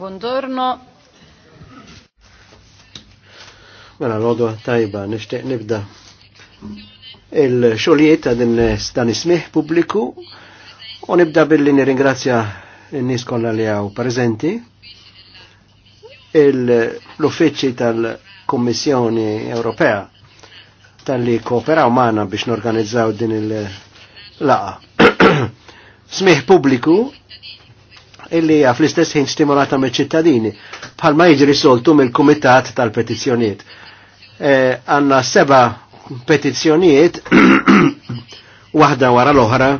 Buongiorno. Mela l-għodu tajba, nishtiq nibda il-xolijiet ta' din dan ismiħ publiku u nibda billi nirringrazzja n-nis kollha li għaw prezenti l-uffiċċji tal-Kommissjoni Ewropea tal-li kooperaw maħna biex norganizzaw din il-laqa. Smiħ publiku illi hija fl-istess ħin stimolata mill-ċittadini bħalma jiġri soltu mill-Kumitat tal-Petizzjonijiet. e, seba petizzjonijiet waħda wara l-oħra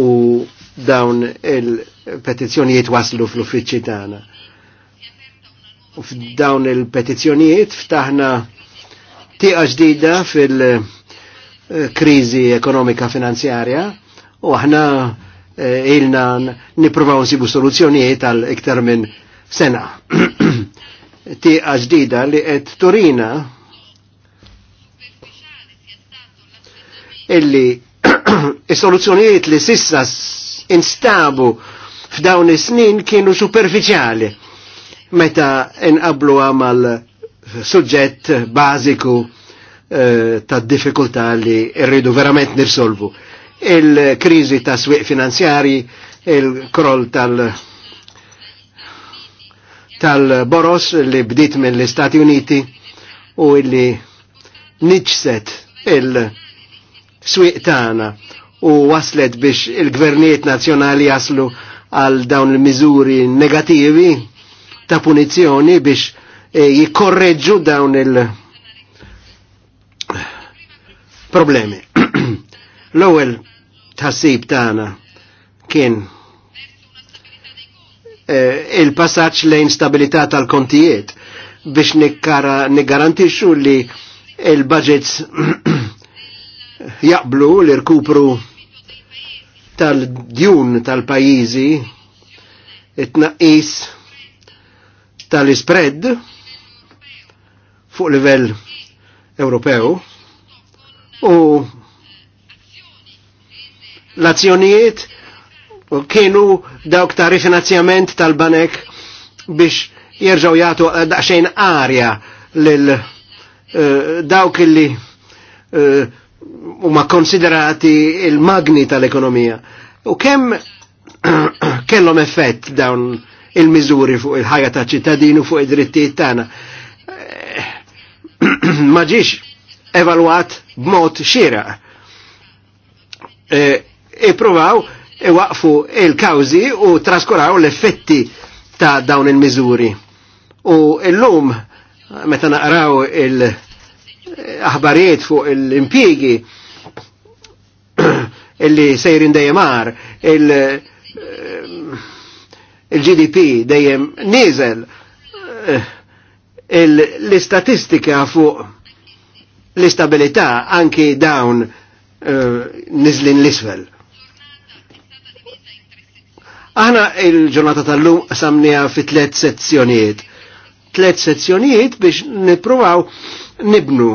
u dawn il-petizzjonijiet waslu fl-uffiċċji tagħna. F'dawn il-petizzjonijiet ftaħna tieqa ġdida fil- eh, krizi ekonomika finanzjarja u aħna Eh, ilna niprofaw nsibu soluzzjonijiet għal iktar minn sena. Tiqa ġdida li qed Turina illi is-soluzzjonijiet li sissa instabu f'dawn is-snin kienu superficiali meta inqablu għamal suġġett bażiku eh, ta' diffikultà li rridu verament nirsolvu il-kriżi ta' swieq finanzjari, il-kroll tal- tal-boros li bdiet l istati Uniti u li niċset il swiq tana u waslet biex il-gvernijiet nazjonali jaslu għal dawn il-miżuri negativi ta' punizjoni biex e, dawn il-problemi. L-ewwel tħassib tagħna kien eh, il-passaġġ lejn stabilità tal-kontijiet biex niggarantixxu li il-budgets jaqblu l-irkupru tal-djun tal-pajizi it-naqis tal-spread fuq livell Ewropew u L-azzjonijiet kienu dawk ta' rifinanzjament tal-banek biex jerġaw jagħtu eh, daqxejn arja lil eh, dawk illi eh, huma konsiderati il-magni tal-ekonomija. U kemm kellhom effett dawn il-miżuri fuq il-ħajja ta' ċittadin u fuq id-drittijiet tagħna. Ma ġiex evalwat b'mod xira provaw e waqfu il-kawzi u traskuraw l-effetti ta' dawn il mizuri U l-lum, meta naqraw il-aħbarijiet fuq il impiegi illi sejrin dejjemar il-GDP il eh, dejjem nizel eh, l-istatistika fuq l-istabilità anki dawn uh, eh, nizlin l-isfel. Aħna il-ġurnata tal-lum samnija fi tlet sezzjonijiet. Tlet sezzjonijiet biex nipruvaw nibnu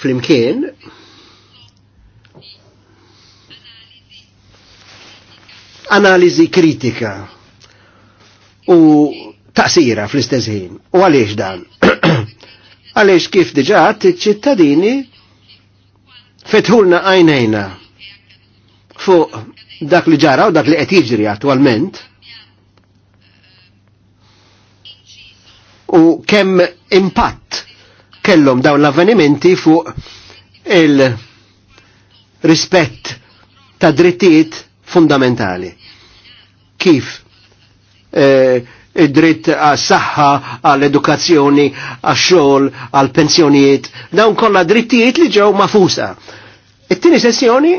flimkien analizi kritika u taqsira fl-istess ħin. U għaliex dan? għaliex kif diġa ċittadini fetħulna għajnejna fuq dak li ġara u dak li qed jiġri attwalment. U kemm impatt kellhom dawn l-avvenimenti fuq il-rispett ta' drittijiet fundamentali. Kif? Eh, id-dritt għas saħħa għall-edukazzjoni, għax-xogħol, għall-pensjonijiet, dawn kollha drittijiet li ġew mafusa. It-tieni sessjoni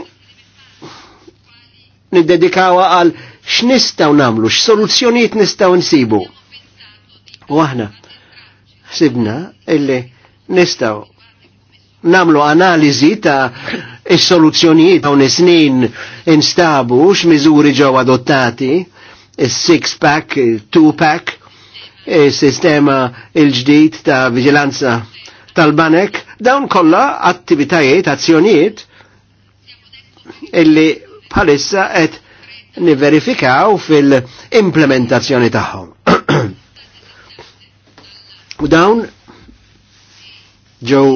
niddedikawa għal x'nistgħu nagħmlu, x'soluzzjonijiet nistgħu nsibu. U aħna sibna illi nistgħu namlu analiżi ta' is-soluzzjonijiet dawn is-snin instabu x'miżuri ġew adottati, is-six pack, two pack, is-sistema il-ġdid ta' viġilanza tal-banek, dawn kollha attivitajiet, azzjonijiet illi bħalissa qed niverifikaw fil-implementazzjoni tagħhom. U dawn ġew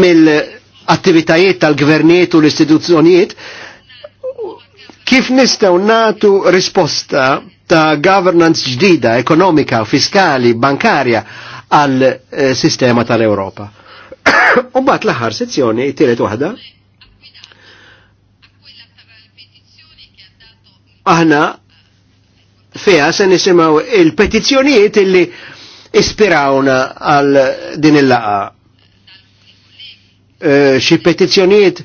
mill-attivitajiet tal-gvernijiet u l-istituzzjonijiet kif nistgħu natu risposta ta' governance ġdida, ekonomika, fiskali, bankarja għal eh, sistema tal-Europa. U bat l-aħħar sezzjoni, tiret waħda, aħna feja se nisimaw il-petizzjonijiet illi ispirawna għal din il-laqa. Eh, xi e, petizzjonijiet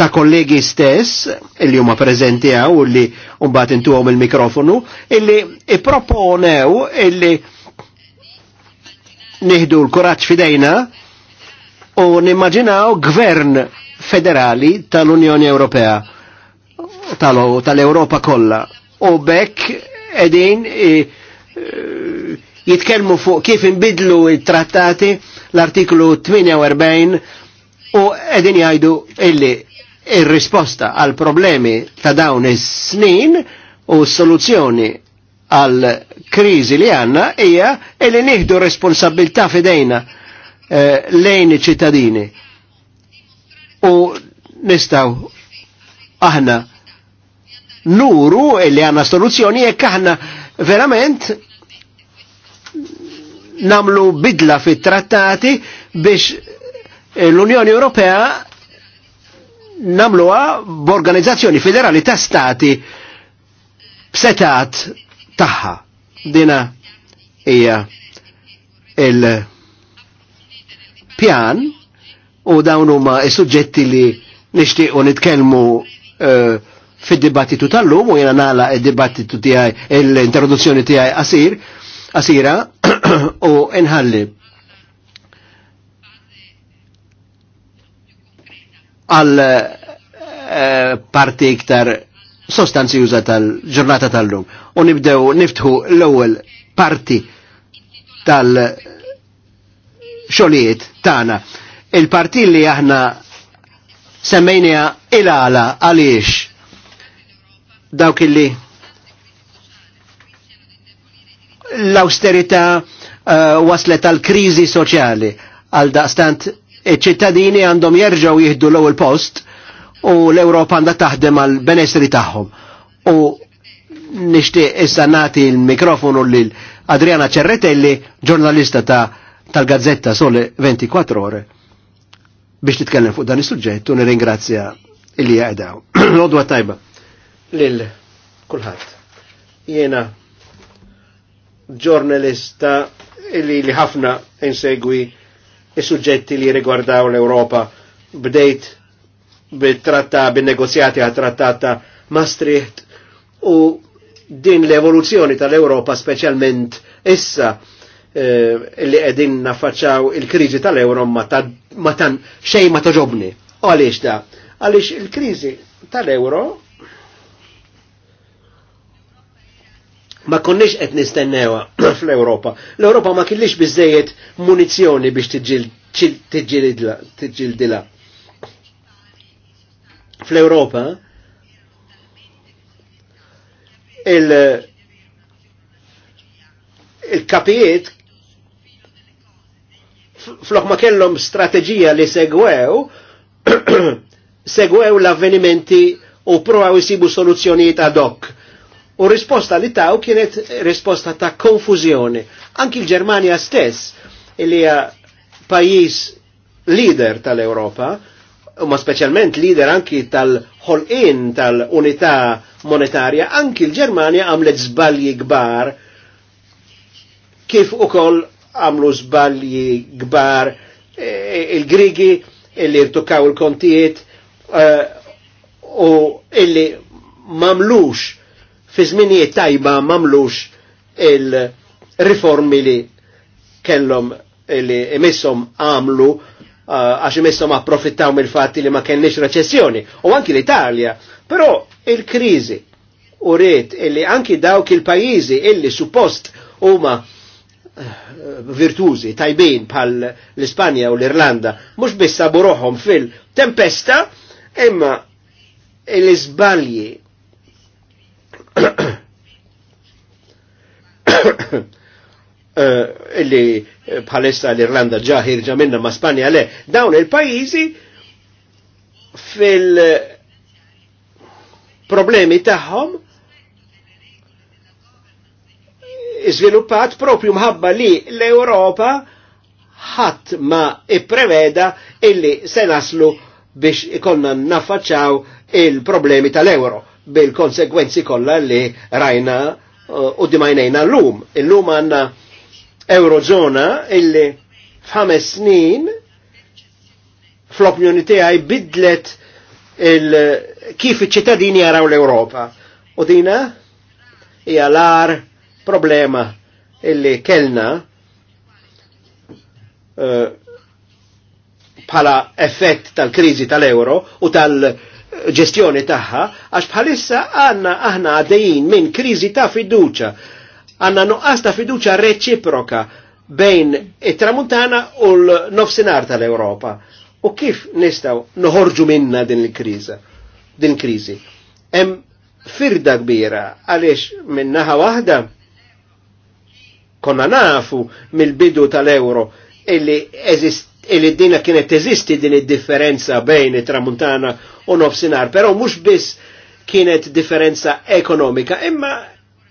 ta' kollegi stess, illi huma prezenti għaw, illi umbat intu għom il-mikrofonu, illi proponew illi nihdu l-kuraċ fidejna u nimmaġinaw gvern federali tal-Unjoni Ewropea tal-Europa kollha u bekk edin e, jitkelmu fuq kif inbidlu il-trattati l-artiklu 48 u edin jajdu illi il-risposta għal problemi ta' dawn is-snin u soluzzjoni għal krizi li għanna hija illi nieħdu responsabilità fidejna eh, lejn ċittadini U nistaw aħna nuru illi għanna soluzzjoni jekk aħna verament namlu bidla fit-trattati biex eh, l-Unjoni Ewropea namluha b'organizzazzjoni federali ta' stati b'setat tagħha. Dina hija il- pjan u dawn huma s-suġġetti li nixtiequ nitkellmu eh, fid-dibattitu tal-lum u jena nala id-dibattitu tiegħi l-introduzzjoni tiegħi qasir qasira u inħalli għal eh, parti iktar sostanzjuża tal-ġurnata tal-lum. U nibdew niftħu l-ewwel parti tal-, -tal xolijiet tana. il partilli li aħna semmejnija il-għala għaliex dawk illi l-austerita uh, eh, waslet għal krizi soċjali għal daqstant iċ-ċittadini għandhom jerġgħu jihdu l-ewwel post u l-Ewropa għandha taħdem għal benessri tagħhom. U nixtieq issa nagħti l-mikrofonu lil Adriana Cerretelli, ġurnalista ta' tal-gazzetta sole 24 ore biex titkellem fuq dan is-suġġett u nirringrazzja illi jaqdaw. odwa tajba lil kulħadd. Jiena ġurnalista illi li ħafna insegwi is-suġġetti li rigwardaw l-Ewropa bdejt bit-tratta bin-negozjati għat trattata Maastricht u din l-evoluzzjoni tal-Ewropa speċjalment issa Eh, li qegħdin nafaċċaw il-kriżi tal-euro ma tan xejn ma toġobni. Għaliex da? Għaliex il-kriżi tal-euro ma konniex qed nistennewa fl-Ewropa. L-Ewropa ma kienx biżejjed munizzjoni biex tiġġildila. Fl-Ewropa il il flok ma kellhom strategija li segwew, segwew l-avvenimenti u provaw jisibu soluzzjonijiet ad hoc. U risposta li taw kienet risposta ta' konfuzjoni. Anki l-Germania stess, li hija pajis leader tal-Europa, ma specialment leader anki tal-ħolqin tal-unità monetarja, anki l-Germania għamlet zbalji gbar kif ukoll għamlu zbalji gbar e, il-Grigi illi irtukaw il-kontijiet e, u illi mamlux fi żminijiet tajba mamlux il-riformi li kellhom illi emissom għamlu e, għax emessom approfittaw mill-fatti li ma kellniex recessjoni u anki l-Italja. Però il-krizi u rrit illi anki dawk il-pajizi illi suppost huma virtużi tajbin pal l-Ispanja u l-Irlanda, mux biss sabu roħom fil-tempesta, imma l-izbalji eh, illi palessa l-Irlanda ġaħir ġaminna ma' Spanja le, dawn il-pajizi fil- problemi taħħom iżviluppat propju mħabba li l-Europa ħadd ma ippreveda illi se naslu biex ikonna naffaċċaw il-problemi tal-euro bil konsegwenzi kollha li rajna uh, u dimajnejna l-lum. Il-lum għanna eurozona illi f'ħames snin fl-opinjoni tiegħi bidlet kif iċ-ċittadini jaraw l europa U dina hija l-ar problema illi kellna eh, bħala uh, effett tal-krizi tal-euro u tal-ġestjoni tagħha, għax bħalissa għanna aħna għadejjin minn krizi ta' fiduċa. Għanna nuqqas ta' fiduċa reċiproka bejn it-tramuntana u l-nofsinar tal-Europa. U kif nistaw noħorġu minna din il-kriza, din krizi? Hemm firda kbira għaliex minnaħa waħda konna nafu mill-bidu tal-euro illi eżist illi dina kienet teżisti din id-differenza bejn it-tramuntana u nofsinar, pero mux biss kienet differenza ekonomika, imma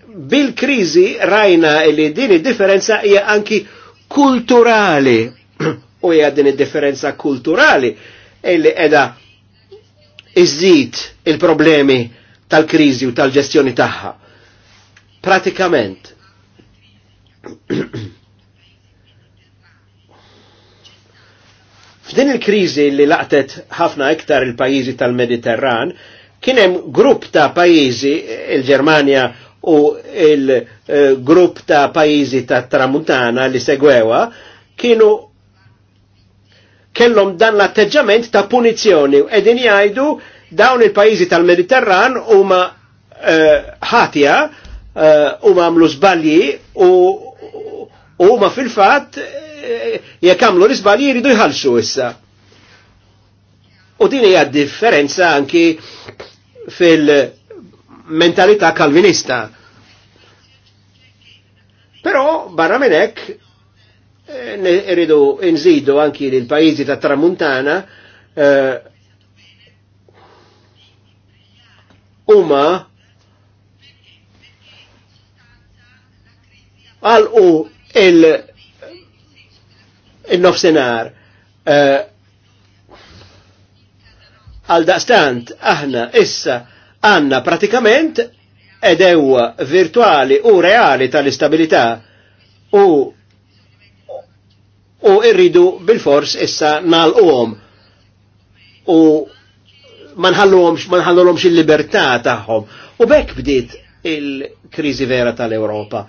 bil-krizi rajna illi din id-differenza hija anki kulturali u hija din id-differenza kulturali illi edha iżid il-problemi tal-krizi u tal-ġestjoni tagħha. Pratikament, F'din il-kriżi li laqtet ħafna iktar il-pajjiżi tal-Mediterran, kien hemm grupp ta' pajjiżi, il-Ġermanja u il-grupp ta' pajjiżi ta' Tramuntana li segwewa, kienu kellhom dan l-atteġġament ta' punizzjoni u qegħdin jgħidu dawn il-pajjiżi tal-Mediterran huma eh, ħatja uh, eh, u ma' mlu żbalji u U ma fil-fat, eh, jekamlu għamlu l-isbali jiridu jħalsu issa. U din hija differenza anki fil-mentalità kalvinista. Però barra minn hekk eh, irridu nżidu anki lil pajjiżi ta' tramuntana eh, huma uh, għalqu il-nofsenar eh, għal daqstant aħna issa għanna pratikament edewa virtuali u reali tal-istabilità u u irridu bil-fors issa nal uom u manħallu il-libertà tagħhom u bekk bdiet il-kriżi vera tal-Ewropa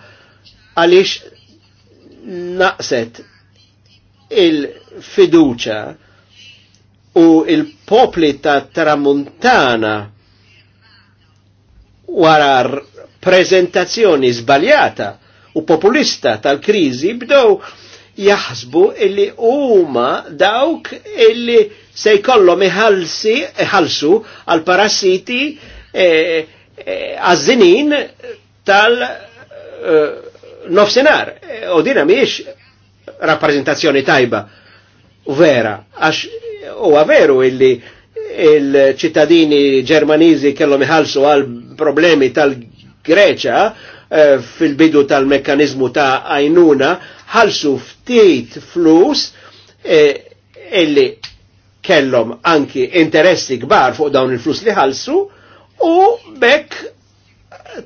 għalix naqset il-fiduċa u il-popli ta' tramuntana wara prezentazzjoni zbaljata u populista tal-krizi bdow jaħsbu illi huma dawk illi se jkollhom iħalsu għal parassiti għażinin eh, eh, tal eh, nofsenar, u dina miex rappresentazzjoni tajba vera, għax u veru illi il-ċittadini ġermaniżi kellhom iħallsu għal problemi tal-Greċa eh, fil-bidu tal-mekkanizmu ta' għajnuna ħalsu ftit flus eh, illi kellhom anki interessi kbar fuq dawn il-flus li ħalsu u bekk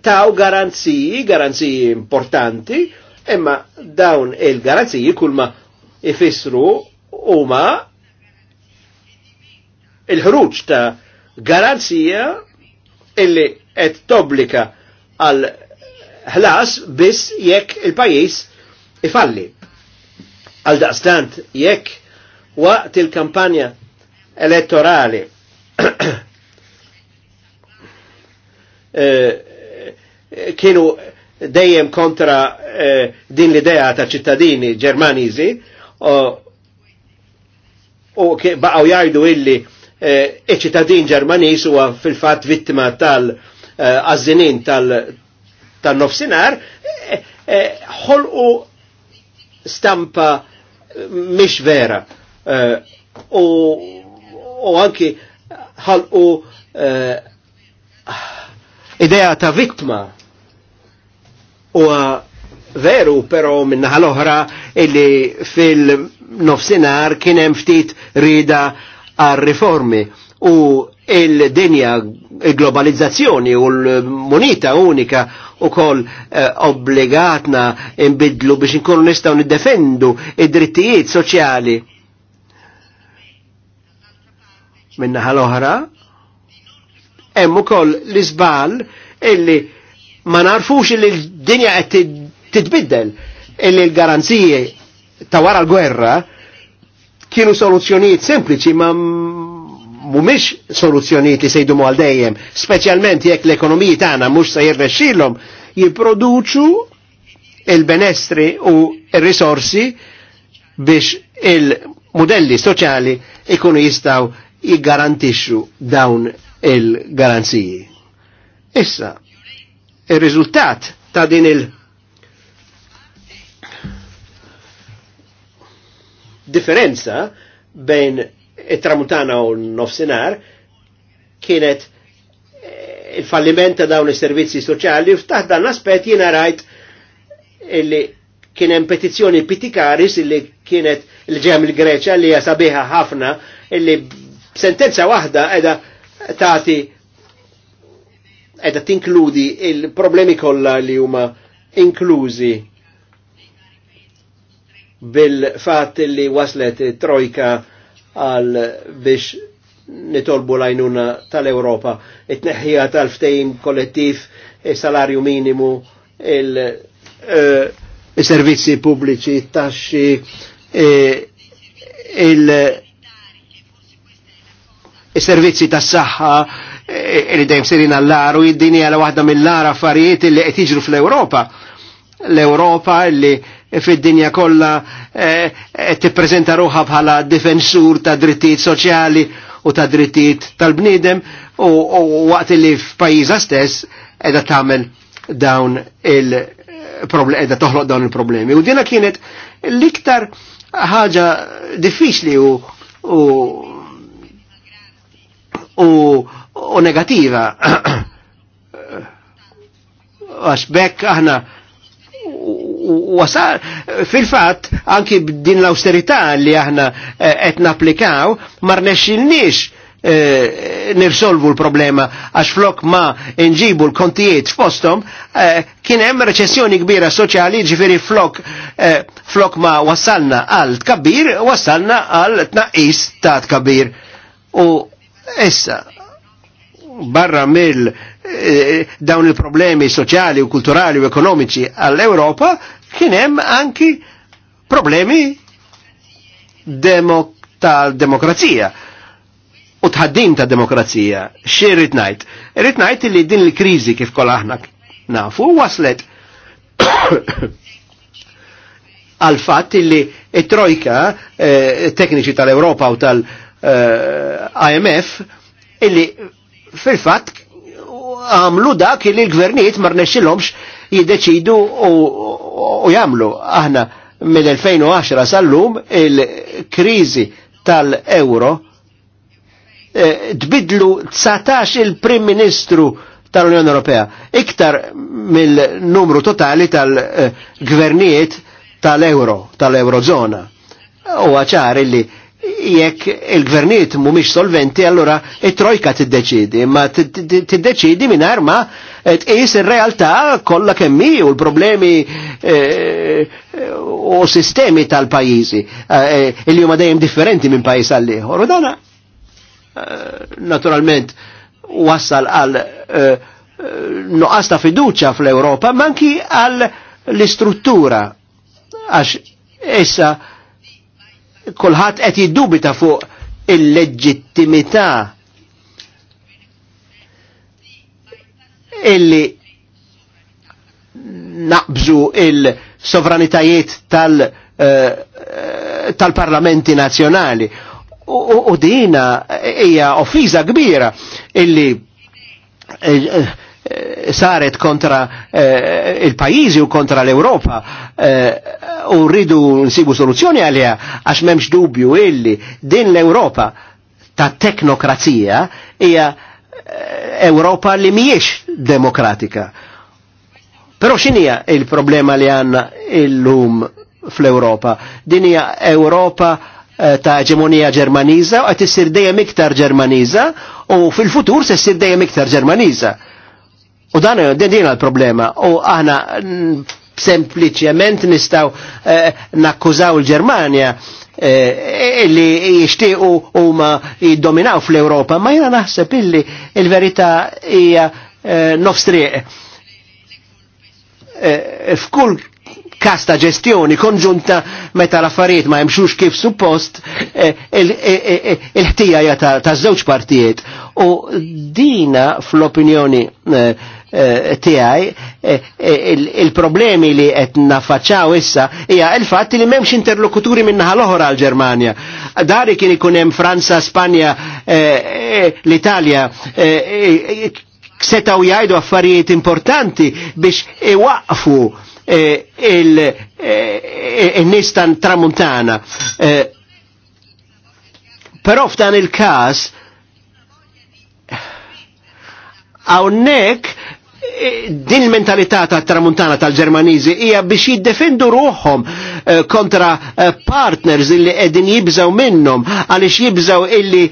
taw garanziji, garanziji importanti, imma dawn il-garanziji kulma ifissru huma il-ħruġ ta' garanzija illi qed tobblika għal ħlas biss jekk il-pajjiż ifalli. Għal daqstant jekk waqt il-kampanja elettorali eh, kienu dejjem kontra eh, din l-idea ta' ċittadini ġermaniżi u baqgħu jgħidu illi eh, iċ-ċittadin ġermaniż huwa fil-fatt vittima tal-għażinin eh, tal-nofsinhar ħolqu stampa mish vera u anki ħalqu idea ta' vittma U veru, pero minna l-oħra illi fil-nofsinar kienem ftit rida għal-riformi u il-dinja, il-globalizzazzjoni u l-monita unika u kol eh, obbligatna imbidlu biex nkunu nistaw niddefendu id-drittijiet soċjali. Minna ħal oħra hemm ukoll l-iżbal illi ma narfux li l-dinja qed titbiddel illi l garanzije ta' wara l-gwerra kienu soluzzjonijiet sempliċi ma mumiex soluzzjonijiet li sejdu għal dejjem, speċjalment jekk l-ekonomiji tagħna mhux se jirrexxilhom jipproduċu il-benestri u il-risorsi biex il-modelli soċjali ikunu jistaw jiggarantixxu dawn il-garanziji. Issa, il-riżultat ta' din il- differenza bejn it-tramutana u n-nofsinar kienet eh, il-falliment ta' dawn is-servizzi soċjali u f'taħ dan aspett jiena rajt illi kienem petizjoni petizzjoni Pitikaris illi kienet il ġem il-Greċja li hija sabiħa ħafna illi sentenza waħda qiegħda tagħti edha tinkludi il-problemi kollha li huma inklużi bil-fat li waslet trojka għal biex nitolbu lajnuna tal-Europa, it-neħħija tal-ftejim kollettiv, il-salarju minimu, e, il-servizzi pubbliċi, taxxi, e, il-servizzi il, tas-saħħa, Eh, li dajem sirin għall-laru id-dini għala waħda mill-lara affarijiet li qed jiġru fl europa L-Ewropa li fid-dinja kollha eh, qed tippreżenta ruħha bħala difensur ta' drittijiet soċjali u ta' drittijiet tal-bniedem u waqt li f'pajjiżha stess qiegħda tagħmel dawn il-problemi, eh, edha toħloq dawn il-problemi. U dina kienet l-iktar ħaġa diffiċli u u u negativa. Għasbek aħna wasal fil-fat anki din l-austerità li aħna eh, qed napplikaw mar nexxilniex E, nirsolvu l-problema għax flok ma nġibu l-kontijiet f'postom eh, kien hemm reċessjoni kbira soċjali ġifieri flok flok ma wassalna għal tkabbir wassalna għal tnaqqis ta' tkabbir u issa barra mill eh, dawn il-problemi soċjali u kulturali u ekonomiċi għall-Europa kien hemm anki problemi demok tal-demokrazija u tħaddin ta' demokrazija. Xie rrit najt? Rrit najt li din il-krizi kif kol aħna nafu waslet għal fatt li it-trojka eh, tekniċi tal-Europa u tal-IMF eh, illi fil-fatt għamlu dak li l-gvernijiet mar nexxilhomx jiddeċidu u jagħmlu. Aħna mill-2010 sal-lum il-kriżi tal-euro eh, tbidlu 19 il-Prim Ministru tal-Unjoni Ewropea, iktar mill-numru totali tal-gvernijiet eh, tal-euro, tal-eurozona. U għacħar li jekk il-gvernijiet mhumiex solventi, allora it-trojka t-deċidi, ma t tiddeċidi mingħajr ma eh, t-qis il realtà kolla kemmi u l-problemi eh, u sistemi tal pajizi eh, il huma dejjem differenti minn pajjiż għal ieħor. U dana naturalment wassal għal nuqqas fiduċa fl europa manki għal l-istruttura għax issa kulħadd qed jiddubita fuq il-leġittimità illi naqbżu il-sovranitajiet tal- eh, eh, tal-parlamenti nazjonali. U, dina hija ofiża kbira illi eh, Eh, saret kontra eh, il-pajizi u kontra l-Europa eh, u rridu nsibu soluzzjoni għalija għax memx dubju illi din l-Europa ta' teknokrazija hija eh, Europa li miex demokratika. Pero xinija il-problema li għanna il-lum fl-Europa? Din hija Europa eh, ta' ġemonija ġermaniza u għat issir dejjem iktar ġermaniza u fil-futur se issir dejjem iktar ġermaniza U dan eh, dedina l-problema u aħna sempliċement nistaw eh, nakkużaw l ġermanja eh, illi jishtiqu u ma jiddominaw fl-Europa, ma jina naħseb illi il-verita hija nofstriq. F'kull kasta ta' ġestjoni konġunta meta l-affarijiet ma jimxux kif suppost il-ħtija ta' żewġ partijiet. U dina fl-opinjoni Eh, tiegħi eh, eh, il-problemi li qed nafaċċaw issa hija il fatt li m'hemmx interlokuturi minnaħa l-oħra għal Ġermanja. Dari kien ikun hemm Franza, Spanja, l-Italja setaw jgħidu affarijiet importanti biex iwaqfu il-nistan tramuntana. Però f'dan il-kas Hawnhekk eh, din mentalità ta' tramuntana tal-Ġermaniżi hija biex jiddefendu ruhom eh, kontra eh, partners illi qegħdin jibżaw minnhom għaliex jibżaw illi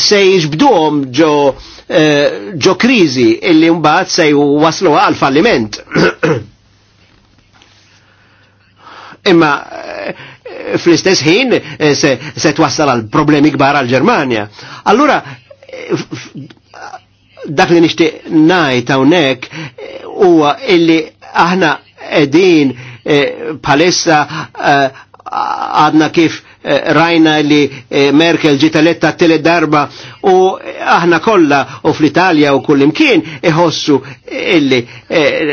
se jiġbduhom ġo ġo kriżi illi mbagħad se waslu għal falliment. Imma fl-istess ħin se twassal għal problemi kbar għal Ġermanja. Allura dak li nixtieq ngħid hawnhekk eh, huwa illi aħna qegħdin eh, palissa eh, għadna kif Eh, rajna li eh, Merkel ġitaletta tele darba u eh, aħna kolla u fl-Italja u kullimkien iħossu illi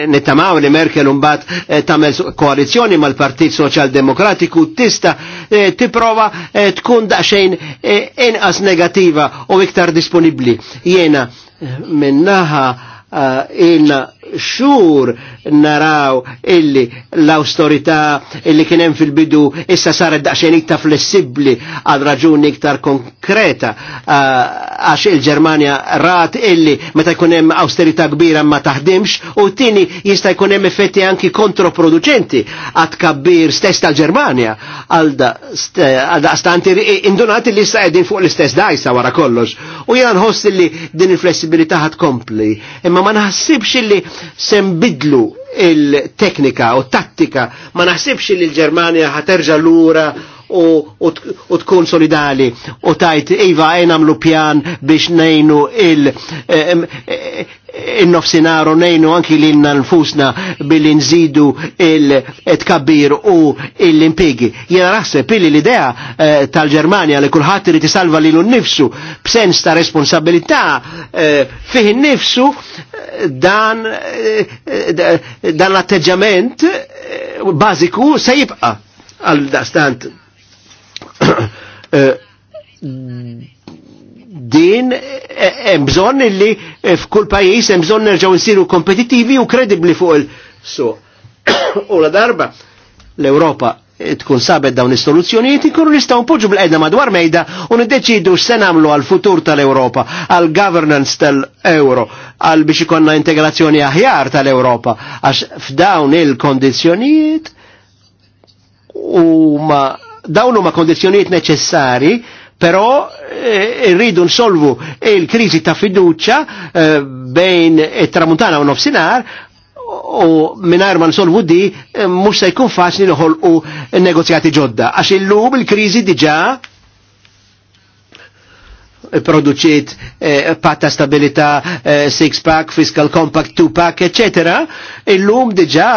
nittamaw li Merkel umbat tamel koalizjoni mal-Partit Soċjal-Demokratiku tista tiprova tkun daqxejn inqas negativa u iktar disponibli. Jena minnaħa ilna xur naraw illi l-austerità illi kienem fil-bidu issa saret daqxen iktar flessibli għal raġuni iktar konkreta għax il-Germania rat illi meta jkunem austerità kbira ma taħdimx u tini jista jkunem effetti anki kontroproducenti għad kabbir stess tal-Germania għal da stanti indunati li jista jedin fuq l-istess dajsa wara kollox u jgħan host illi din il-flessibilità għad kompli imma ma naħsibx illi bidlu il-teknika u tattika ma naħsibx li l-Germania ħaterġa lura u tkun solidali u tajt iva għenamlu pjan biex nejnu il- eh, eh, il-nofsinaru nejnu anki l nfusna billi nżidu il-tkabbir eh, u l-impigi. Jena rasse pili l-idea tal-Germania li kullħat salva tisalva li l-nifsu b'sens ta' responsabilità fih nifsu dan dan l-atteġġament bażiku se jibqa' għal dastant Eh, din eh, eh, hemm bżonn illi f'kull pajjiż hemm bżonn nerġgħu nsiru kompetittivi u kredibbli fuq il so U la darba l-Ewropa tkun sabet dawn is-soluzzjonijiet ikunu nistgħu npoġġu bl-qedna madwar mejda u niddeċidu x'se nagħmlu għall-futur tal-Ewropa, għall-governance tal-Euro, għal biex ikonna integrazzjoni aħjar tal-Ewropa, għax f'dawn il-kondizzjonijiet u ma' dawnu ma kondizjoniet neċessari, però eh, rridu e, nsolvu il-krizi ta' fiduċa e, bejn it-tramuntana u nofsinar u minar ma nsolvu di e, eh, mux se jkun faċli u negozjati ġodda. Għax il illum il-krizi diġa produċiet eh, patta stabilita, eh, six pack, fiscal compact, two pack, eccetera. Illum diġa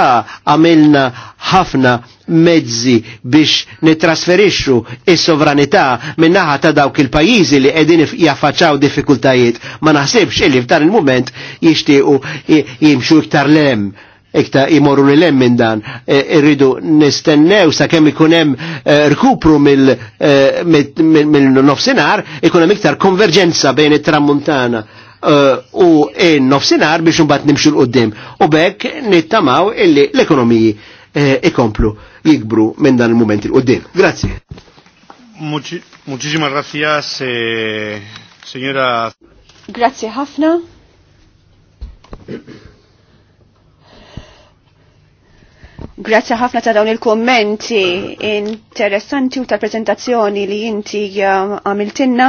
għamilna ħafna mezzi biex nitrasferixxu is-sovranità min-naħa ta' dawk il-pajjiżi li qegħdin jaffaċċaw diffikultajiet. Ma naħsibx illi f'dan il-mument jixtiequ jimxu iktar lem iktar imorru li lem minn dan e, irridu nistennew sa kemm ikun hemm e, rkupru e, mill-nofsinhar ikun hemm iktar konverġenza bejn it-tramuntana u n-nofsinhar biex imbagħad nimxu l-qudiem u bekk nittamaw illi l-ekonomiji Eh, ikomplu jikbru minn dan il-moment il-qoddim. Grazie. Muċiġima se, signora. Grazie ħafna. Grazie ħafna ta' dawn il-kommenti interessanti u ta' prezentazzjoni li inti eh, għamiltinna.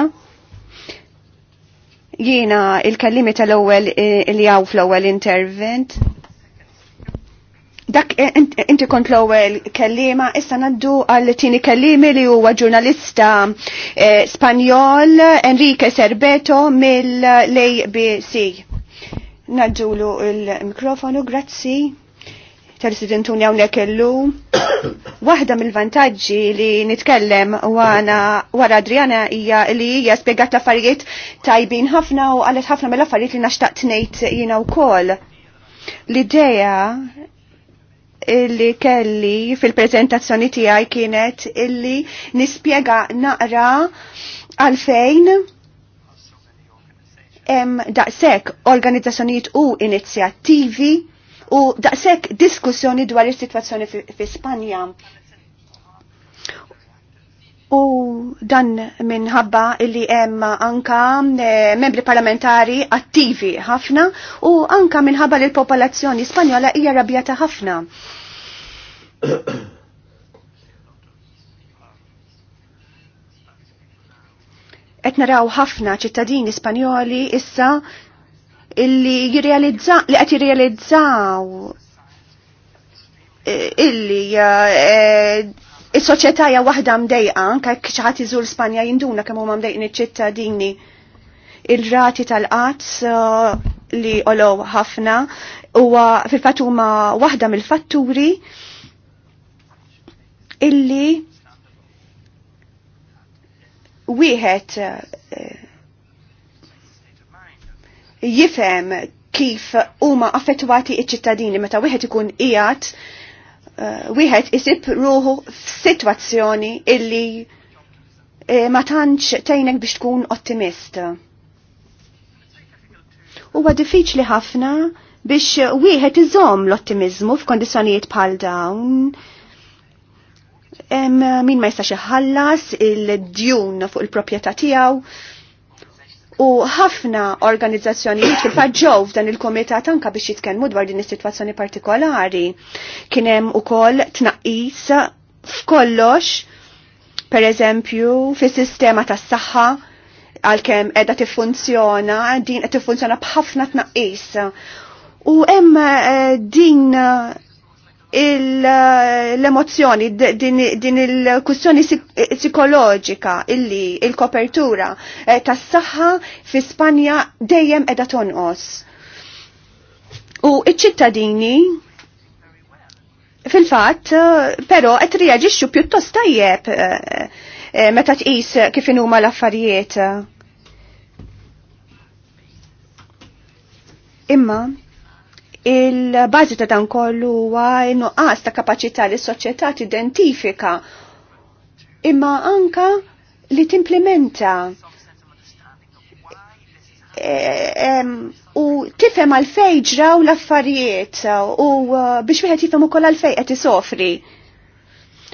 Jiena il-kallimi tal-ewwel eh, li għaw fl-ewwel intervent Dak eh, eh, inti kont l-ewwel kellima, issa naddu għal tini kellimi li huwa ġurnalista eh, Spanjol Enrique Serbeto mill-ABC. Nadġulu il-mikrofonu, grazzi tal hawnhekk illu. Waħda mill-vantagġi li nitkellem wana wara Adriana hija li hija spjegat l-affarijiet tajbin ħafna u għalet ħafna mill-affarijiet li naxtaqt ngħid jiena wkoll. L-idea li kelli fil-prezentazzjoni tiegħi kienet illi nispjega naqra għalfejn hemm daqshekk organizzazzjonijiet u inizjattivi u daqshekk diskussjoni dwar is-sitwazzjoni fi Spanja. U dan minħabba illi hemm anka eh, membri parlamentari attivi ħafna u anka minħabba li l-popolazzjoni Spanjola hija rabjata ħafna. Qed naraw ħafna ċittadini Spanjoli issa illi jirrealizzaw li qed jirrealizzaw eh, illi eh, il soċjetà hija waħda mdejqa anke xi ħadd iżur Spanja jinduna kemm huma mdejqin iċ-ċittadini il-rati tal-qatz eh, li olow ħafna u fil-fatuma wahda mill-fatturi illi wieħed eh, jifhem kif huma affettwati iċ-ċittadini meta wieħed ikun qiegħed eh, wieħed isib ruħu f'sitwazzjoni illi eh, ma tantx tgħinek biex tkun ottimist. Huwa diffiċli ħafna biex wieħed iżomm l-ottimizmu f'kondizzjonijiet bħal dawn min ma jistax iħallas il-djun fuq il-proprjetà tiegħu. U ħafna organizzazzjonijiet fil-fatt ġew f'dan il-komitat anka biex jitkellmu dwar din is-sitwazzjoni partikolari. Kien hemm ukoll tnaqqis f'kollox, pereżempju, fis-sistema tas-saħħa għalkemm qiegħda tiffunzjona, din qed tiffunzjona b'ħafna tnaqqis. U hemm eh, din Eh, l-emozjoni, din il-kussjoni psikoloġika illi il-kopertura eh, tas saħħa fi Spanja dejjem edha tonqos. U iċ-ċittadini fil-fatt eh, però qed reaġixxu pjuttost tajjeb meta tqis kif huma l-affarijiet. Imma Il-bażi ta' dan kollu huwa nuqqas ta' kapaċità li s-soċjetà tidentifika imma anka li timplementa e, u tifhem għalfejn ġraw l-affarijiet u uh, biex wieħed jifhem ukoll għalfejn qed isofri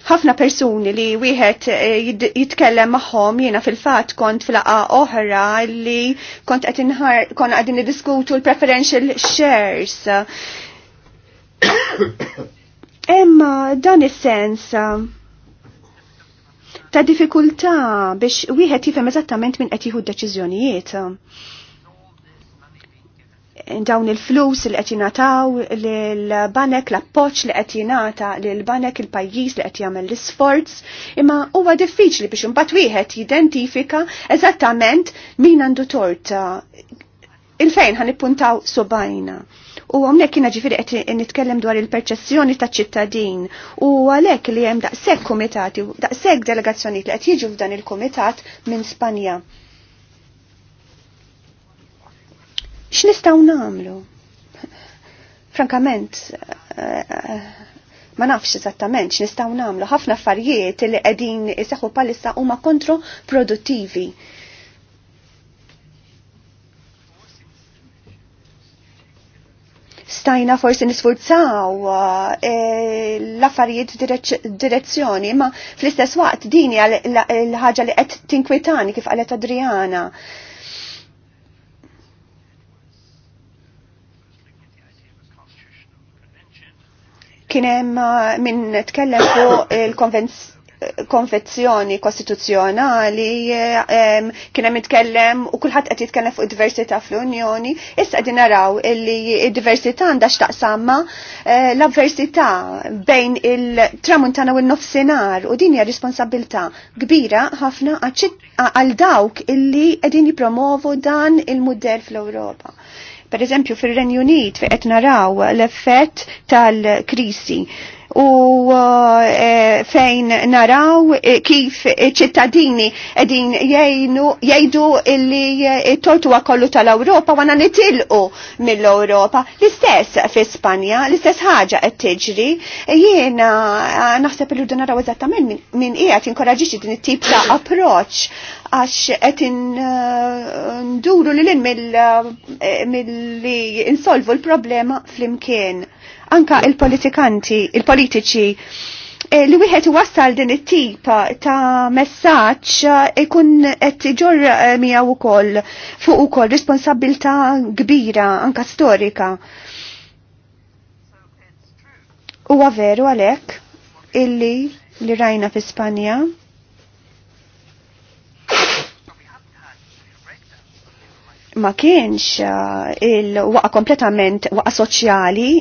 ħafna persuni li wieħed eh, jitkellem magħhom jiena fil-fatt kont fil-laqa oħra li kont qed inħar kon qegħdin niddiskutu l-preferential shares. Emma dan is-sens ta' diffikultà biex wieħed jifhem eżattament minn qed jieħu d-deċiżjonijiet dawn il-flus li qed jingħataw lill-banek, l-appoġġ li qed jingħata lill-banek il-pajjiż li qed jagħmel l-isforz, imma huwa diffiċli biex imbagħad wieħed jidentifika eżattament min għandu torta uh, il-fejn ħan ippuntaw subajna. U għamlek kiena ġifiri għet nitkellem dwar il-perċessjoni ta' ċittadin u għalek li jem daqseg komitati, daqseg delegazzjoni li għet jieġu f'dan il-komitat minn Spanja. x'nistgħu nagħmlu? Frankament, eh, eh, ma nafx eżattament x'nistgħu nagħmlu. Ħafna affarijiet li qegħdin iseħħu palissa huma kontroproduttivi. stajna forsi nisfurzaw e, l-affarijiet direzzjoni, ma fl-istess waqt dini l-ħagġa li qed tinkwitani kif qalet Adriana. kienem uh, minn tkellem fuq il-konvenzjoni kostituzzjonali, eh, kienem itkellem u kullħat qed jitkellem fuq diversità fl-Unjoni, issa qegħdin naraw illi id-diversità għandha x'taqsamma eh, l-avversità bejn il-tramuntana u l-nofsinhar u din hija responsabilità kbira ħafna għal dawk illi qegħdin jippromovu dan il-mudell fl-Ewropa. Per eżempju, fil-Renju Unit qed naraw l-effett tal-krisi u uh, e, fejn naraw e, kif ċittadini edin jgħidu illi e, tortu kollu tal-Europa wana nitilqu mill-Europa. L-istess fi Spanja, l-istess ħaġa qed tiġri, e, jiena naħseb li naraw eżattament minn qiegħed inkoraġixxi din it-tip ta' approċċ għax qed nduru lil mill-li insolvu l-problema flimkien anka il-politikanti, il-politiċi eh, li wieħed wasal din it-tip ta' messaġġ eh, ikun qed iġor eh, miegħu wkoll fuq ukoll responsabilità kbira anka storika. Huwa veru għalhekk illi li rajna fi Spanja ma kienx eh, il-waqa kompletament waqa soċjali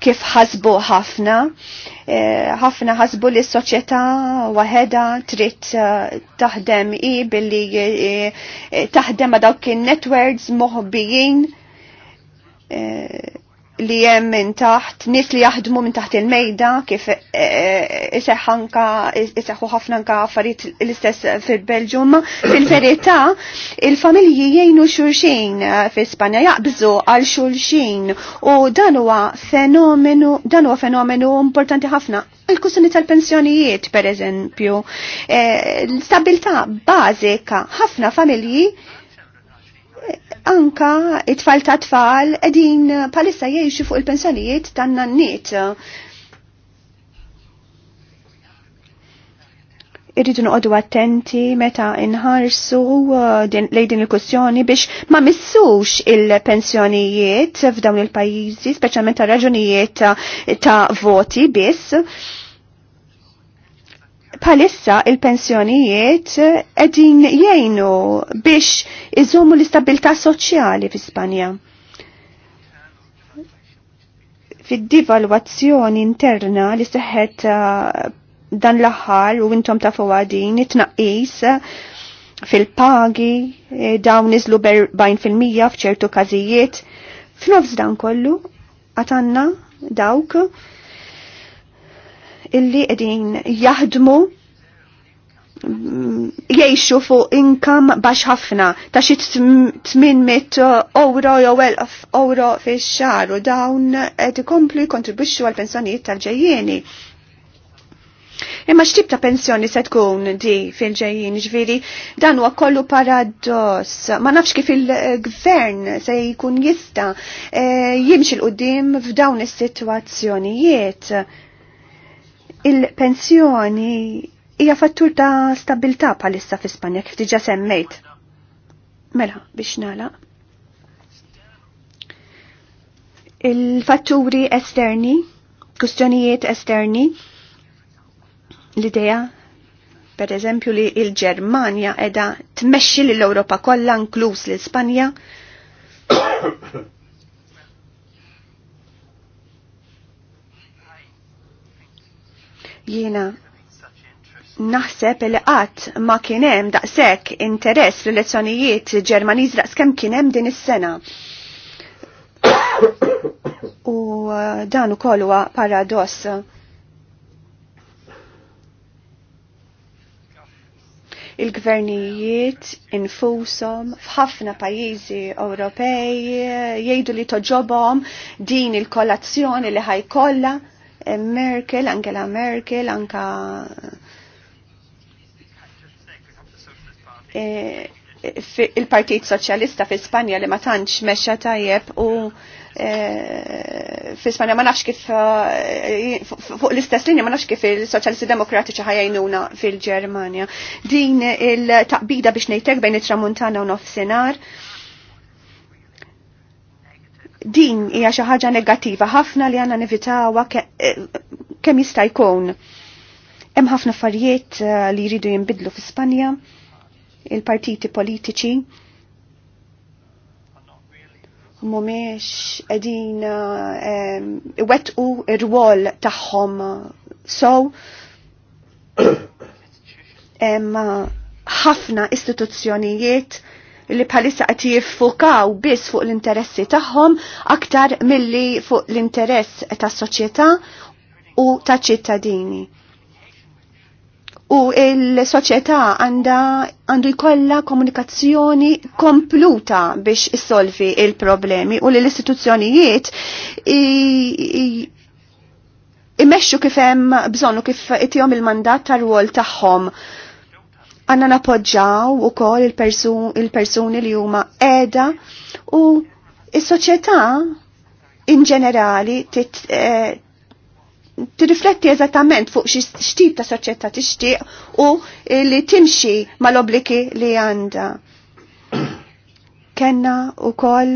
kif ħasbu ħafna. Eh, ħafna ħasbu li s-soċjetà waħedha trid eh, taħdem i billi taħdem ma' dawk in-networks moħbijin li jem minn taħt, nis li jaħdmu minn taħt il-mejda, kif eh, eh, iseħanka, iseħu ħafna anka affarijiet l-istess fil-Belġum. Fil-verità, il-familji jgħinu xulxin eh, fil-Spanja, jaqbżu għal xulxin u dan huwa fenomenu, dan huwa fenomenu importanti ħafna il kussuni tal-pensjonijiet, per eżempju, stabilta bażika ħafna familji anka it-tfal ta' tfal edin palissa jiexi fuq il-pensjonijiet tan nanniet Irridu noqogħdu attenti meta inħarsu uh, lej din il-kussjoni biex ma missux il-pensjonijiet f'dawn il-pajjiżi, speċjalment ta' raġunijiet ta' voti biss Palissa il-pensjonijiet edin jgħinu biex iżommu l-istabilta soċjali fi Spanja. Fid-divalwazzjoni interna li seħħet uh, dan l-aħħar u intom ta' din it fil-pagi eh, dawn fil 40% f'ċertu każijiet. F'nofs dan kollu għatanna dawk illi edin jaħdmu mm, jiexu fuq inkam bax ħafna ta' xi 800 euro jew 1000 euro fix-xahar u dawn qed ikomplu jkontribwixxu għal pensjonijiet tal-ġejjieni. Imma x'tib ta' pensjoni se tkun di fil-ġejjin ġviri dan huwa kollu paradoss. Ma nafx kif il-gvern se jkun jista' eh, jimxi l-qudiem f'dawn is-sitwazzjonijiet il-pensjoni hija fattur ta' stabilità bħalissa fi Spanja kif diġa semmejt. Mela, biex nala. Il-fatturi esterni, kustjonijiet esterni, l-idea per eżempju li il-Germania edha tmexxi l-Europa kollha inkluż l-Ispanja Jiena naħseb li qatt ma kien hemm daqshekk interess lezzjonijiet elezzjonijiet Ġermaniż raqskemm kien hemm din is-sena. U uh, dan ukoll huwa paradoss. il-gvernijiet infusom f'ħafna pajjiżi Ewropej jgħidu li toġobhom din il-kolazzjoni li ħajkollha Eh, Merkel, Angela Merkel, anka eh, il-Partit Soċjalista fi Spanja li ma tantx mexxa tajjeb u eh, fi Spanja ma nafx kif fuq l-istess linja ma nafx kif il-Soċjalisti Demokratiċi ħajajnuna fil-Ġermanja. Din il-taqbida biex ngħidlek bejn it-Tramuntana u nofsinhar din hija xi ħaġa negattiva ħafna li għandna nevitawha kemm jista' jkun. Hemm ħafna affarijiet eh, li jridu jinbidlu fi Spanja, il-partiti politiċi mhumiex qegħdin eh, iwettqu r-rwol tagħhom sow hemm ħafna istituzzjonijiet li bħalissa qed jiffukaw biss fuq l-interessi tagħhom aktar milli fuq l-interess tas-soċjetà u ta' ċittadini U l soċjetà għandu jkollha komunikazzjoni kompluta biex issolvi il-problemi u l-istituzzjonijiet imexxu kif hemm bżonn u kif itihom il-mandat tar-rwol tagħhom. Għanna napoġġaw u kol il-persuni li huma edha u il soċjetà in ġenerali eh, tirrifletti eżattament fuq xtib ta' soċjetà tixtieq u li timxi mal-obliki li għanda. Kenna u kol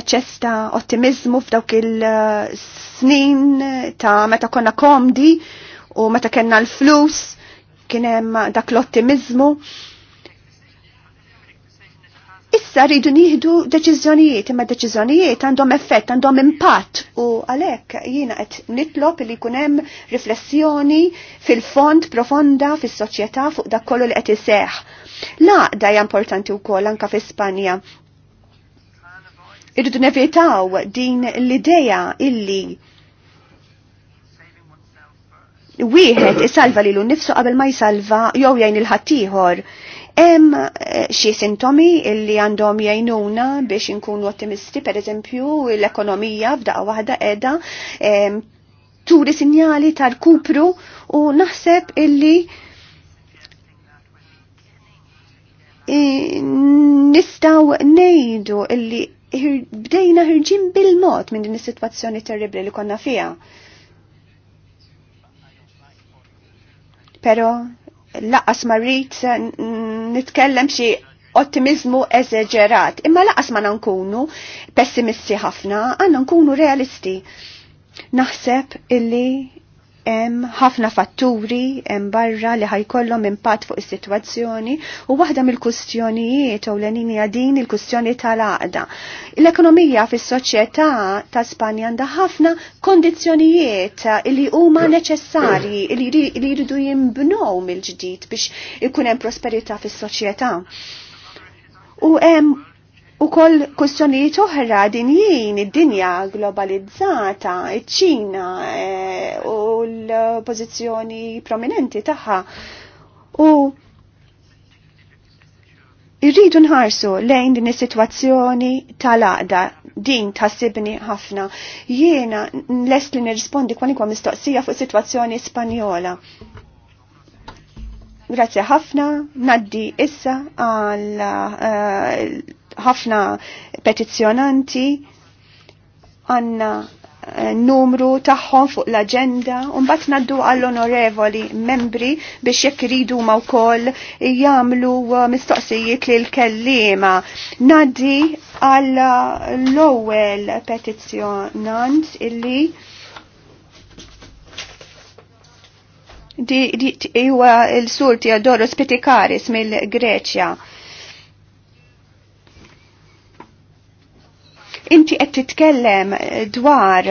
eċċess ottimizmu f'dawk il-snin eh, ta' meta konna komdi u meta kenna l-flus Kien hemm dak l-ottimizmu. Issa rridu nieħdu deċiżjonijiet, imma deċiżjonijiet għandhom effett, għandhom impatt u għalhekk jiena qed nitlob li jkun hemm riflessjoni fil-fond profonda fis-soċjetà fuq dak kollu li qed iseħħ. Laqda hija importanti wkoll anke fi Spanja. Irridu nevitaw din l-idea illi wieħed isalva lilu nnifsu qabel ma jsalva jew jgħin il-ħaddieħor. Hemm eh, xi sintomi li għandhom jgħinuna biex inkunu ottimisti, pereżempju l-ekonomija f'daqqa waħda qiegħda turi sinjali ta' kupru u naħseb illi nistaw nejdu illi bdejna ħirġin bil-mod minn din is-sitwazzjoni terribli li konna fiha. pero laqas marrit eh, nitkellem xi ottimizmu eżeġerat, imma laqas ma nkunu pessimisti ħafna, għanna nkunu realisti. Naħseb illi hemm ħafna fatturi hemm barra li ħajkollhom impatt fuq is-sitwazzjoni u waħda mill-kustjonijiet u l-għanin din il-kustjoni tal-għaqda. L-ekonomija fis-soċjetà ta' Spanja għandha ħafna kondizzjonijiet li huma neċessarji li jridu jimbnow mill-ġdid biex ikun hemm prosperità fis-soċjetà. U hemm U koll kustjonijiet din jien id-dinja globalizzata, iċ-ċina eh, u l-pozizjoni prominenti tagħha. U irridu nħarsu lejn din is-sitwazzjoni tal għada din tasibni ħafna. Jiena lest li nirrispondi kwalikwa mistoqsija fuq sitwazzjoni Spanjola. Grazie ħafna, naddi issa għal uh, ħafna petizzjonanti għanna eh, numru tagħhom fuq l-agenda u mbagħad ngħaddu għall-onorevoli membri biex jekk ridu ma wkoll jagħmlu eh, mistoqsijiet li l kellima. naddi għall l-ewwel petizzjonant illi di huwa l-sur Teodoros Pitikaris mill-Greċja. Inti qed titkellem eh, dwar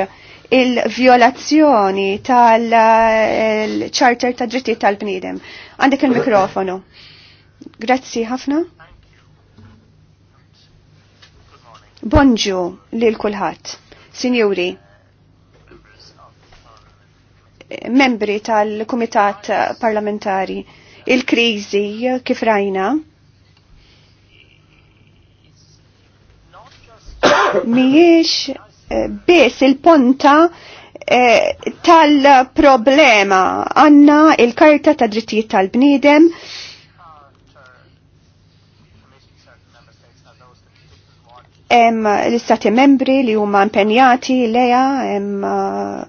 il-violazzjoni tal eh, charter ta' dritti tal bnidem Għandek il-mikrofonu. Grazzi ħafna. Bonġu lil kulħadd. Sinjuri, membri tal-Kumitat Parlamentari, il-kriżi kif rajna, miex eh, biss il-ponta eh, tal-problema għanna il-karta ta' drittijiet tal-bnidem Em l-istati membri li huma impenjati leja em eh,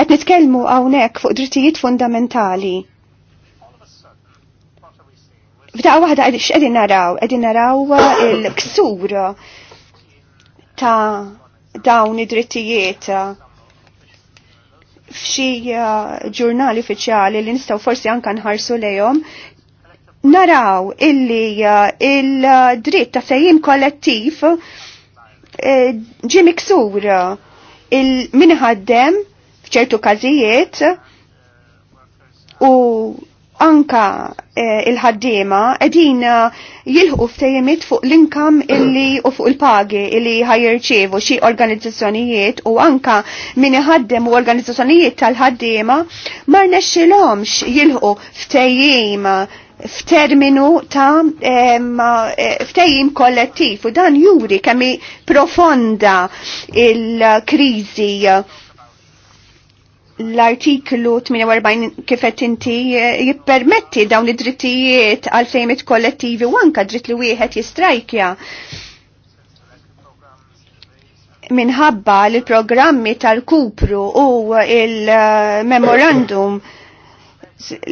qed nitkellmu hawnhekk fuq drittijiet fundamentali. F'daqqa waħda x'qegħdin naraw? Qegħdin naraw il-ksur ta' dawn id-drittijiet f'xi uh, ġurnali uffiċjali li nistgħu forsi anke nħarsu lejhom naraw illi uh, il-dritt ta' sejjim kollettiv uh, ġi miksur il-minħaddem f'ċertu każijiet u anka eh, il-ħaddima edin eh, jilħu ftejjemiet fuq l-inkam illi u fuq il-pagi illi ħajirċevu xi organizzazzjonijiet u anka min iħaddem u organizzazzjonijiet tal-ħaddima ma rnexxilhomx jilħu ftejjim f'terminu ta' eh, ftejim kollettiv u dan juri kemm profonda il-kriżi l-artiklu 48 kifet inti eh, jippermetti dawn id-drittijiet għal fejmet kollettivi u anka dritt li wieħed jistrajkja minħabba li programmi tal-kupru u il-memorandum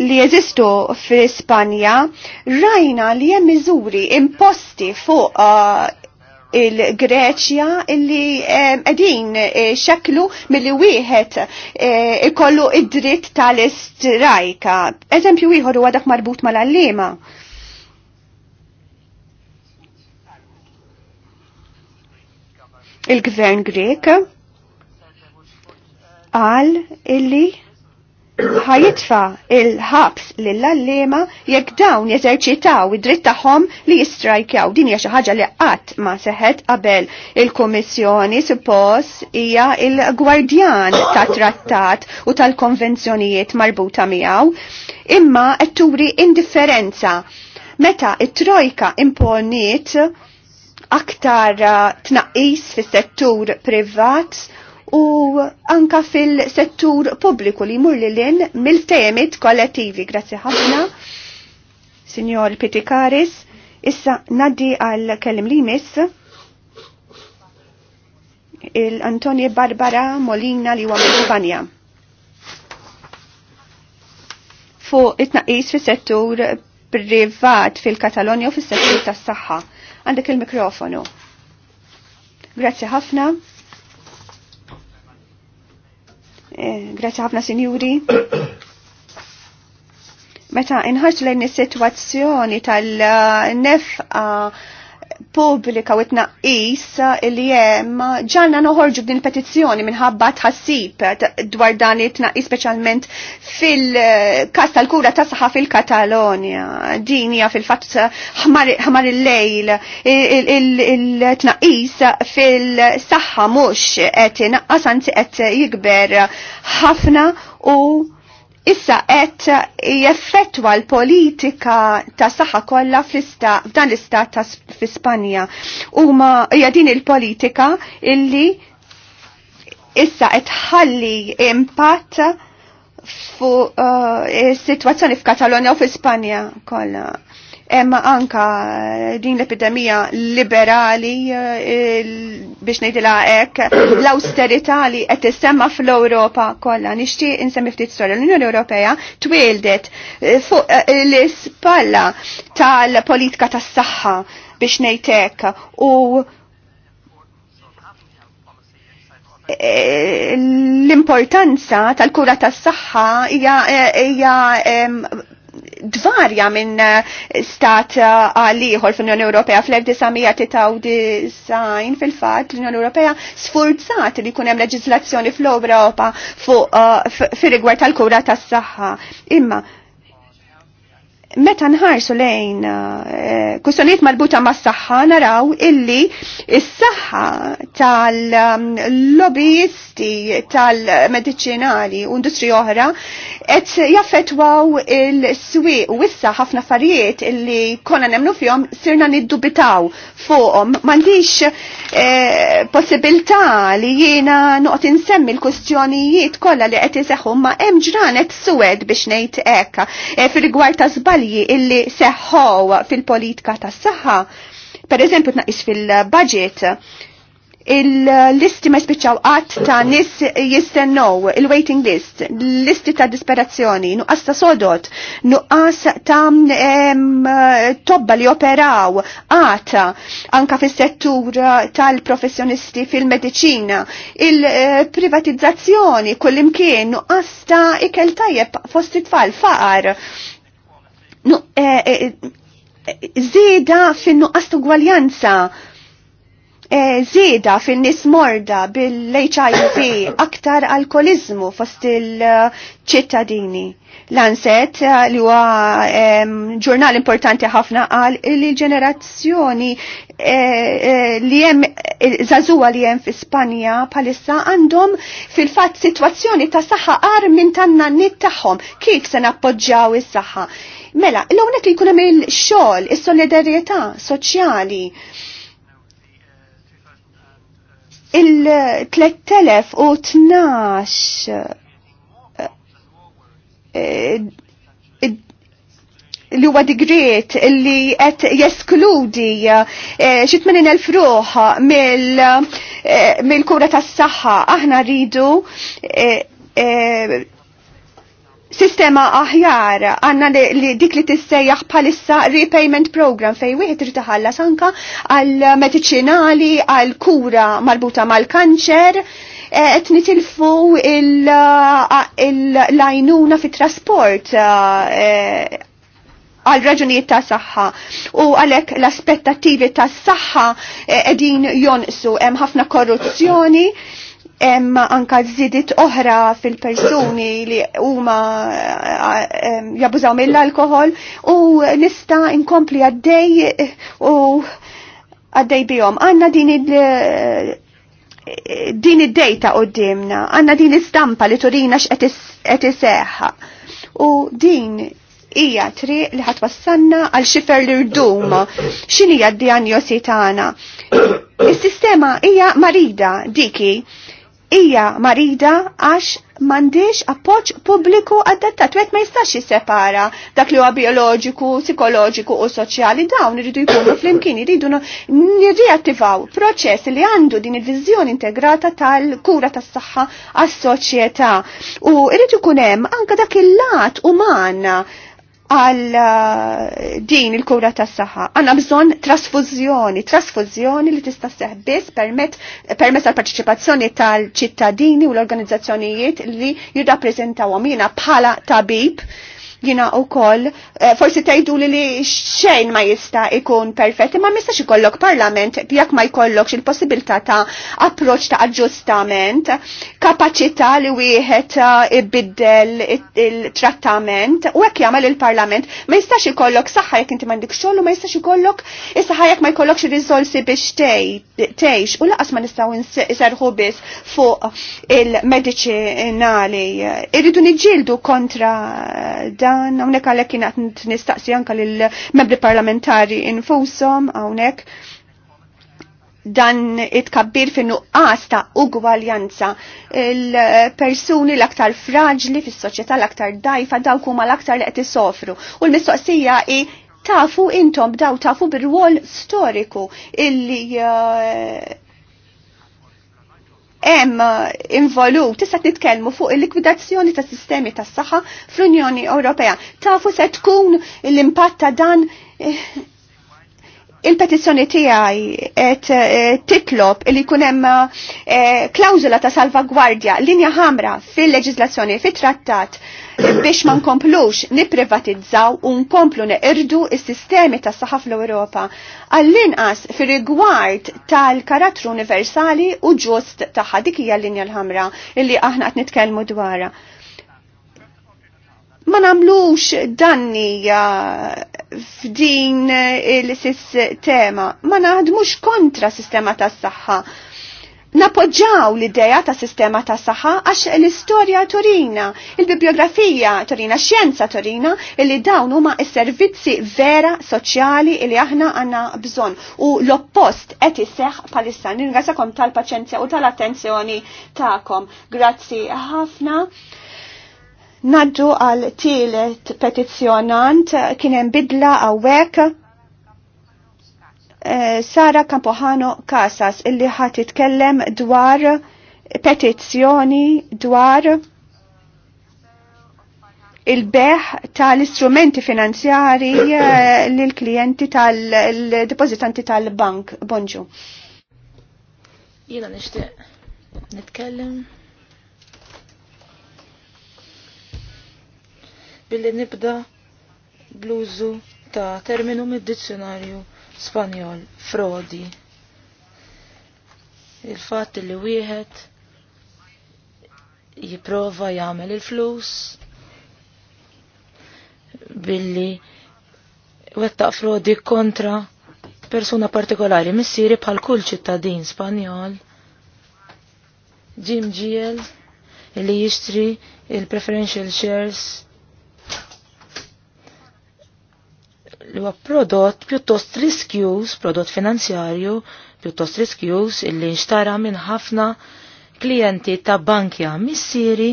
li jeżistu fl-Ispanja rajna li hemm miżuri imposti fuq uh, il-Greċja illi għedin eh, xeklu mill-li wieħed eh, ikollu id-dritt tal-istrajka. Eżempju wieħor huwa dak marbut mal-allima. Il-gvern Grek għal illi ħajitfa il-ħabs lill-allema jekk dawn jeżerċitaw id-dritt tagħhom li jistrajkjaw. Din hija xi ħaġa li qatt ma seħet qabel il-Kummissjoni suppost hija il-gwardjan ta' trattat u tal-konvenzjonijiet marbuta miegħu, imma qed turi indifferenza meta it-trojka imponiet aktar uh, tnaqqis fis-settur privat u anka fil-settur pubbliku li mur lilin mill-temit kollettivi. Grazzi ħafna, Signor Pitikaris. Issa naddi għal kellim li miss il-Antonio Barbara Molina li huwa minn Spanja. Fuq it-naqis fis-settur privat fil-Katalonja u fis-settur tas-saħħa. Għandek il-mikrofonu. Grazzi ħafna. Eh, grazie ħafna sinjuri. Meta inħarġ lejn is-sitwazzjoni tal-nefqa uh, pubblika u tnaqqis li jem ġanna noħorġu b'din petizzjoni minħabba tħassib dwar dan it-tnaqqis speċjalment fil-kas tal-kura ta' saħħa fil-Katalonja. Din hija fil-fatt ħmar il-lejl il-tnaqqis fil-saħħa mhux qed inaqqas anzi qed jikber ħafna u issa qed jeffettwa l-politika ta' saħħa kollha f'dan l-istat ta' f'Ispanja. Huma hija din il-politika illi issa qed ħalli impatt fuq uh, eh, is-sitwazzjoni f'Katalonja u f'Ispanja kollha. Emma anka din l-epidemija liberali eh, biex nejdila ek, l austerità li qed tissemma fl-Ewropa kollha. Nixtieq insemmi ftit storja l-Unjoni Ewropea twildet eh, fuq eh, l-ispalla tal-politika tas-saħħa biex hekk u l-importanza tal-kura tas saħħa hija dvarja minn eh, stat eh, għal-ieħor fl-Unjoni Ewropea fl-1993 fil-fatt l-Unjoni Ewropea sfurzat li jkun hemm fl-Ewropa fuq uh, fir-rigward tal-kura tas-saħħa. Imma meta nħarsu lejn uh, eh, kustonijiet malbuta ma' s-saxħa naraw illi s-saxħa tal-lobbyisti um, tal-medicinali u industri oħra et jaffetwaw il-swi u issa ħafna farijiet illi konna nemnu fjom sirna niddubitaw fuqom. Mandiċ eh, li jiena nuqt insemmi l-kustjonijiet kolla li għet jiseħu ma' emġranet suwed biex nejt eka eh, E, Fil-gwar ta' zbal żbalji illi seħħow fil-politika tas-saħħa, per eżempju tnaqis fil-budget, il-listi ma spiċċaw qatt ta' nis jistennow, il-waiting list, listi ta' disperazzjoni, nuqqas ta' sodot, nuqqas ta' tobba li operaw, għat anka fis settur tal-professjonisti fil-medicina, il-privatizzazzjoni, kullimkien, nuqqas ta' ikel tajjeb fost it-tfal, faqar zeda fin-nuqqas gwaljanza zeda fin eh, nismorda morda bil-HIV aktar alkolizmu fost il-ċittadini. Lanset eh, li huwa ġurnal importanti ħafna għal li ġenerazzjoni eh, li hemm zazuwa li hemm fi Spanja palissa għandhom fil-fatt situazzjoni ta' saħħa qar minn tan-nannit tagħhom. Kif se nappoġġjaw is-saħħa? Mela, l-għonek li kunem il-xol, il-solidarieta soċjali. Il-3012 eh, eh, li huwa digriet li qed jeskludi eh, xi tmien elf ruħ mill-kura tas-saħħa aħna rridu sistema aħjar għanna li dik li tissejjaħ bħalissa repayment program fej wieħed irid iħallas anka għal mediċinali għal kura marbuta mal-kanċer qed eh, nitilfu eh, l-lajnuna fit-trasport eh, għal raġunijiet ta' saħħa u għalek l-aspettattivi ta' saħħa edin jonqsu hemm ħafna korruzzjoni hemm anka żidiet oħra fil-persuni li huma eh, eh, jabużaw mill-alkohol u nista' inkompli għaddej eh, u għaddej bihom. Għanna din id- din id-dejta dimna, għanna din istampa li turina x'qed iseħħa. U din hija triq li ħat wassanna għal xifer l-irdum. X'inhi d-dijanjosi tagħna? Is-sistema hija marida diki hija marida għax m'għandix appoġġ pubbliku adattat wieħed ma jistax jissepara dak li huwa bioloġiku, psikoloġiku u soċjali dawn iridu jkunu flimkien iridu nirriattivaw proċess li għandu din il-viżjoni integrata tal-kura tas-saħħa għas-soċjetà u irid kunem hemm anke dak il-lat umana għal eh, din il-kura tas saħħa Għanna bżon trasfużjoni, trasfużjoni li tista' seħ biss permezz tal-parċipazzjoni tal-ċittadini u l-organizzazzjonijiet li jirrappreżentawhom jiena bħala tabib jina u koll, eh, forsi tajdu li li xejn ma jista ikun perfetti, ma mistax ikollok parlament, jak ma jkollokx il-possibilità ta' approċ ta' aġġustament, kapacità li wieħed eh, ibiddel il-trattament, u hekk jagħmel il-parlament, ma jistax ikollok saħħa jekk inti mandik xogħol u ma jistax ikollok is-saħħa jekk ma jkollokx ir rizolsi biex tgħix, u laqas ma nistaw nserħu biss fuq il medicinali Irridu niġġieldu kontra eh, dan dan, hawnhekk għalhekk kienet nistaqsi anke lill membri parlamentari infushom hawnhekk dan it-kabbir fin nuqqas ta' ugwaljanza. Il-persuni l-aktar fraġli fis soċjetà l-aktar dajfa dawk huma l-aktar li qed sofru. U l-mistoqsija i tafu intom bdaw tafu bir-rwol storiku illi uh, hemm uh, involut tista' titkellmu fuq il-likwidazzjoni ta' sistemi tas-saħħa fl-Unjoni Ewropea. Tafu se tkun l-impatt ta' dan eh, il-petizzjoni tiegħi qed eh, titlob li jkun hemm eh, klawżula ta' salvagwardja linja ħamra fil-leġiżlazzjoni fit-trattat biex ma nkomplux nipprivatizzaw u nkomplu neqirdu s-sistemi tas saħħa fl-Ewropa għall-inqas fir rigward tal-karattru universali u ġust tagħha dik hija l-linja l-ħamra li aħna qed nitkellmu dwarha ma namlux danni f'din il-sistema, eh, ma naħdmux kontra sistema tas saħħa Napoġġaw l-ideja ta' sistema ta' saħħa għax l-istorja Torina, il-bibliografija Torina, xjenza Torina, li dawn huma s-servizzi vera soċjali li aħna għanna bżon u l-oppost qed iseħħ palissa. Nirringrasakom tal-paċenzja u tal-attenzjoni ta'kom. Grazzi ħafna. Naddu għal tielet petizjonant kienem bidla għawek eh, Sara Campohano Casas illi ħat titkellem dwar petizzjoni dwar il-beħ tal-istrumenti finanzjari eh, l-klienti tal-depozitanti tal-bank. Bonġu. Jena nishtiq nitkellem billi nibda bluzu ta' terminu mid-dizzjonarju Spanjol frodi. Il-fatt li wieħed jiprova jagħmel il-flus billi wettaq frodi kontra persuna partikolari missieri bħal kull ċittadin Spanjol Jim Giel li jixtri il-preferential shares li huwa prodott pjuttost riskjuż, prodott finanzjarju, pjuttost riskjus illi nxtara minn ħafna klijenti ta' bankja missieri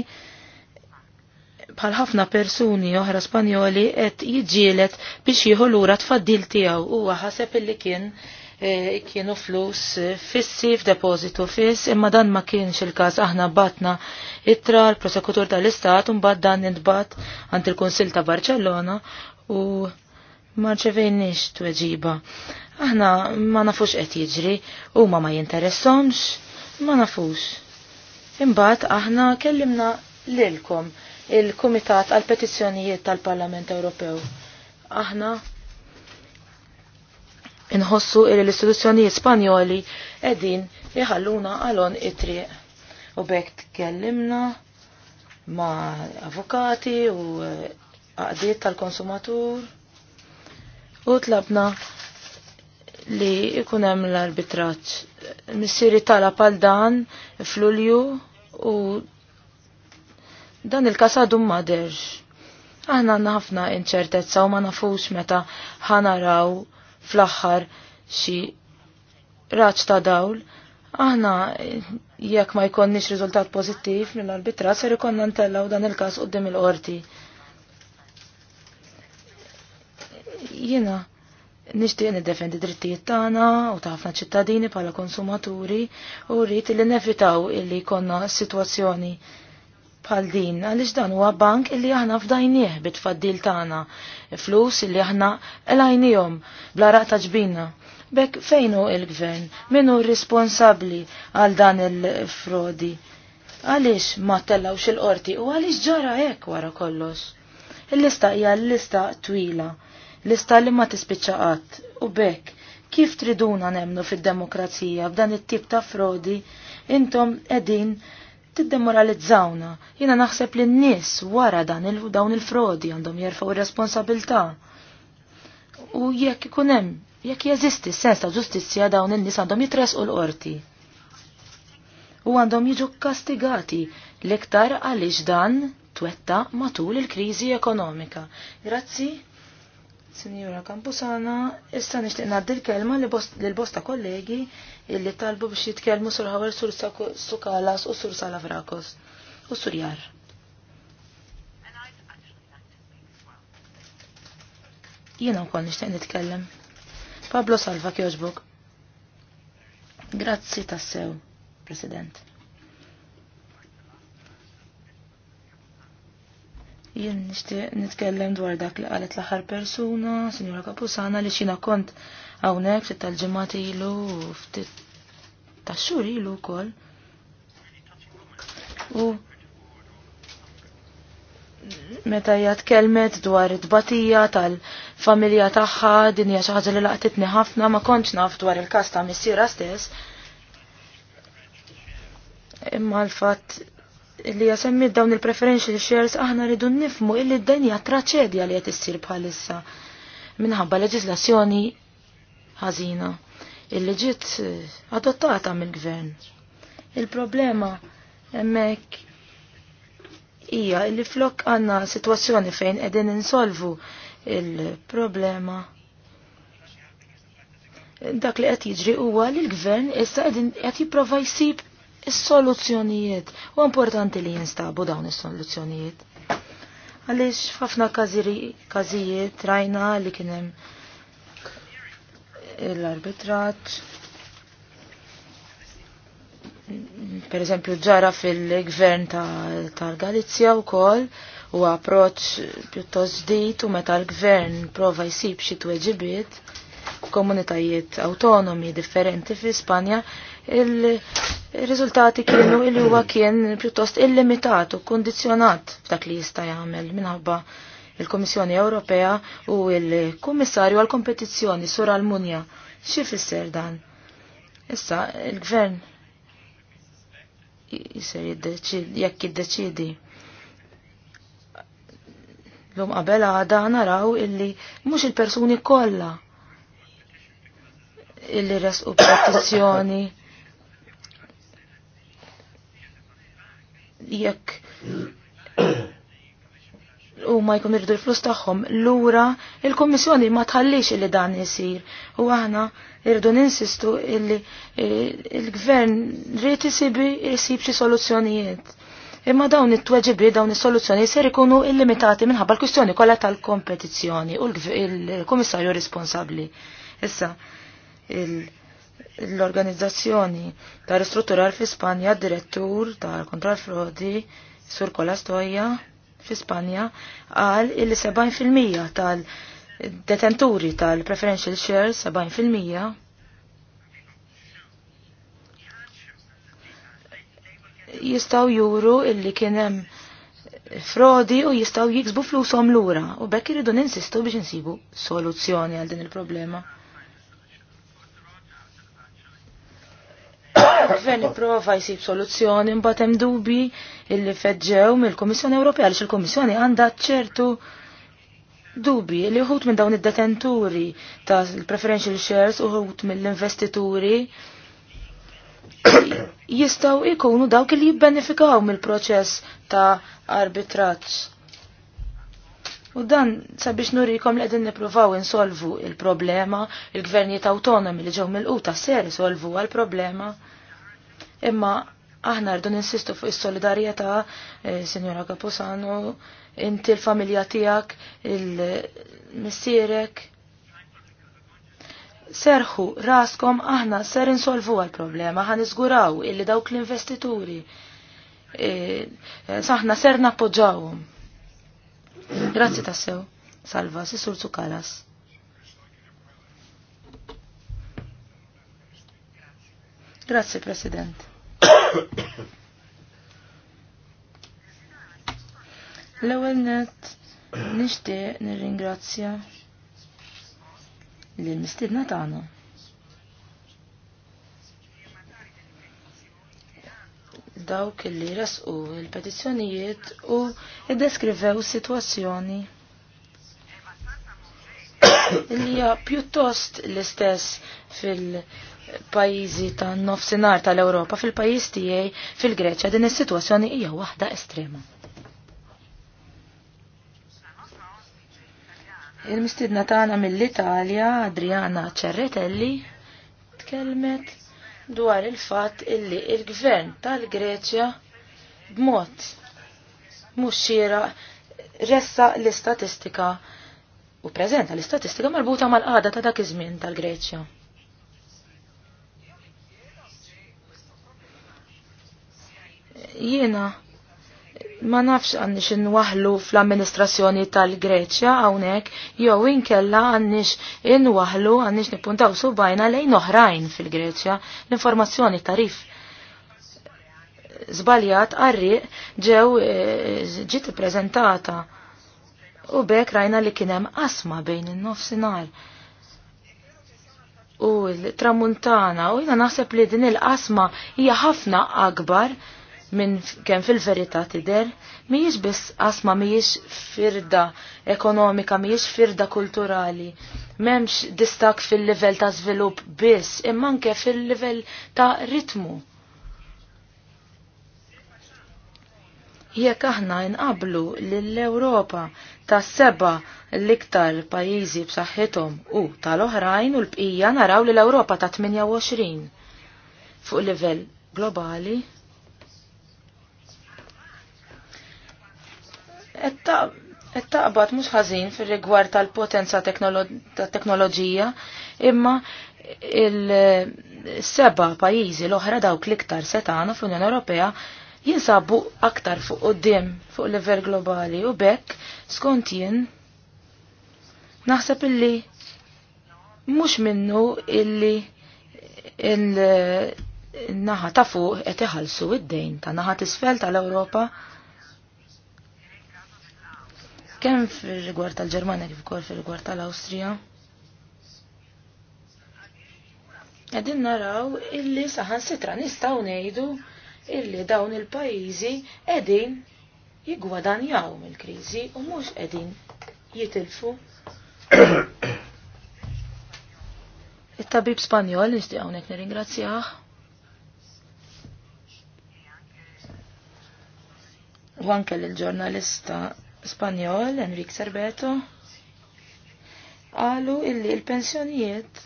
bħal ħafna persuni oħra Spanjoli qed jiġġielet biex jieħu lura tfaddil tiegħu huwa ħaseb illi kien e, kienu flus fissi f'depozitu fiss, imma dan ma kienx il-każ aħna batna ittra l-prosekutur tal-Istat un mbagħad dan intbat għand il-Kunsill ta' Barcellona u ma ċevejniex tweġiba. Aħna ma nafux qed jiġri, huma ma jinteressomx, ma nafux. Imbagħad aħna kellimna lilkom il-Kumitat għal petizzjonijiet tal-Parlament Ewropew. Aħna inħossu il l-istituzzjonijiet Spanjoli qegħdin jħalluna għalon it-triq. U bekk tkellimna ma' avukati u eh, għadiet tal-konsumatur u tlabna li ikun hemm l-arbitraġġ. Missieri tala pal dan f'Lulju u dan il-kas għadu maderġ. Aħna ħafna inċertezza u ma nafux meta ħanaraw fl-aħħar xi raġġ ta' dawl. Aħna jekk ma jkonniex riżultat pożittiv mill-arbitra ser ikonna ntellaw dan il-każ qudiem il-qorti. il każ quddiem il qorti Jiena nixtieq niddefendi drittijiet tagħna u ta' ħafna ċittadini bħala konsumaturi u rrid li nevitaw illi jkollna sitwazzjoni bħal din għaliex dan huwa bank illi aħna fdajnieh bit-tfaddil tagħna flus illi aħna elajnihom bla raqta ġbina. Bek fejnu il-gvern? Minu responsabli għal dan il-frodi? Għalix ma tellawx il-qorti u għalix ġara hekk wara kollox? Il-lista hija l-lista twila l li ma tispiċċa qatt u bekk kif triduna nemnu fid-demokrazija f'dan it-tip ta' frodi intom qegħdin tiddemoralizzawna. Jiena naħseb li n-nies wara dan il dawn il-frodi għandhom jerfgħu responsabilità. U jekk ikun hemm, jekk jeżisti sens ta' ġustizzja dawn in-nies għandhom jitresqu l-qorti. U għandhom jiġu kastigati l-iktar għaliex dan twetta matul il-kriżi ekonomika. Grazzi. Signora Kampusana, issa nixtieq ngħaddi l-kelma lill-bosta kollegi illi talbu biex jitkellmu sur Ħawel sur Sukalas u sur Salavrakos u sur Jar. Jiena wkoll nixtieq nitkellem. Pablo Salva kjoġbok. Grazzi tassew, President. Jien nixtieq nitkellem dwar dak li qalet l-aħħar persuna, Sinjora Kapusana, li xina kont hawnhekk ftit tal-ġimgħat ilu u ftit tax-xhur ilu wkoll. U meta hija tkellmet dwar it-tbatija tal-familja tagħha din hija xi ħaġa li laqtitni ħafna ma kontx naf dwar il-każ ta' missiera stess. Imma l-fatt li jasemmi dawn il-preferential shares aħna rridu nifmu illi d-denja traċedja li qed issir bħalissa minħabba leġislazzjoni ħażina illi ġiet adottata mill-gvern. Il-problema hemmhekk hija illi flok għandna sitwazzjoni fejn qegħdin insolvu il-problema dak li qed jiġri huwa li l-gvern issa qed jipprova jsib Is-soluzzjonijiet. U importanti li jinstabu dawn is-soluzzjonijiet. Għaliex f'ħafna każijiet rajna li kien hemm l-arbitraġġ. Per eżempju ġara fil-gvern tal-Galizja ta wkoll u approċ pjuttost ġdid u meta l-gvern prova jsib xi tweġibiet komunitajiet autonomi differenti fi Spanja il-riżultati kienu il huwa kien pjuttost illimitat u kondizjonat f'dak li jista' jagħmel minħabba il-Komissjoni Ewropea u il-Kummissarju għal-Kompetizzjoni Sur Almunja. Xi fisser dan? Issa il-Gvern jisir jekk jiddeċidi l-lum qabel għada naraw illi mhux il-persuni kollha illi resqu petizzjoni jekk u ma jkun irridu l-flus tagħhom lura il-Kummissjoni ma tħallix li dan isir u aħna irridu ninsistu illi il-Gvern rrid isibi jsib xi soluzzjonijiet. Imma dawn it-tweġibi dawn is-soluzzjoni ser ikunu illimitati minħabba l-kwistjoni kollha tal-kompetizzjoni u l-Kummissarju responsabbli. Issa, il- l-organizzazzjoni ta' ristrutturar fi Spanja, direttur ta' kontrol frodi, Sur Kolla Stoja fi Spanja, għal il 70% tal-detenturi tal-preferential shares, 70% jistaw juru illi kienem frodi u jistaw jiksbu flusom lura u bekk iridu ninsistu biex nsibu soluzzjoni għal din il-problema. Il-gvern prova jsib soluzzjoni mbagħad hemm dubi illi feġġew mill-Kummissjoni Ewropea għaliex il-Kummissjoni għandha ċertu dubi li uħut minn dawn id-detenturi ta' preferential shares uħut mill-investituri jistaw ikunu dawk li jibbenefikaw mill-proċess ta' arbitraċ. U dan sabiex nurikom li għedin nipruvaw insolvu il-problema, il-gvernijiet autonomi li ġew mill-quta ser solvu għal-problema. Imma aħna rdu ninsistu fuq is-solidarjetà, eh, Sinjora Caposano, inti l-familja tiegħek, il-missierek. Serħu raskom aħna ser insolvu għal-problema, ħan iżguraw illi dawk l-investituri. Eh, saħna ser nappoġġawhom. Grazzi tassew. Salva, sisur Kalas. Grazzi, President. L-ewwel net nixtieq nirringrazzja lill mistiedna tagħna. dawk li rasqu il-petizzjonijiet u iddeskrivew situazzjoni li hija pjuttost l-istess fil- pajizi ta' nofsinar tal-Europa fil-pajiz tiegħi fil-Greċja din is-sitwazzjoni hija waħda estrema. Il-mistidna tagħna mill-Italja, Adriana Cerretelli, tkellmet dwar il-fatt illi il-gvern tal-Greċja b'mod mhux ressa l-istatistika u preżenta l-istatistika marbuta mal-qada ta' dak iż-żmien tal-Greċja. Jiena ma nafx għannix inwaħlu fl-amministrazzjoni tal-Greċja hawnhekk jew inkella għandix inwaħlu għandix nippuntaw subajna lejn oħrajn fil-Greċja l-informazzjoni tarif zbaljat għarri ġew e, ġiet ippreżentata u bek rajna li kien hemm bejn in-nofsinhar u l-tramuntana u jiena naħseb li din il-qasma hija ħafna akbar minn kemm fil-verità tidher mhijiex biss qasma mhijiex firda ekonomika, mhijiex firda kulturali. M'hemmx distak fil-livell ta' żvilupp biss, imma anke fil-livell ta' ritmu. Jekk aħna nqablu lill-Ewropa ta' seba l-iktar pajjiżi b'saħħithom u tal-oħrajn u l-bqija naraw li l-Ewropa ta' 28 fuq livell globali qed taqbad mhux ħażin fir-rigward tal-potenza tat-teknoloġija imma il-seba pajjiżi l-oħra dawk l-iktar setana fl-Unjoni Ewropea jinsabu aktar fuq qudiem fuq livell globali u bekk skont jien naħseb illi mhux minnu illi il-naħa ta' fuq qed iħallsu id-dejn ta' naħa t'isfel tal-Ewropa kemm fir-rigward tal-Ġermanja kif ukoll fir-rigward tal-Awstrija. Qegħdin naraw illi saħan sitra nistgħu ngħidu illi dawn il-pajjiżi qegħdin jiggwadanjaw mill-kriżi u mhux qegħdin jitilfu. Il-tabib Spanjol nixtieq hawnhekk nirringrazzjah. U anke l-ġurnalista Spanjol, Enrique Serbeto, għalu illi il-pensjonijiet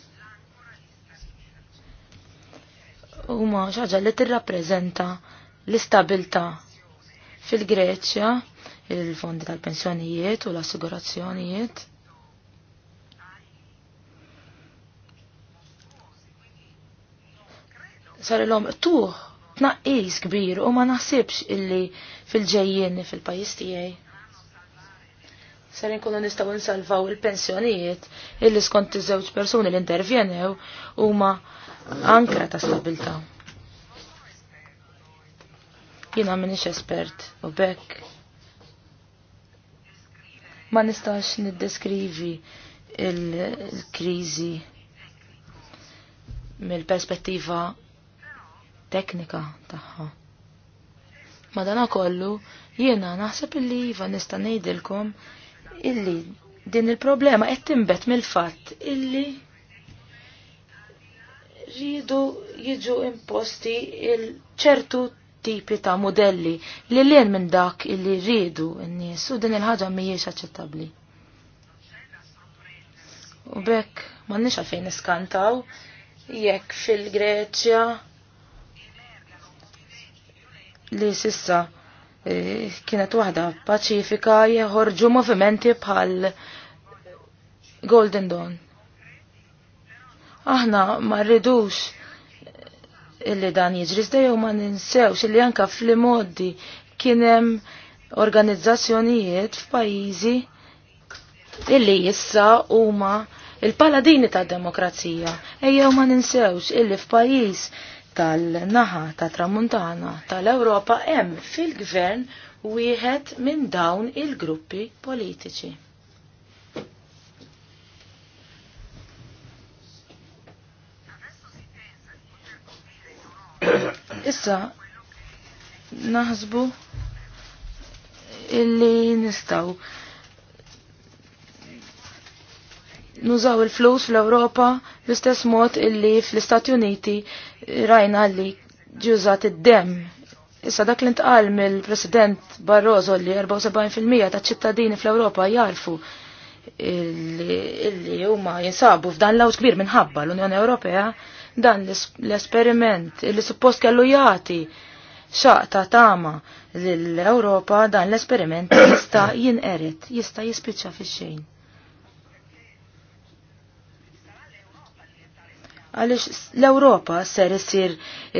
huma xaġa li tirrappreżenta l-istabilta fil-Greċja, il-fondi tal-pensjonijiet u l-assigurazzjonijiet. l-om tuħ tnaqqis kbir u ma naħsibx illi fil ġejjeni fil-pajjiż tiegħi ser inkunu nistgħu nsalvaw il-pensjonijiet illi skont iż-żewġ persuni li intervjenew huma ankra ta' stabilta. Jiena m'iniex espert u bekk ma nistax niddeskrivi il-kriżi mill-perspettiva teknika tagħha. Madana kollu, jiena naħseb illi iva nista' ngħidilkom illi din il-problema qed tinbet mill-fatt illi rridu jiġu imposti il-ċertu tipi ta' modelli li lien minn dak illi rridu n-nies u din il-ħaġa mhijiex aċċettabbli. U bekk ma għalfejn niskantaw jekk fil-Greċja li sissa Eh, kienet waħda paċifika jeħorġu movimenti bħal Golden Dawn. Aħna ma rridux illi dan jiġri jew ma ninsewx illi anka fl-modi kien hemm organizzazzjonijiet f'pajjiżi illi jissa huma il-paladini tad-demokrazija. Ejjew ma ninsewx illi f'pajjiż tal-naħa ta' tramuntana tal-Ewropa hemm fil-gvern wieħed minn dawn il-gruppi politiċi. Issa naħsbu illi nistaw nużaw il-flus fl-Ewropa l-istess mod illi fl-Istati Uniti rajna li ġużat id-dem. Issa dak li ntqal mill-President Barroso li 74% ta' ċittadini fl-Ewropa jarfu illi huma jinsabu f'dan l-awġ kbir minħabba l-Unjoni Ewropea dan l-esperiment illi suppost kellu jati xaqta tama l-Ewropa dan l-esperiment jista' jinqeret, jista' jispiċċa fix-xejn. għaliex l-Ewropa ser isir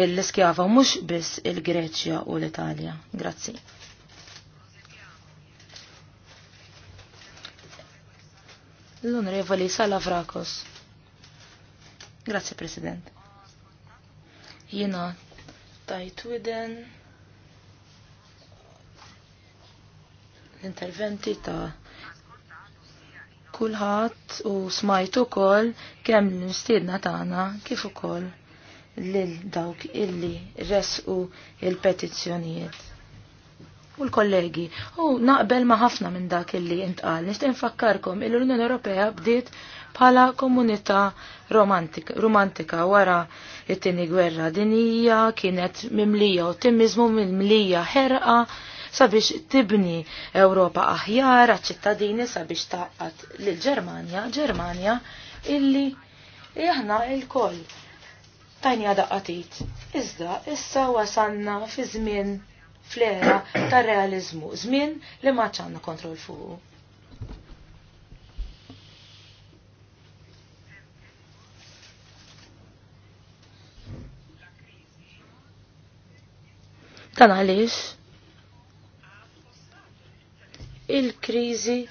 l-iskjava mhux biss il-Greċja u l-Italja. Grazzi. L-Onorevoli Sala Vrakos. Grazie, President. Jena tajt widen l-interventi ta' kulħadd u smajtu ukoll kemm l-mistiedna tagħna kif ukoll lil dawk illi resqu il-petizzjonijiet. U l-kollegi, u naqbel ma ħafna minn dak illi intqal, nista' nfakkarkom il l-Unjoni Ewropea bdiet bħala komunità romantika, wara it-tieni gwerra dinija kienet mimlija ottimizmu, mimlija ħerqa sabiex tibni Ewropa aħjar għaċ-ċittadini sabiex taqqat lil Ġermanja, Ġermania illi jahna il-koll tajnija daqqatit. Iżda, issa wasanna fi żmien flera tar realizmu, żmien li maċċanna kontrol fuq. fuqu. Dan għaliex? il-kriżi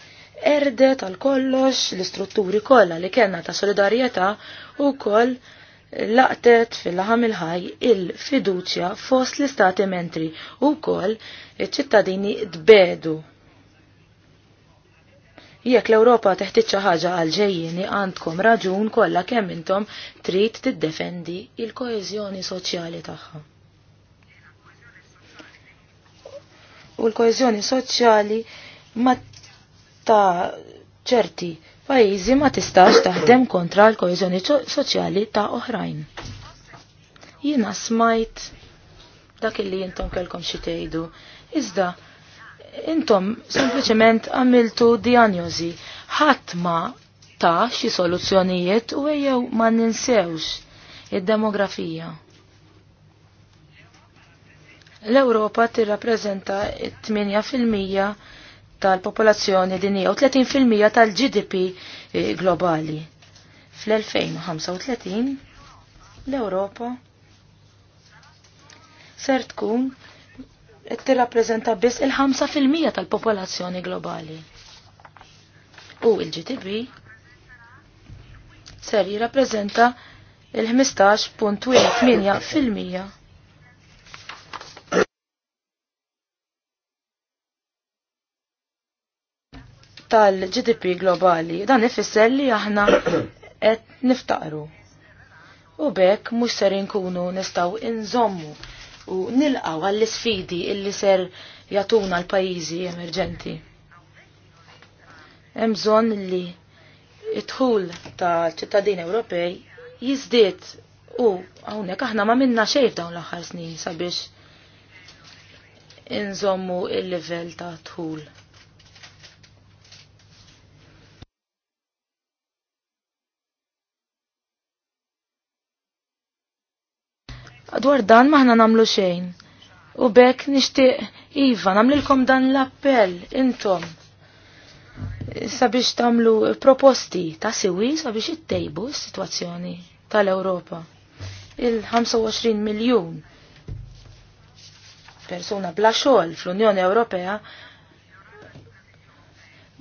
erdet tal kollox l-istrutturi kollha li kellna ta' solidarjetà ukoll laqtet fil-laħam il-ħaj il-fiduċja fost l-istati mentri u kol ċittadini dbedu. Jekk l-Ewropa teħtieġ ħaġa għal ġejjieni għandkom raġun kollha kemm intom trid tiddefendi il-koeżjoni soċjali tagħha. U l-koeżjoni soċjali ma ta' ċerti pajjiżi ma tistax taħdem kontra l-koeżjoni soċjali ta' oħrajn. Jiena smajt dak li jintom kelkom xi tgħidu. Iżda intom sempliċement għamiltu diagnosi. Ħadd ma ta' xi soluzzjonijiet u ejjew ma ninsewx id-demografija. L-Ewropa tirrappreżenta 8% tal-popolazzjoni dinija u 30% tal-GDP eh, globali. Fl-2035 l-Europa ser tkun qed tirrappreżenta biss il-5% tal-popolazzjoni globali. U il-GDP ser jirrappreżenta il-15.8% tal-GDP globali. Dan ifisser li aħna qed niftaqru. U bekk mhux ser inkunu nistgħu inżommu u nilqaw għall-isfidi illi ser jatuna l-pajjiżi emerġenti. Hemm bżonn li id-dħul tal-ċittadini Ewropej jiżdied u hawnhekk aħna ma minna xejn f'dawn l-aħħar snin sabiex inżommu il-livell ta' dħul. dwar dan maħna namlu xejn. U bekk nishtiq Iva, namlilkom dan l-appell, intom. Sabiex tamlu proposti ta' siwi sabiex ittejbu s-situazzjoni tal-Europa. Il-25 miljon persuna bla xogħol fl-Unjoni Ewropea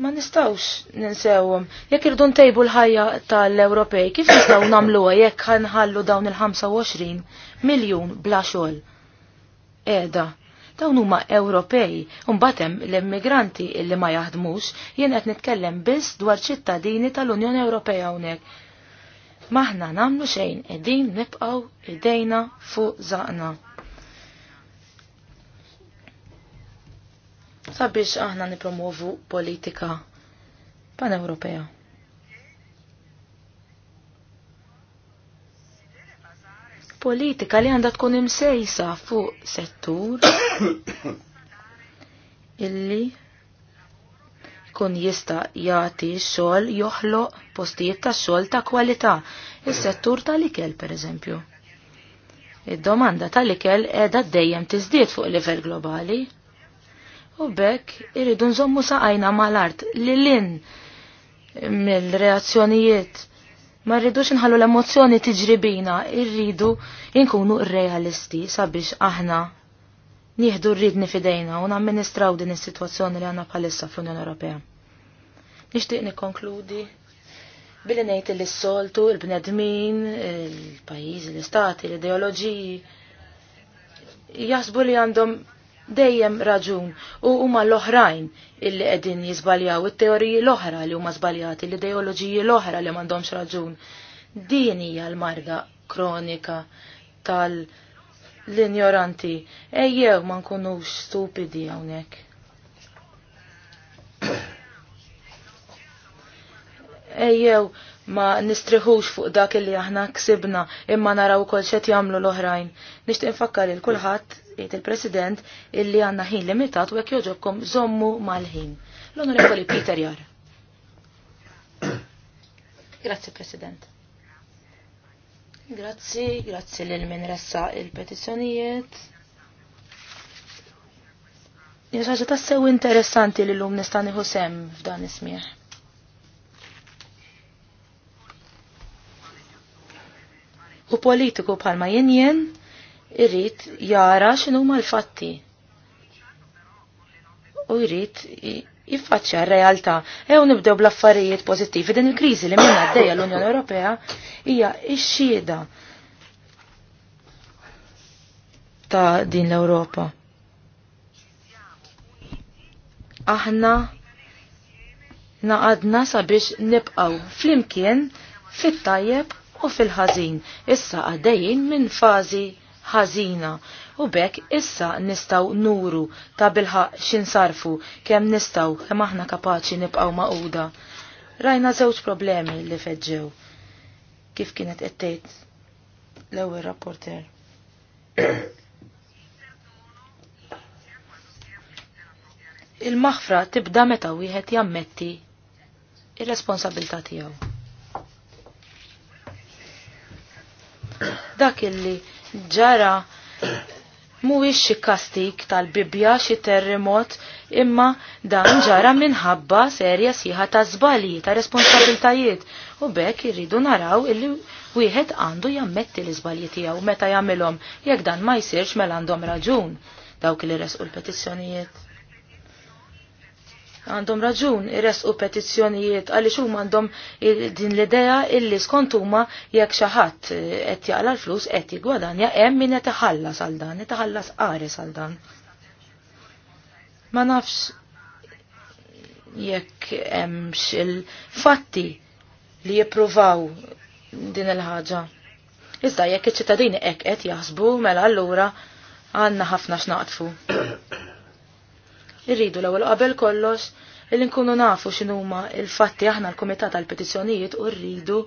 ma nistawx ninsewhom. Jekk irdu ntejbu l-ħajja tal-Ewropej, kif nistgħu nagħmluha jekk ħanħallu dawn il-25 miljun bla xogħol? Eda, dawn huma Ewropej, u mbagħad hemm l-immigranti illi ma jaħdmux, jien qed nitkellem biss dwar ċittadini tal-Unjoni Ewropea hawnhekk. Maħna nagħmlu xejn qegħdin nibqgħu idejna fuq zaqna. sabiex aħna nipromovu politika pan-Ewropea. Politika li għandha tkun imsejsa fuq settur illi kun jista jati xol joħloq postijiet ta' xol ta' kwalità, is-settur tal-ikel per eżempju. Id-domanda tal-ikel edha dejjem tiżdied fuq livell globali. U bekk irridu nżommu saqajna mal-art li l-in mill-reazzjonijiet. Ma rridux nħallu l-emozjoni tiġribina, irridu inkunu realisti sabiex aħna nieħdu rridni fidejna u namministraw din is-sitwazzjoni li għandna bħalissa fl-Unjoni Ewropea. Nixtieq nikkonkludi billi ngħid il-soltu, il-bnedmin, il-pajjiżi, l-istati, l-ideoloġiji jasbu li għandhom dejjem raġun u huma l-oħrajn illi qegħdin jiżbaljaw it-teoriji l-oħra li huma żbaljati, l-ideoloġiji l-oħra li m'għandhomx raġun. Din hija l-marda kronika tal- l-ignoranti, ejjew ma nkunux stupidi hawnhekk. Ejjew ma nistriħux fuq dak li aħna ksibna imma naraw kol xed jagħmlu l-oħrajn. Nixtieq infakkar il kulħadd jgħid il-President illi għandna ħin limitat u jekk joġobkom żommu mal-ħin. L-Onorevoli Peter Jar. Grazzi President. Grazzi, grazzi lil min ressa il-petizzjonijiet. Jaxħaġa tassew interessanti li l-lum nistani sem f'dan ismiħ. u politiku bħalma jenjen irrit jara x'inhuma l-fatti u jrid jiffaċċja r-realtà. Ew nibdew bl-affarijiet pożittivi din il-kriżi li minna għaddejja l-Unjoni Ewropea hija x-xhieda ta' din l-Ewropa. Aħna naqadna sabiex nibqaw flimkien fit-tajjeb u fil-ħażin. Issa għaddejjin minn fażi ħażina. U bekk issa nistaw nuru ta' bilħaq xinsarfu kemm nistaw kemm aħna kapaċi nibqgħu maquda. Rajna żewġ problemi li feġġew. Kif kienet qed tgħid l-ewwel rapporter. Il-maħfra tibda meta wieħed jammetti ir-responsabilità tiegħu. Dak illi ġara mhuwiex xi kastik tal-bibja xi terremot imma dan ġara minħabba serja sieħa ta' żbalji ta' responsabiltajiet u bekk irridu naraw illi wieħed għandu jammetti l-iżbalji tiegħu meta jagħmilhom jekk dan ma jsirx mela għandhom raġun dawk li resqu l-petizzjonijiet għandhom raġun irresqu petizzjonijiet għaliex huma għandhom din l-idea illi skont huma jekk xi ħadd eh, qed jaqla l-flus qed jiggwadanja hemm min qed iħallas għal dan, qed iħallas qares għal dan. Ma nafx jekk hemmx il-fatti li jippruvaw din il-ħaġa. Iżda jekk iċ-ċittadini hekk qed jaħsbu mela allura għandna ħafna x'naqtfu. Irridu l-ewwel qabel kollox illi nkunu nafu x'inhuma il-fatti aħna l-Kumitat tal-Petizzjonijiet u rridu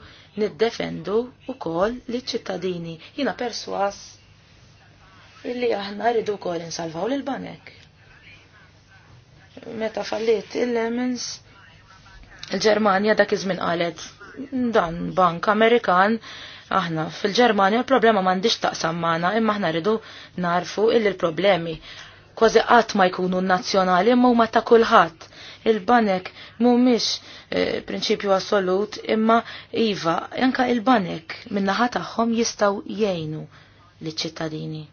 niddefendu wkoll ċ ċittadini Jiena perswas illi aħna rridu wkoll insalvaw lil banek. Meta falliet il-Lemens il-Ġermanja dak iż-żmien qalet dan bank Amerikan aħna fil-Ġermanja l-problema m'għandix taqsam magħna imma aħna rridu narfu illi l-problemi kważi qatt ma jkunu nazzjonali imma huma ta' kulħadd. Il-banek mhumiex eh, prinċipju assolut imma iva, anka il-banek min-naħa tagħhom jistgħu jgħinu liċ-ċittadini.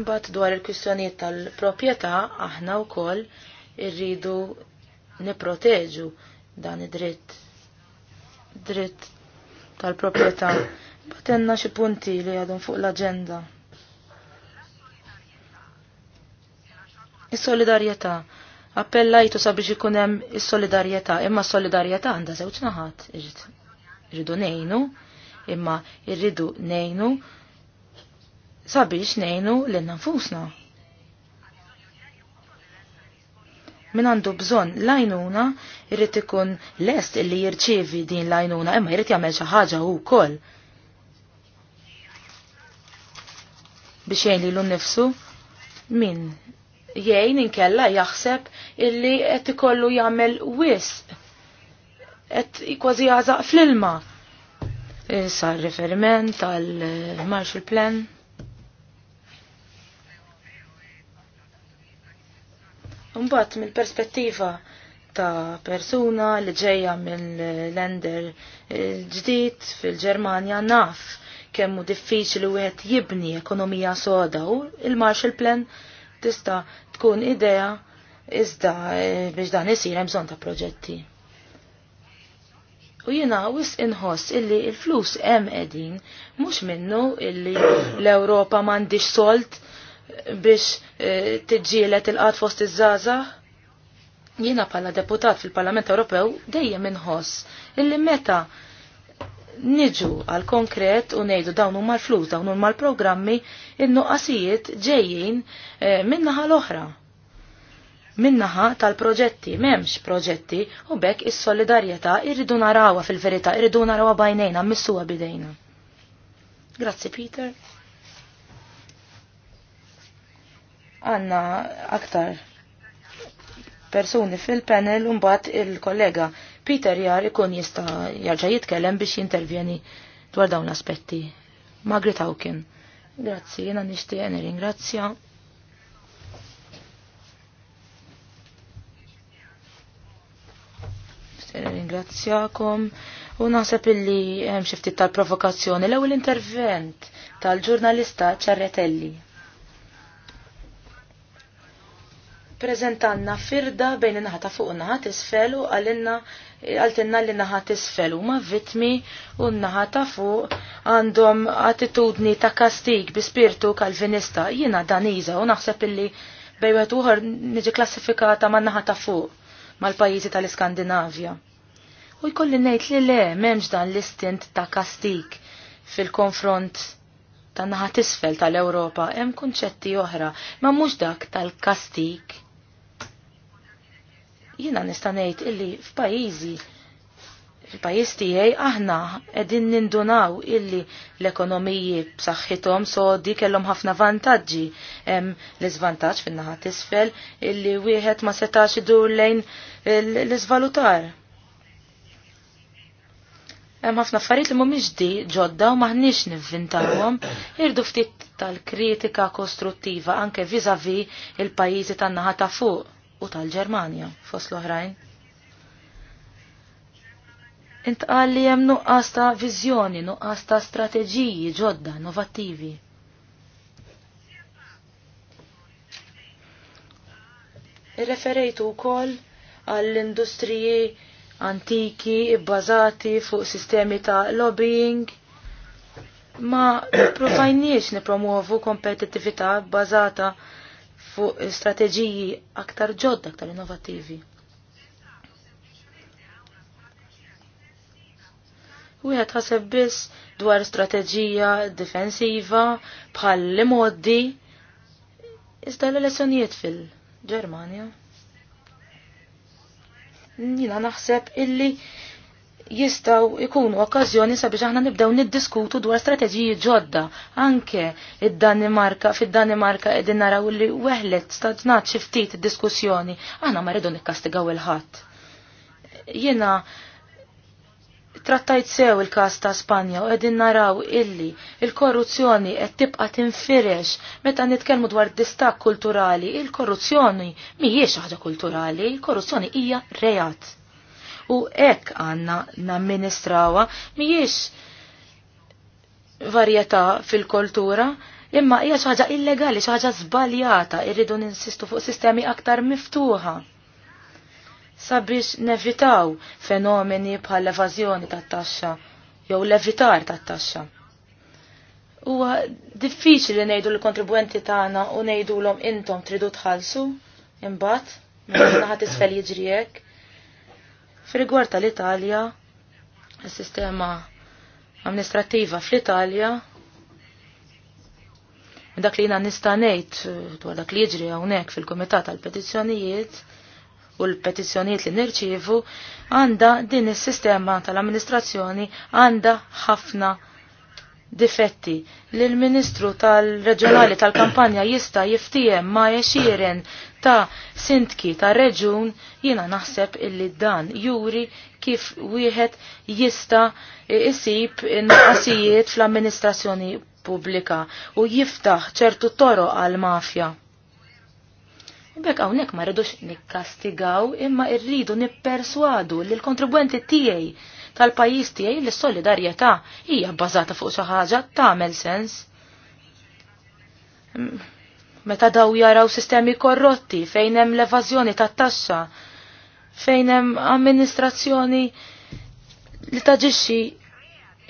Imbagħad dwar il-kwistjonijiet tal-proprjetà aħna wkoll irridu niproteġu dan id-dritt dritt tal-proprjetà Batenna xi punti li għadhom fuq l-aġenda. Is-solidarjetà. Appellajtu sabiex ikun hemm is-solidarjetà, imma s-solidarjetà għandha żewġ naħat. Irridu nejnu, imma irridu nejnu sabiex ngħinu lil nfusna. Min għandu bżonn lajnuna irrid ikun lest illi jirċievi din lajnuna, imma jrid jagħmel xi ħaġa u wkoll biex jgħin li l-nifsu, min jgħin inkella jaħseb illi qed ikollu jagħmel wis qed kważi jażaq fl-ilma. Issa eh, riferiment tal eh, Marshall Plan. Mbagħad mill-perspettiva ta' persuna li ġejja mill-lender eh, ġdid fil-Ġermanja naf kemmu diffiċli wieħed jibni ekonomija soda u il-Marshall Plan tista' tkun idea iżda eh, biex dan isir hemm bżonn ta' proġetti. U jiena wis inħoss illi il-flus hemm qegħdin mhux minnu illi l-Ewropa m'għandix solt biex eh, tiġġielet il-qat fost iż żaża jiena pala deputat fil-Parlament Ewropew dejjem inħoss illi meta niġu għal konkret u nejdu dawn huma mal flus dawn u mal programmi in-nuqqasijiet ġejjin eh, minnaħa l-oħra. Minnaħa tal-proġetti, memx proġetti, u bekk is-solidarjetà irridu narawa fil-verità, irridu narawa bajnejna, missuwa bidejna. Grazzi Peter. Għanna aktar persuni fil-panel un-bat il-kollega Peter jar ikun jista jarġa' jitkellem biex jintervjeni dwar dawn l-aspetti. Margaret Hawken. Grazzi, jena nishtiq ringrazzja. ringrazzjakom. U naħseb illi hemm xi ftit tal-provokazzjoni l-ewwel intervent tal-ġurnalista Ċarretelli. Prezentanna firda bejn in-naħa ta' fuq u naħa tisfel u għalinna għaltinna li naħa tisfel u ma vitmi u naħa ta' fuq għandhom attitudni ta' kastig bi spirtu kalvinista jina daniza u naħseb illi bejwet uħor niġi klassifikata ma' naħa ta' fuq mal-pajizi tal-Iskandinavja. U jkolli nejt li le memġ dan l-istint ta' kastik fil-konfront ta' naħa tisfel tal-Europa hemm kunċetti oħra ma' mhux dak tal-kastik Jiena nista' ngħid illi f'pajjiżi fil-pajjiż tiegħi aħna qegħdin nindunaw illi l-ekonomiji b'saħħithom sodi kellhom ħafna vantaġġi hemm l-iżvantaġġ fin-naħa t'isfel illi wieħed ma setax idur lejn l-iżvalutar. Hemm ħafna affarijiet li mhumiex di ġodda u maħniex nivvintawhom, irdu ftit tal-kritika kostruttiva anke viżavi il-pajjiżi tan-naħa ta' fuq u tal-Ġermanja fost l-oħrajn. Intqal li hemm nuqqas ta' viżjoni, nuqqas ta' strateġiji ġodda, innovattivi. Irreferejtu wkoll għall-industriji antiki bbażati fuq sistemi ta' lobbying. Ma provajniex nipromuovu kompetitività bbażata fuq strateġiji aktar ġodda, aktar innovativi. Wieħed ħaseb biss dwar strategija difensiva bħal li moddi iżda l-elezzjonijiet fil ġermania Nina naħseb illi jistaw ikunu okkazjoni sabiex aħna nibdew niddiskutu dwar strateġiji ġodda. Anke id-Danimarka, fid-Danimarka qegħdin naraw li weħlet staġnat xi ftit diskussjoni. Aħna ma rridu nikkastigaw il-ħadd. Jiena trattajt sew il-każ ta' Spanja u qegħdin naraw illi il-korruzzjoni qed tibqa' tinfirex meta nitkellmu dwar distak kulturali, il-korruzzjoni mhijiex ħaġa kulturali, il-korruzzjoni hija reat u ek għanna namministrawa miex varjetà fil kultura imma hija xi ħaġa illegali, xi ħaġa żbaljata, irridu ninsistu fuq sistemi aktar miftuħa sabiex nevitaw fenomeni bħal evażjoni tat-taxxa jew levitar tat-taxxa. Huwa diffiċli ngħidu l-kontribwenti tagħna u ngħidulhom intom tridu tħallsu imbagħad meta ħadd isfel jiġri hekk fil rigward tal-Italja, il sistema amministrattiva fl-Italja, dak li jina nista' ngħid eh, dwar dak li jiġri hawnhekk fil-Kumitat tal-Petizzjonijiet u l-petizzjonijiet li nirċievu għandha din is-sistema tal-amministrazzjoni għandha ħafna difetti li l-Ministru tal-Reġjonali tal-Kampanja jista' jiftijem ma' jexieren ta' sintki ta' reġun jiena naħseb illi dan juri kif wieħed jista' isib naqasijiet fl-amministrazzjoni pubblika u jiftaħ ċertu toro għal-mafja. Bek hawnhekk ma rridux nikkastigaw imma rridu nipperswadu lill kontribwenti tiegħi tal-pajjiż tiegħi li s-solidarjetà hija bbażata fuq xi ħaġa tagħmel sens. Meta daw jaraw sistemi korrotti fejn hemm l-evażjoni tat-taxxa, fejn hemm amministrazzjoni li taġixxi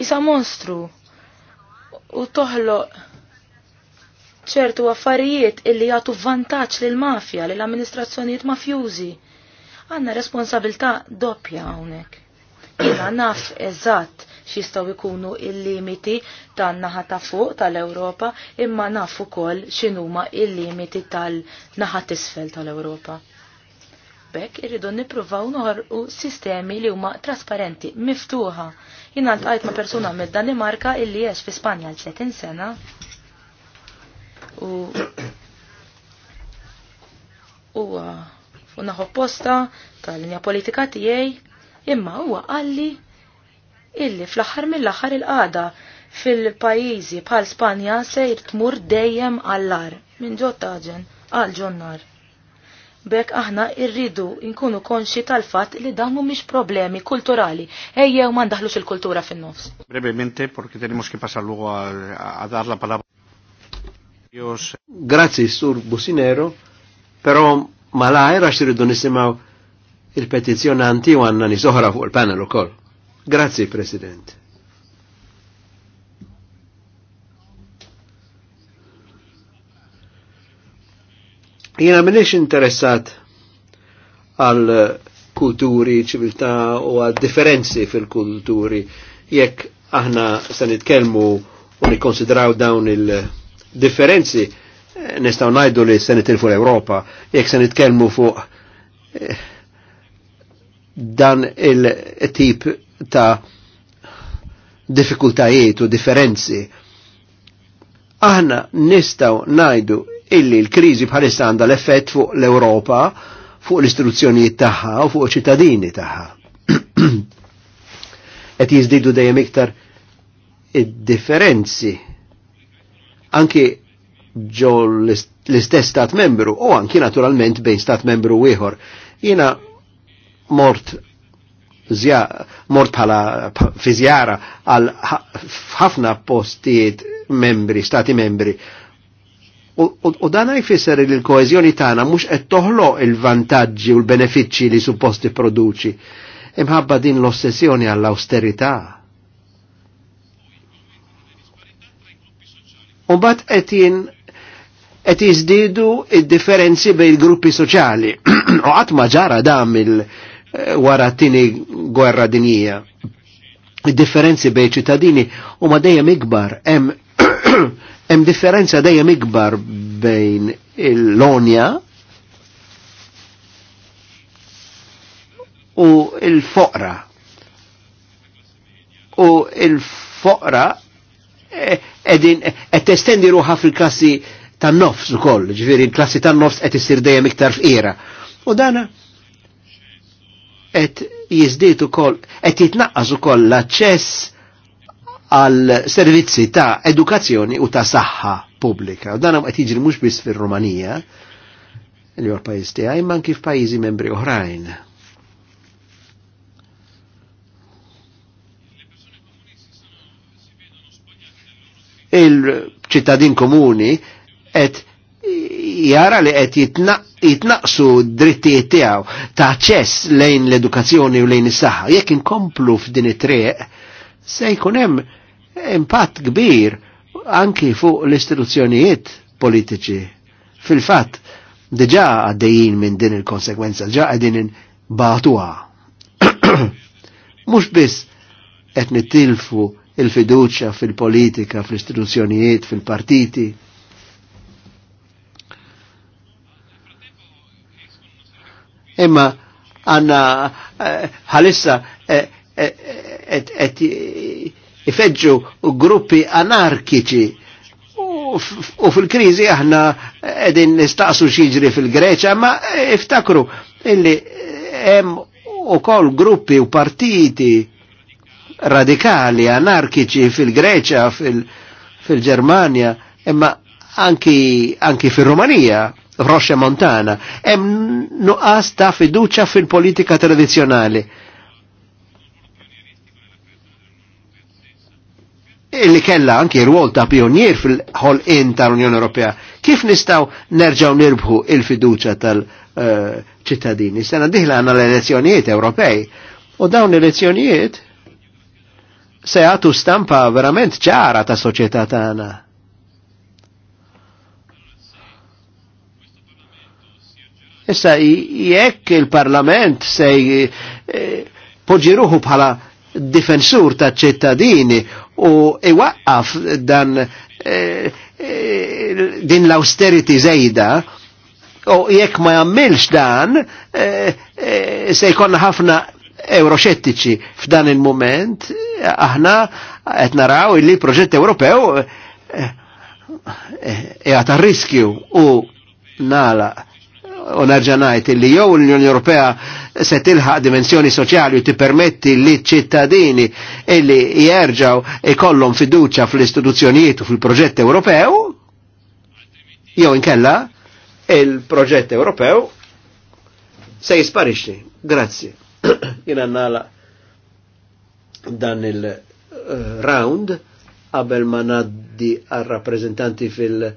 isa monstru u toħloq ċertu affarijiet illi jagħtu vantaġġ lil mafja lil amministrazzjonijiet mafjużi. Għanna responsabilità doppja hawnhekk. Jena naf eżatt xistaw jkunu il-limiti tan-naħa ta' fuq tal-Ewropa imma naf ukoll x'inhuma il-limiti tal-naħa tisfel tal-Ewropa. Bekk irridu nippruvaw noħorqu sistemi li huma trasparenti, miftuħa. Jien ltqajt ma' persuna mid-Danimarka illi jex fi Spanja l 30 sena. U huwa naħu posta tal-linja politika tiegħi imma huwa għalli illi fl-aħħar mill-aħħar il-qada fil-pajjiżi bħal Spanja sejr tmur dejjem għallar minn ġod taġen għal ġonnar. Bek aħna irridu nkunu konxi tal-fatt li dan mhumiex problemi kulturali ejjew ma ndaħlux il-kultura fin-nofs. Brevemente porki tenemos ki pasar lugu a, dar la palabra. Grazie, Sur Businero, però malajr għax irridu nisimaw il-petizjonanti u għanna nisoħra fuq il-panel u koll. Grazzi, President. Jena minnix interessat għal kulturi, ċiviltà u għal differenzi fil-kulturi jekk aħna se nitkellmu u nikkonsidraw dawn il-differenzi eh, nistgħu ngħidu li se nitilfu l europa jekk se nitkellmu fuq eh, dan il-tip ta' diffikultajiet u differenzi. Aħna nistaw najdu illi l-krizi bħalissa għanda l-effett fuq l-Europa, fuq l-istruzzjonijiet tagħha u fuq ċittadini tagħha. Qed jiżdidu dejjem iktar id-differenzi anki ġo l-istess stat membru u anki naturalment bejn stat membru ieħor. Jiena mort mort bħala fi għal ħafna postijiet membri, stati membri. U, u, dan jfisser li l-koezjoni tana mhux qed toħloq il-vantaġġi u l-benefiċċji li supposti produċi. Imħabba din l-ossessjoni għall-austerità. U bat etin et jizdidu id-differenzi bej il-gruppi soċjali. U għatma ġara dam il- wara tini gwerra dinija. Differenzi bej ċittadini huma dejjem ikbar, hemm hemm differenza dejjem ikbar bejn il-lonja u il-foqra. U il-foqra eh, edin qed eh, testendi ruħa fil-klassi tan-nofs ukoll, ġifieri l-klassi tan-nofs qed issir dejjem iktar f'ira. U dana et jizdiet kol, qed jitnaqqas ukoll l-aċċess għal servizzi ta' edukazzjoni u ta' saħħa pubblika. U dan qed jiġri mhux biss fir-Rumanija, li huwa pajjiż tiegħi, imma anki f'pajjiżi membri oħrajn. Il-ċittadin komuni qed jara li qed jitnaqsu drittijiet tiegħu ta' aċċess lejn l-edukazzjoni u lejn is-saħħa. Jekk inkomplu f'din it-triq se jkun hemm impatt kbir anki fuq l-istituzzjonijiet politiċi. Fil-fatt, diġa għaddejjin minn din il-konsekwenza, diġa għaddin batuha. Mux biss qed nittilfu il-fiduċa fil-politika, fil-istituzzjonijiet, fil-partiti, imma għanna għalissa eh, eh, eh, et ifeġġu gruppi anarkiċi u fil-krizi aħna edin nistaqsu xieġri fil-Greċa, ma iftakru illi hemm u kol gruppi u partiti radikali, anarkiċi fil-Greċa, fil-Germania, imma anki, anki fil romania Roche Montana, hemm nuqqas ta' fiduċa fil-politika tradizzjonali. Illi kella anki rwol ta' pionier fil in tal-Unjoni Ewropea. Kif nistaw nerġaw nirbħu il-fiduċa tal-ċittadini? Uh, Sena diħla għanna l-elezzjonijiet Ewropej. U dawn l-elezzjonijiet se għatu stampa verament ċara ta' soċjetà tagħna. Ta Issa jekk il-Parlament se eh, poġiruħu bħala difensur ta' ċittadini u iwaqqaf dan eh, eh, din l-austerity zejda u jekk ma jammilx dan se jkonna ħafna euroxettiċi f'dan il-moment aħna qed naraw li proġett Ewropew qiegħed riskju u nala u narġanajt li jow l-Unjoni Ewropea se tilħaq dimensjoni soċjali u tippermetti li ċittadini illi jerġaw ikollhom fiduċa fl-istituzzjonijiet u fil-proġett Ewropew, jew inkella il-proġett Ewropew se jisparixxi. Grazzi. Jiena nagħla dan il-round eh, qabel ma naddi għal rappreżentanti fil-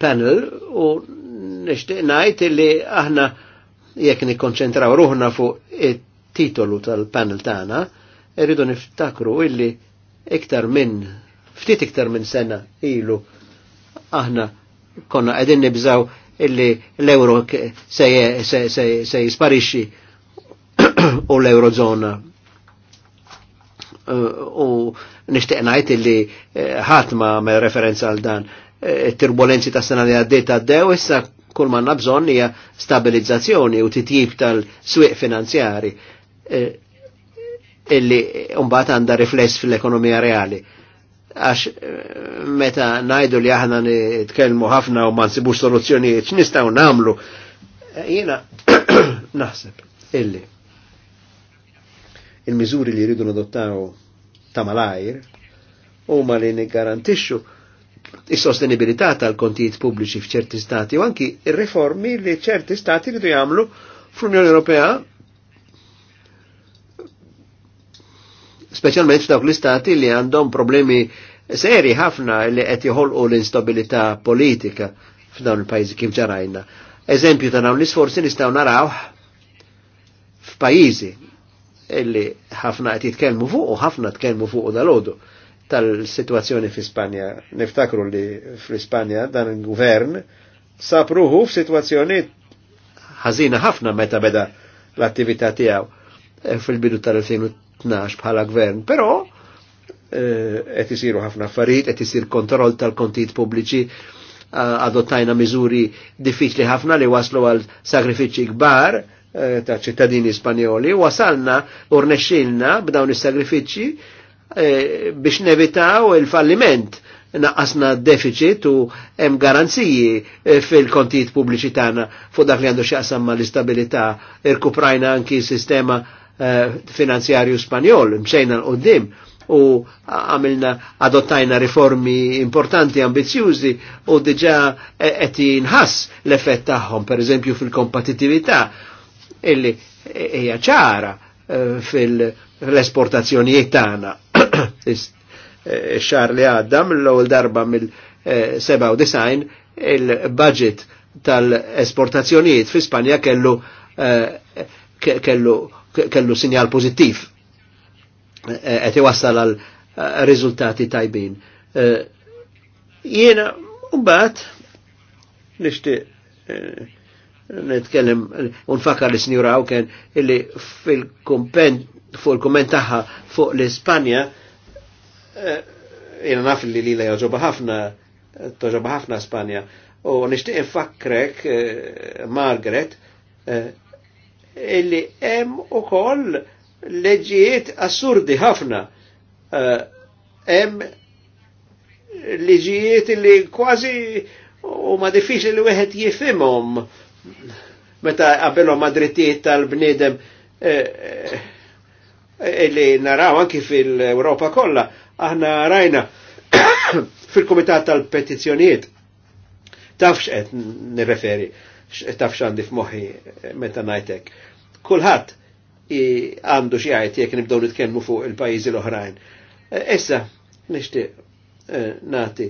panel u nishtiq najt li aħna jekk nikkonċentraw ruħna fuq it-titolu tal-panel tagħna, irridu niftakru illi iktar minn ftit iktar minn sena ilu aħna konna qegħdin nibżaw illi l-euro se jisparixxi u l-eurozona uh, u nishtiq ngħid illi eh, ħatma me referenza għal dan Eh, turbulenzi ta' sena li għaddejt għaddew, issa kull manna bżon hija stabilizzazzjoni u titjib tal-swieq finanzjari eh, illi umbat għanda rifless fil-ekonomija reali. Għax eh, meta najdu li aħna nitkellmu ħafna u ma nsibux soluzzjonijiet x'nistgħu namlu, jiena naħseb illi il-miżuri li jridu nadottaw ta' malajr huma li niggarantixxu is-sostenibilità tal-kontijiet pubbliċi f'ċerti stati u anki ir-riformi li ċerti stati li jagħmlu fl-Unjoni Ewropea speċjalment f'dawk l-istati li għandhom problemi seri ħafna li qed joħolqu l-instabilità politika f'dawn il-pajjiżi kif ġarajna. Eżempju ta' dawn l-isforzi nistgħu naraw f'pajjiżi illi ħafna qed jitkellmu fuq u ħafna tkellmu fuq dal-għodu tal-situazzjoni fi Spanja. Niftakru li fl-Ispanja dan il-gvern sapruħu f-situazzjoni ħazina ħafna meta beda l-attività tiegħu eh, fil-bidu tal-2012 bħala gvern, però eh, qed isiru ħafna affarijiet, qed isir kontroll tal-kontijiet pubbliċi, adottajna miżuri diffiċli ħafna li waslu għal sagrifiċi kbar eh, ta' ċittadini Spanjoli, wasalna u rnexxilna b'dawn is sagrifiċċi Eh, biex nevitaw il-falliment naqqasna deficit u hemm garanziji eh, fil-kontijiet pubbliċi tagħna fuq dak li għandu x'jaqsam ma istabilità irkuprajna anki sistema eh, finanzjarju Spanjol mxejna l-qoddim u għamilna adottajna riformi importanti, ambizjużi u diġa qed jinħass l-effett tagħhom, per eżempju fil kompatitività illi hija ċara fil-esportazzjonijiet tagħna Eh, xar li għadda mill-ewwel darba mill-97 il-budget tal-esportazzjonijiet fi Spanja kellu eh, kellu kellu sinjal pozittiv eh, qed iwassal għal riżultati tajbin. Jiena mbagħad nixtieq nitkellem unfakar li sinjura kien illi fil-kumpen fuq il-kumment tagħha fuq l-Ispanja Eh, jena naf li lila joġoba ħafna, toġoba ħafna Spanja. U nishtiq infakrek, eh, Margaret, eh, illi em u koll leġijiet assurdi ħafna. Em leġijiet li kważi u ma diffiċli li wieħed jifhimhom meta qabelhom ma tal-bniedem illi naraw anki fil-Ewropa kollha Aħna rajna fil-Komitat tal-Petizzjonijiet tafx qed nirreferi, tafx għandi f'moħħi eh, meta ngħidlek. Kulħadd għandu xi jgħid jekk nibdew nitkellmu fuq il-pajjiżi l-oħrajn. Eh, issa nixtieq eh, nagħti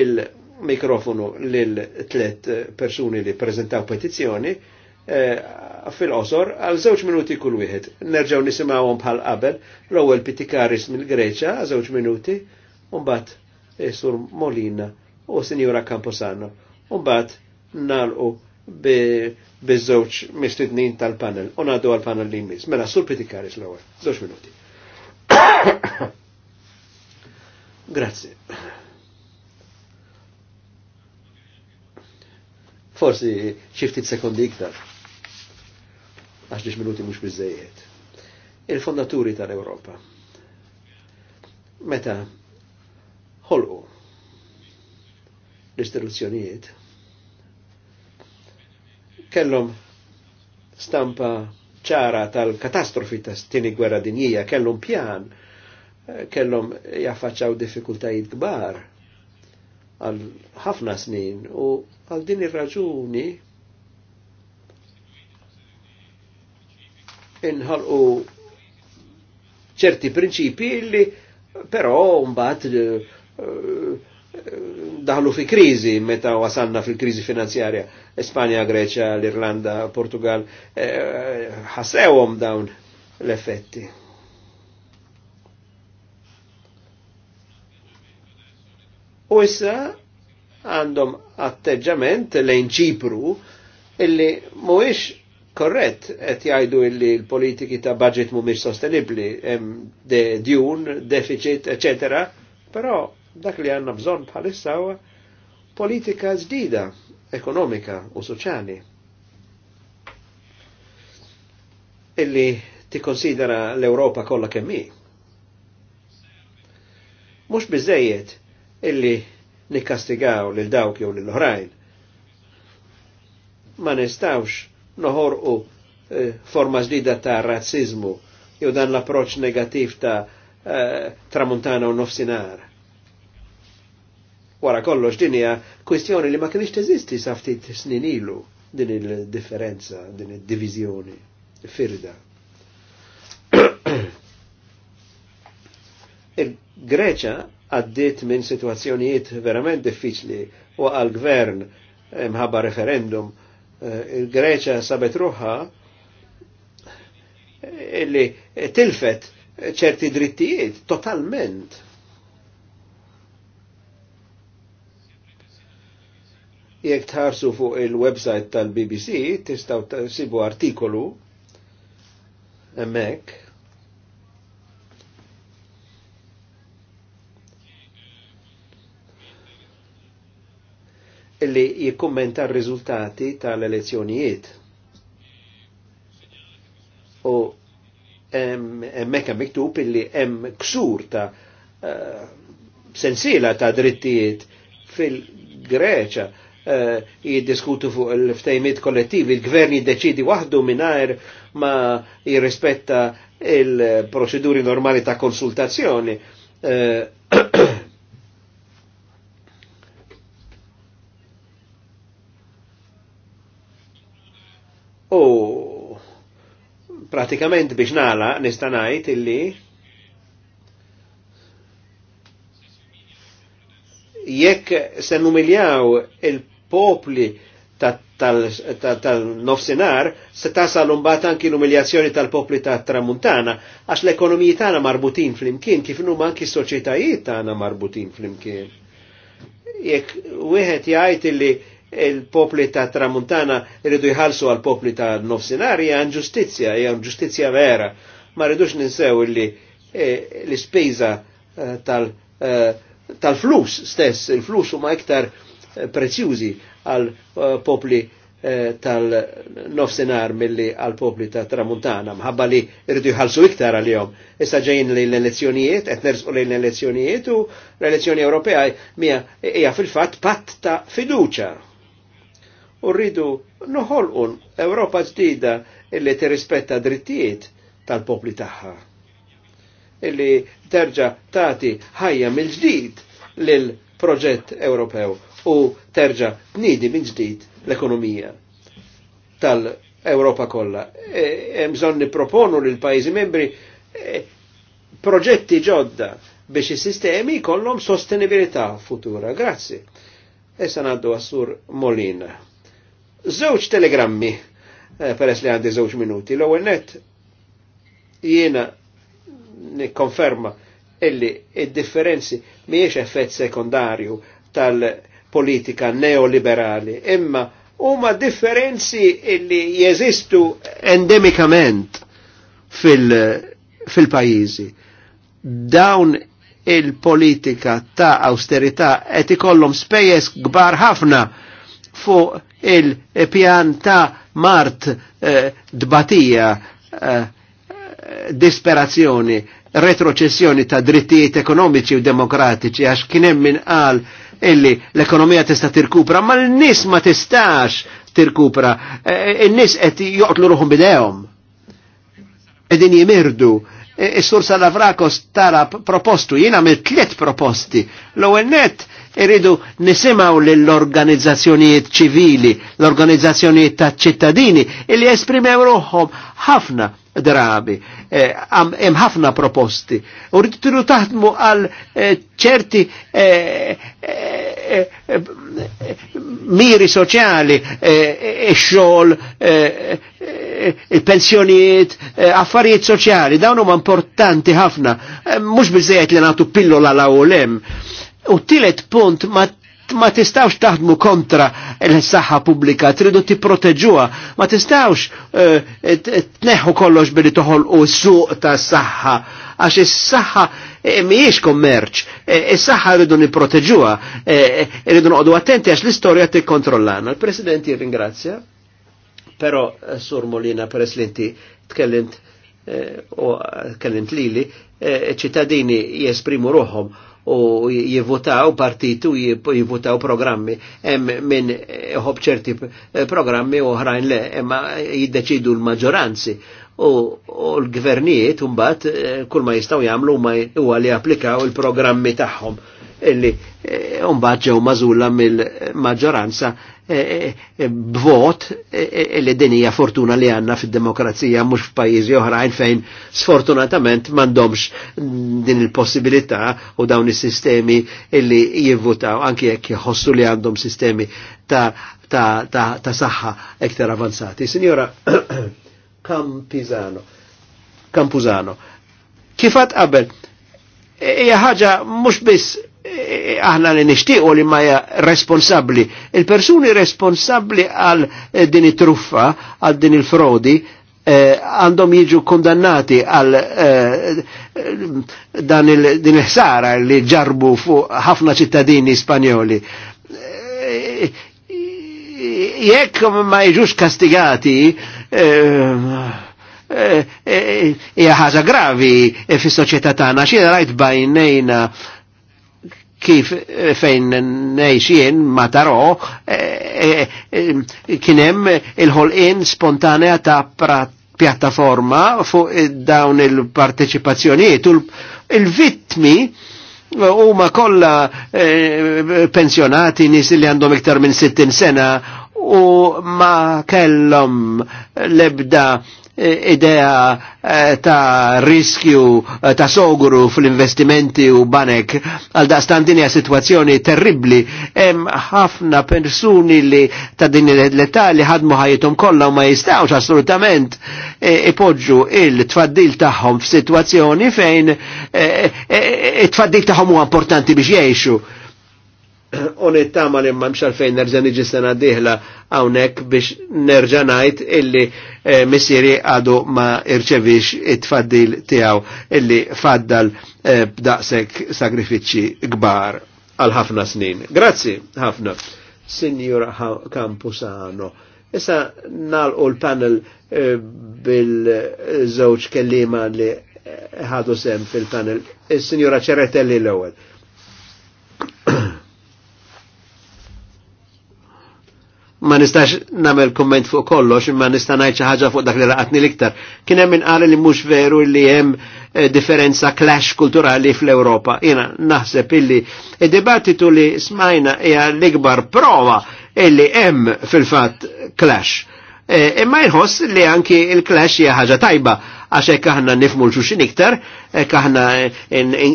il-mikrofonu lil tliet persuni li preżentaw petizzjoni Eh, fil-qosor għal żewġ minuti kull wieħed. Nerġgħu nisimgħuhom bħal qabel, l-ewwel Pitikaris mill-Greċja għal żewġ minuti, u mbagħad eh, Sur Molina u Sinjura Camposano. U mbagħad nagħlqu biż-żewġ mistednin tal-panel u ngħaddu għall-panel li jmiss. Mela Sur Pitikaris l-ewwel, żewġ minuti. Grazie. Forsi xi ftit sekondi iktar għax li minuti mhux bizzejiet. Il-fondaturi tal-Ewropa. Meta ħolqu l-istituzzjonijiet kellhom stampa ċara tal-katastrofi ta' stini gwerra dinjija, kellhom pjan, kellhom jaffaċċaw diffikultajiet kbar għal ħafna snin u għal din ir-raġuni inħalqu ċerti prinċipi li però mbagħad eh, daħlu fi kriżi meta wasalna fil kriżi finanzjarja. Espanja, Greċja, l-Irlanda, Portugal, eh, ħasewhom dawn l-effetti. U issa għandhom atteġġament lejn ċipru illi mhuwiex korrett qed jgħidu illi l-politiki ta' budget mhumiex sostenibbli, hemm de djun, deficit, etc. però dak li għandna bżonn bħalissa huwa politika ġdida, ekonomika u soċjali. Illi tikkonsidera l-Ewropa kollha kemm hi. Mhux biżejjed illi nikkastigaw lil dawk jew lil oħrajn. Ma nistawx noħorqu eh, forma ġdida ta' razzizmu jew dan l-approċ negativ ta' eh, tramuntana u nofsinar. Wara kollox din hija kwestjoni li ma kienx teżisti sa ftit snin ilu din il-differenza, din il-divizjoni firda. Il-Greċa għaddiet minn situazzjonijiet verament diffiċli u għal-gvern eh, mħabba referendum Eh, il-Greċa sabet ruħa illi tilfet ċerti drittijiet totalment. Jek tħarsu fuq il-website tal-BBC tistaw sibu artikolu emmek li jikkommenta r-riżultati tal-elezzjonijiet. U mekka miktub illi hemm ksur ta' eh, sensila ta' drittijiet fil-Greċa eh, jiddiskutu fuq il-ftejmiet kollettivi, il-gvern jiddeċidi waħdu minnajr ma jirrispetta il-proċeduri normali ta' konsultazzjoni. Uh, pratikament biex nala nistanajt illi jekk se numiljaw il-popli tal-nofsinar, se tasal umbat anki l-umiljazzjoni tal-popli ta' tramuntana, għax l-ekonomiji tagħna marbutin fl-imkien, kif numa anki s-soċjetajiet tagħna marbutin fl-imkien. Jekk wieħed jgħid illi il-popli ta' tramuntana rridu jħalsu għal popli ta' nofsinari għan ġustizja, għan ġustizja vera. Ma rridux ninsew li eh, l-ispejza eh, eh, tal-flus stess, il-flus huma iktar prezzjużi għal popli tal-nofsenar mill-li għal-popli ta' tramuntana, mħabba li rridu jħalsu iktar għal-jom. Issa ġejn li l-elezzjonijiet, et u li l-elezzjonijiet u l-elezzjoni Ewropea hija fil-fatt pat ta' fiduċa u rridu noħolqu Ewropa ġdida illi tirrispetta drittijiet tal-popli tagħha. Illi terġa' tagħti ħajja mill-ġdid lil proġett Ewropew u terġa' tnidi minn ġdid l-ekonomija tal-Ewropa kollha. E, hemm bżonn nipproponu lil pajjiżi membri e, proġetti ġodda biex is-sistemi jkollhom sostenibilità futura. Grazzi. Issa ngħaddu Assur sur Molina. Żewġ telegrammi, eh, peress li għandi żewġ minuti. L-ewwel net jiena nikkonferma illi id-differenzi mhijiex effett sekundarju tal-politika neoliberali, imma huma differenzi illi jeżistu endemikament fil-pajjiżi. Fil Dawn il-politika ta' austerità qed ikollhom spejjeż kbar ħafna fuq il-pjan ta' mart eh, dbatija eh, disperazzjoni, retrocessjoni ta' drittijiet ekonomiċi u demokratiċi għax kienem min qal illi l-ekonomija tista' tirkupra, ma l-nis ma tistax tirkupra, eh, n-nis qed joqtlu ruħum bidejhom. Edin jimirdu, is sursa Salavrakos tara propostu, jiena mill tliet proposti. L-ewwel net Irridu nisimaw l-organizzazzjonijiet ċivili, l-organizzazzjonijiet ta' ċittadini, illi esprimew ruħom ħafna drabi, eh, hemm ħafna proposti. U rridu taħdmu għal eh, ċerti eh, miri soċjali, xogħol, il-pensjonijiet, affarijiet soċjali, dawn huma importanti ħafna. Mhux biżejjed li nagħtu pillola la Eh, U tielet punt ma ma tistawx taħdmu kontra l-saħħa pubblika, tridu proteġuha, ma tistawx eh, tneħħu kollox billi toħolqu suq ta' saħħa għax is-saħħa eh, mhijiex kommerċ, eh, is-saħħa rridu nipproteġuha, rridu noqogħdu attenti għax l-istorja tikkontrollana. Il-President jirringrazzja, però Sur Molina peress li inti tkellimt u tkellimt lili, ċittadini jesprimu ruħhom u jivvotaw partitu jivvotaw programmi hemm minn ħob ċerti eh, programmi oħrajn le imma jiddeċidu l-maġġoranzi u l-gvernijiet mbagħad eh, kull ma jistgħu jagħmlu huma li applikaw il-programmi tagħhom illi mbagħad eh, ġew mażula mill-maġġoranza eh, eh, b'vot illi din hija fortuna li għandna fid-demokrazija mhux f'pajjiżi oħrajn fejn sfortunatament m'għandhomx din il-possibilità u dawn is-sistemi illi jivvutaw anke jekk jħossu li għandhom sistemi ta' ta', ta, ta saħħa ektar avanzati. Signora Campizano, Campuzano, kifat qabel, hija ħaġa mhux biss aħna li nishtiqo li ma responsabli. Il-persuni responsabli għal eh, din it-truffa, għal din il-frodi, eh, għandhom eh, jiġu kondannati għal eh, dan din il-ħsara li ġarbu fuq ħafna ċittadini spanjoli. Eh, jekk ma jiġux kastigati, eh, hija ħaġa gravi fis-soċjetà tagħna xi rajt bajnejna kif eh, fejn nejxien ma taro eh, eh, kienem il-ħolqin spontanea ta' pjattaforma fuq dawn il-parteċipazzjonijiet u il-vittmi u ma kolla pensjonati nis li għandhom iktar minn 60 sena u ma kellhom lebda idea eh, ta' riskju eh, ta' soguru fl-investimenti u banek għal da' standinja situazzjoni terribli hemm ħafna persuni li ta' din l-età li ħadmu ħajjithom kollha u ma jistawx assolutament eh, ipoġġu il-tfaddil tagħhom f'sitwazzjoni fejn it-tfaddil tagħhom huwa importanti biex jgħixu onetta ma li ma mxalfejn nerġa niġi sena diħla għawnek biex nerġa najt illi eh, missiri għadu ma irċevix it-faddil tijaw illi faddal eh, b'daqsek sagrifiċi gbar għal ħafna snin. Grazzi ħafna, Signor Campusano. Issa nalqu l-panel eh, bil-żewġ kellima li eh, ħadu sem fil-panel. Is-Signora Ċeretelli l-ewwel. ma nistax namel komment fuq kollox, ma nista' najċa ħagġa fuq dak li raqatni liktar. Kien hemm inqal li mhux veru li hemm eh, differenza clash kulturali fl-Ewropa. Jena naħseb illi id-dibattitu li smajna hija l-ikbar prova illi hemm fil-fatt clash. Eh, imma jħoss li anki il-clash hija ħaġa tajba għax hekk aħna nifmu l-xuxin iktar, hekk aħna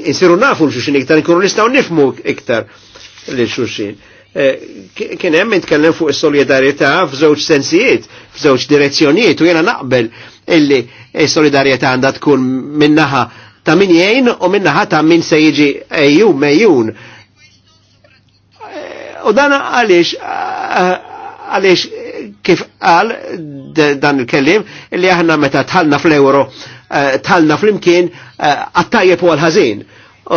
nsiru nafu l-xuxin iktar, nkunu nistgħu nifmu iktar l-xuxin. Eh, kien hemm nitkellem fuq is-solidarjetà f'żewġ sensijiet, f'żewġ direzzjonijiet u jiena naqbel illi s-solidarjetà għandha tkun minnaħa ta' min jgħin u minnaħa ta' min se jiġi ejju mejjun. Eh, u dan għaliex eh, għaliex kif qal dan il-kellim illi aħna meta tħallna fl-euro tħalna fl-imkien għattajjeb u għal-ħażin u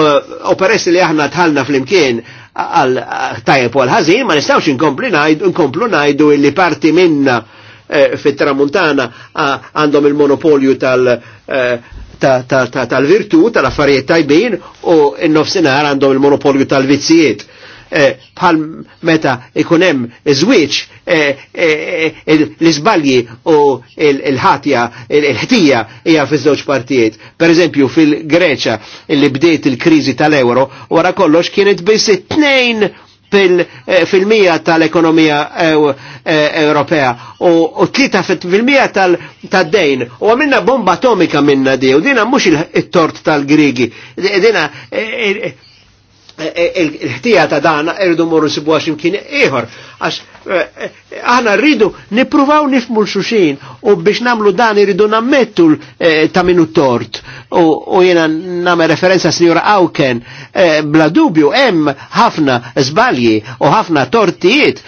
eh, peress li aħna tħallna fl-imkien għal tajep u għal-ħazin, ma nistawx nkomplu najdu li parti minna eh, fit-tramuntana għandhom il-monopolju tal- eh, tal-virtu, tal-affarijiet tajbin u n-nofsinar għandhom il-monopolju tal-vizzijiet bħal eh, meta ikun hemm żwieġ eh, eh, l-iżbalji u l-ħatja, l-ħtija hija fiż-żewġ partijiet. Pereżempju fil-Greċa li bdejt il-kriżi tal-euro wara kollox kienet biss it-tnejn fil-mija tal-ekonomija Ewropea u 3 fil-mija tal-dejn. U għamilna bomba atomika minna di, u dina mux il-tort tal-Grigi, dina il-ħtija ta' dana irridu morru sibu għax imkien ieħor. Għax eh, eh, aħna rridu nippruvaw nifmu l-xuxin u biex namlu dan irridu nammettu eh, ta' minu tort. U jena nagħmel referenza Sinjora Awken bla dubju hemm ħafna żbalji u ħafna tortijiet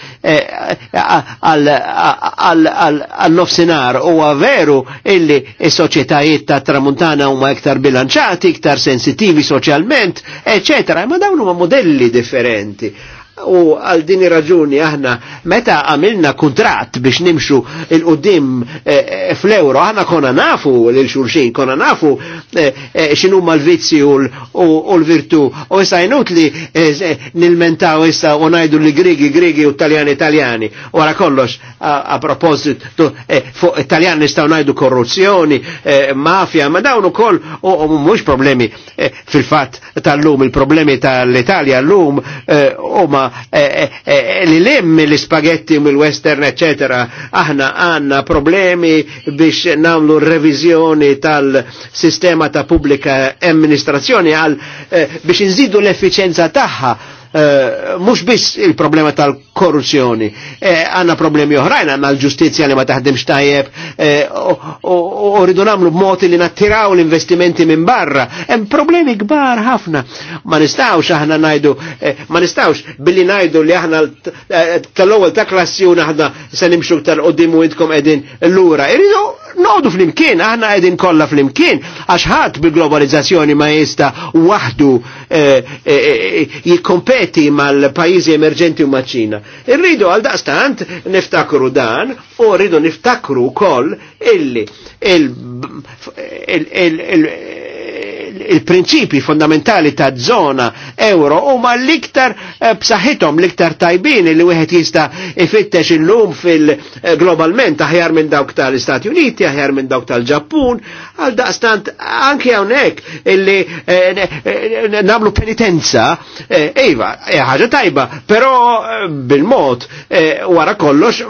għall nofsinar u veru illi s-soċjetajiet ta' tramuntana huma iktar bilanċati, iktar sensitivi soċjalment, eccetera. Ma dawn huma modelli differenti U għal din raġuni aħna meta għamilna kuntratt biex nimxu il-qoddim eh, eh, fl-euro, aħna konna nafu l-xurxin, konna nafu e, xinu ma l-vizzi u l-virtu. U issa jnut li nil-mentaw issa u najdu li grigi, grigi u taljani, taljani. U għara kollox, a, a proposit, fuq italjan nistaw najdu korruzzjoni, mafia, ma dawnu koll, u mux problemi fil-fat tal-lum, il-problemi tal-Italja l-lum, u ma Eh, eh, eh, li lemm l-spaghetti mill western eccetera, aħna għanna problemi biex namlu revizjoni tal-sistema ta' pubblika amministrazzjoni għal biex nżidu l efficienza tagħha Uh, eh, mux biss il-problema tal-korruzzjoni, eh, għanna problemi oħrajn, għanna l-ġustizja li ma taħdimx tajjeb, u eh, rridu namlu b-moti li nattiraw l-investimenti minn barra, hemm problemi kbar ħafna. Ma nistawx aħna najdu, eh, ma nistawx billi najdu li aħna tal-ewwel ta' klassi u naħna se nimxu tal-qoddim u intkom qegħdin lura. Irridu noqdu fl-imkien, aħna qegħdin kollha fl-imkien, għax ħadd bil-globalizzazzjoni ma jista' waħdu eh, jikkompeti stretti mal-pajizi emerġenti u maċ Irridu għal daqstant niftakru dan u rridu niftakru koll illi il-, il, il, il il-prinċipi fondamentali ta' zona euro huma l-iktar eh, b'saħħithom l-iktar tajbin li wieħed jista' ifittex illum fil-globalment eh, aħjar minn dawk tal-Istati Uniti, aħjar minn dawk tal-Ġappun, għal daqstant anke hawnhekk illi eh, nagħmlu penitenza, iva, ħaġa tajba, però bil-mod wara kollox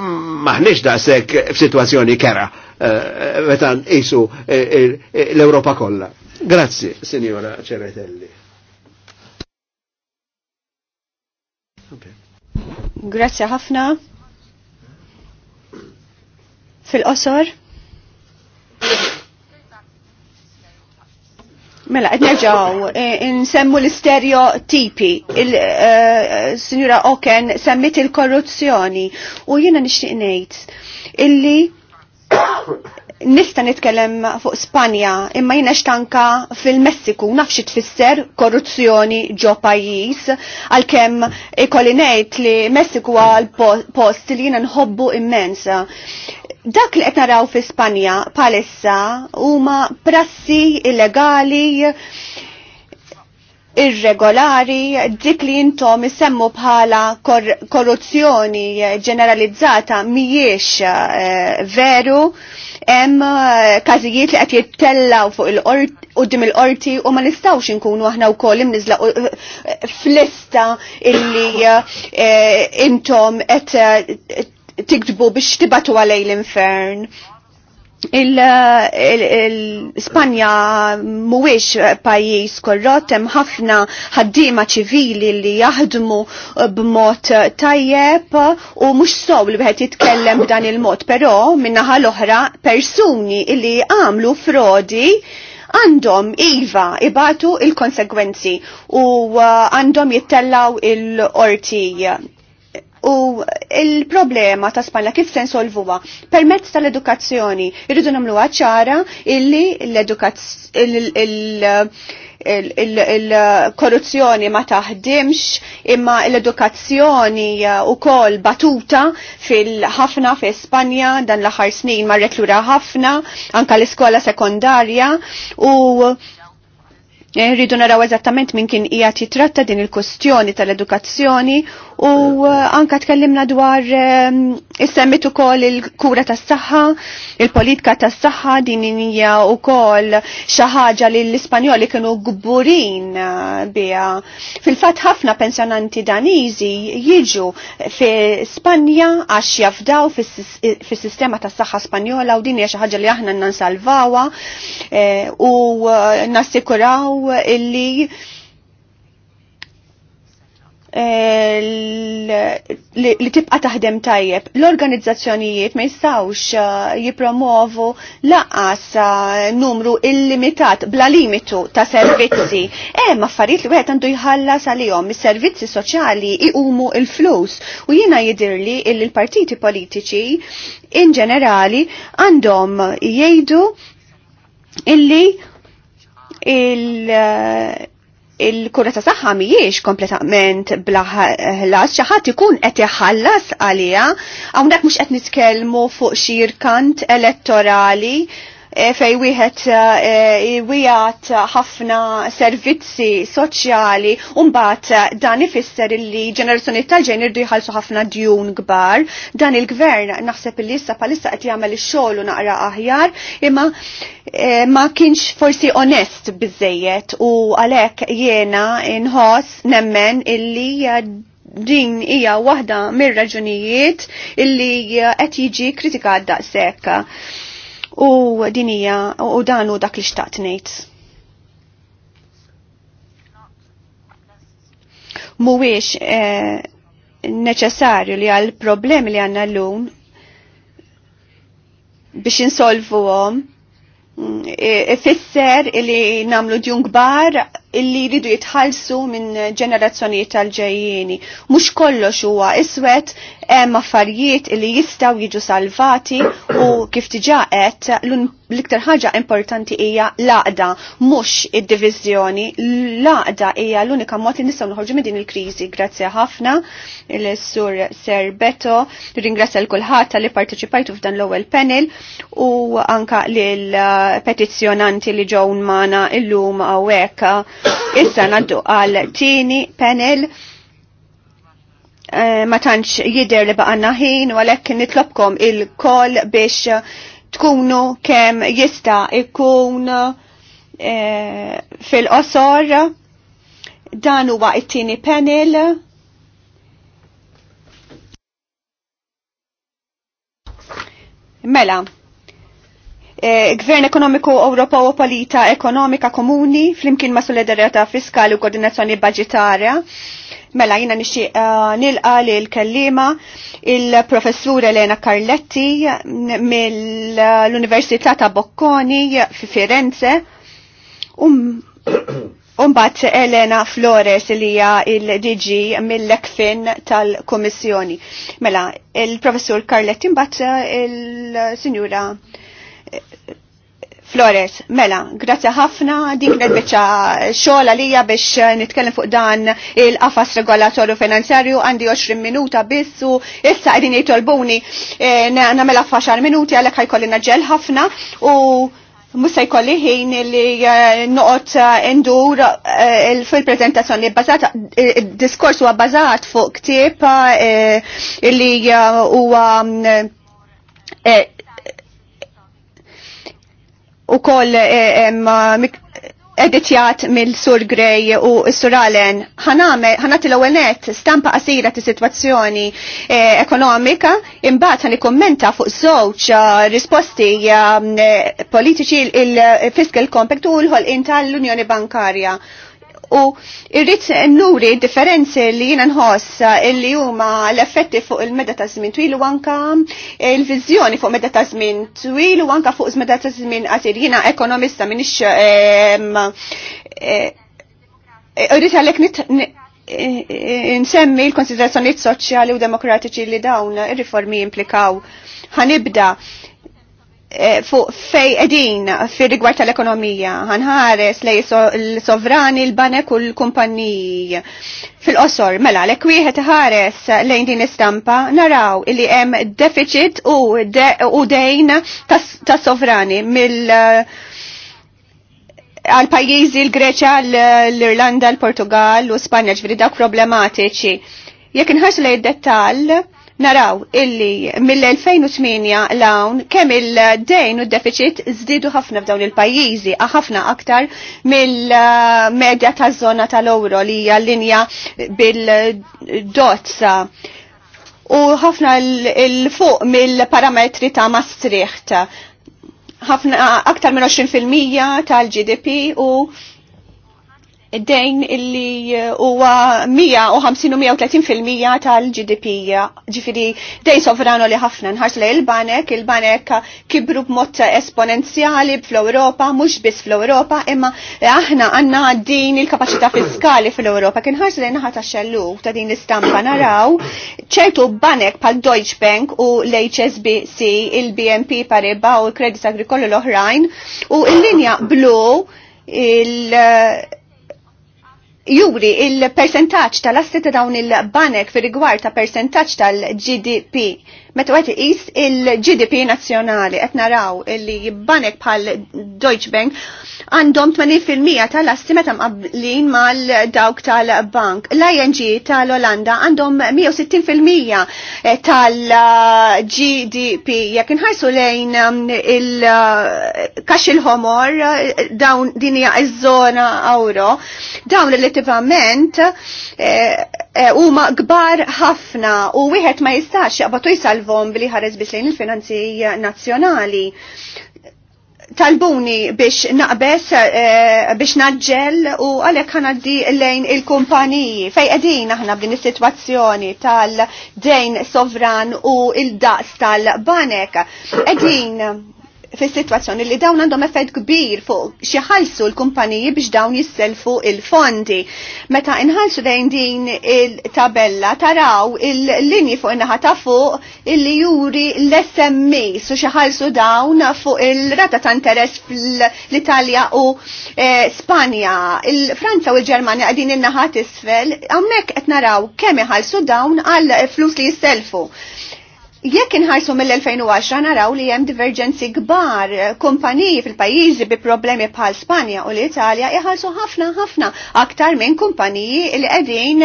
maħniex daqshekk f'sitwazzjoni kera meta uh, l-Ewropa kollha. Grazie, signora Ceretelli. Grazie ħafna. Fil-qosor. Mela, qed ġaw, e, Nsemmu l-istereotipi. Il-Sinjura e, Oken semmit il-korruzzjoni u jiena nixtieq ngħid illi nista nitkellem fuq Spanja, imma jina xtanka fil-Messiku, nafxi tfisser korruzzjoni ġo pajis, għal-kem ikolinejt li Messiku għal-post li jina nħobbu immensa. Dak li qed naraw fi Spanja palissa huma prassi illegali irregolari, dik li jintom semmu bħala kor korruzzjoni ġeneralizzata mijiex eh, veru hemm każijiet li qed jittellaw fuq il qorti qudiem il-qorti u ma nistgħux inkunu aħna wkoll imniżla fl-lista illi intom qed tiktbu biex tibatu għalej l-infern il-Spanja muwiex pajis korrot, hemm ħafna ħaddiema ċivili li jaħdmu b'mod tajjeb u mhux sow li wieħed jitkellem b'dan il-mod, però minnaħa l-oħra persuni li għamlu frodi għandhom iva ibatu il-konsegwenzi u uh, għandhom jittellaw il qorti U il-problema ta' Spanja kif se nsolvuha? Permezz tal-edukazzjoni irridu nagħmluha ċara illi l korruzzjoni ma taħdimx imma l-edukazzjoni u kol batuta fil-ħafna fi Spanja dan l-aħħar snin marret lura ħafna anka l-iskola sekondarja u Eh, rridu naraw eżattament minn kien qiegħed jitratta din il-kustjoni tal-edukazzjoni u eh, anka tkellimna dwar ehm, Is-semmit ukoll il-kura tas-saħħa, il-politika tas-saħħa din hija wkoll xi ħaġa li l-Ispanjoli kienu gburin biha. Fil-fatt ħafna pensjonanti Daniżi jiġu fi Spanja għax jafdaw fis-sistema tas-saħħa Spanjola u din hija xi ħaġa li aħna nansalvawha eh, u nassikuraw illi Eh, li tibqa taħdem tajjeb. L-organizzazzjonijiet ma jistawx eh, jipromovu laqas eh, numru illimitat bla limitu ta' servizzi. Hemm affarijiet li wieħed għandu jħallas għalihom is-servizzi soċjali iqumu il-flus u jiena jidirli il-partiti politiċi in ġenerali għandhom jgħidu illi il- il-kura ta' saħħa mhijiex kompletament bla ħlas, xi ħadd ikun qed iħallas għaliha, hawnhekk mhux qed nitkellmu fuq xi kant elettorali Eh, fej wieħed eh, wieħed ħafna servizzi soċjali u mbagħad eh, dan ifisser li ġenerazzjoni tal-ġejn irdu jħallsu ħafna djun kbar. Dan il-gvern naħseb illi issa palissa qed jagħmel ix-xogħol u naqra aħjar, imma ma kienx forsi onest biżejjed u għalhekk jiena inħoss nemmen illi din hija waħda mir-raġunijiet illi qed jiġi kritikat daqshekk u dinija u danu dak li xtaqt ngħid. Mhuwiex eh, neċessarju li għal problemi li għandna llum biex insolvuhom mm, ifisser li namlu djun kbar illi jridu jitħallsu minn ġenerazzjonijiet tal ġejjini Mhux kollox huwa iswed hemm affarijiet illi jistgħu jiġu salvati u kif diġà qed l-iktar ħaġa importanti hija l-għaqda mhux id-diviżjoni. L-għaqda hija l-unika mod li nistgħu noħorġu minn din il-kriżi. Grazzi ħafna il-sur Serbeto, ringrazzja l kulħadd li parteċipajtu f'dan l-ewwel panel u anka lil eh, petizzjonanti li ġew mana illum hawnhekk Issa naddu għal tini panel eh, ma tantx jider li baqanna ħin u għalhekk nitlobkom il-kol biex tkunu kemm jista' ikun eh, fil-qosor dan huwa it-tieni panel mela Eh, Gvern ekonomiku Ewropa u polita ekonomika komuni flimkien ma' solidarjetà fiskali u koordinazzjoni budgetarja. Mela jina nixi eh, nilqa li l-kellima il-professur Elena Carletti mill-Università ta' Bocconi fi Firenze. Um, umbat Elena Flores li hija il-DG mill-ekfin tal-Komissjoni. Mela, il-professur Carletti mbagħad eh, il-Sinjura il Flores, mela, grazie ħafna, din kienet biċċa xogħol għalija biex nitkellem fuq dan il-qafas regolatorju finanzjarju għandi 20 minuta biss u issa qegħdin jitolbuni e, nagħmel faxar minuti għalhekk ħajkolli naġġel ħafna u musa jkolli ħin li e, noqgħod indur e, fil li bbażat il diskors huwa bbażat fuq ktieb li huwa u koll eh, editjat mill-Sur Grey u s-Sur Allen. ħanati l-ewwel stampa qasira ta' situazzjoni eh, ekonomika, imbagħad ħan ikkummenta fuq żewġ eh, risposti politiċi il-Fiscal Compact u l-ħolqien tal-Unjoni Bankarja u n nuri differenzi li jiena nħoss li huma l-effetti fuq il-meda ta' żmien twilu u anka il-viżjoni fuq meda ta' żmien twil u anka fuq meda ta' żmien qasir. Jiena ekonomista minix għalek eh, eh, għalhekk eh, nsemmi l konsiderazzjoni soċjali u demokratiċi li dawn ir-riformi implikaw. Ħanibda Eh, fuq fej edin fir rigward tal-ekonomija, ħanħares lej l-sovrani, l-banek u l-kumpaniji. Fil-qosor, mela, l wieħed ħares lejn din istampa, naraw li hemm deficit u, de, u dejn tas sovrani mill- eh, għal pajjiżi l-Greċa, l-Irlanda, l-Portugal u Spanja ġviri dak problematiċi. Jekk nħarsu lej dettal, naraw illi mill-2008 lawn kemm il-dejn u d-deficit zdidu ħafna f'dawn il-pajjiżi, ħafna aktar mill-medja taż-żona tal-Ewro li hija linja bil-dozza u ħafna l-fuq mill-parametri ta' Maastricht ħafna aktar minn 20% tal-GDP u dejn illi eh, huwa 150 u 130% tal-GDP, ġifiri dejn sovrano li ħafna nħarġ li il-banek, il-banek kibru b'mod esponenzjali fl-Europa, mhux biss fl-Europa, imma aħna għandna din il-kapaċità fiskali fl-Europa. Kien ħarġ li naħa ta' ta' din l-istampa naraw ċertu banek pal Deutsche Bank u l-HSBC, il-BNP Pariba u l-Credit Agricole l-oħrajn u l-linja blu il- juri il-percentaċ tal assetta ta' dawn il-banek fil rigward ta' percentaċ tal-GDP Meta għet jis il-GDP nazjonali, għet naraw li jibbanek bħal Deutsche Bank għandhom 80% tal-assi meta mqablin mal-dawk tal-bank. L-ING tal-Olanda għandhom 160% tal-GDP. Jek nħajsu lejn um, il-kax eh, il-homor eh, dawn dinja iż-żona euro, dawn relativament eh, huma e, gbar ħafna u wieħed ma jistax jaqbatu jisal għalvom billi ħares biex lejn il-finanzi nazzjonali talbuni biex naqbess, eh, biex naġġel u għalek ħanaddi lejn il-kumpaniji fej edin aħna b'din is-sitwazzjoni tal-dejn sovran u il-daqs tal-banek. Edin fis-sitwazzjoni li dawn għandhom effett kbir fuq xi ħalsu l-kumpaniji biex dawn jisselfu il-fondi. Meta inħalsu dejn din il-tabella taraw il-linji fuq in-naħa ta' fuq illi juri l-SMI e, su xi ħalsu dawn fuq il-rata ta' interess fl-Italja u eh, Spanja. Il-Franza u l-Ġermanja għadin in-naħa tisfel, hawnhekk qed naraw kemm iħallsu dawn għal flus li jisselfu. Jekk inħarsu mill-2010 naraw li hemm divergenzi kbar, kumpaniji fil-pajjiżi bi problemi bħal Spanja u l-Italja iħarsu ħafna ħafna aktar minn kumpaniji li qegħdin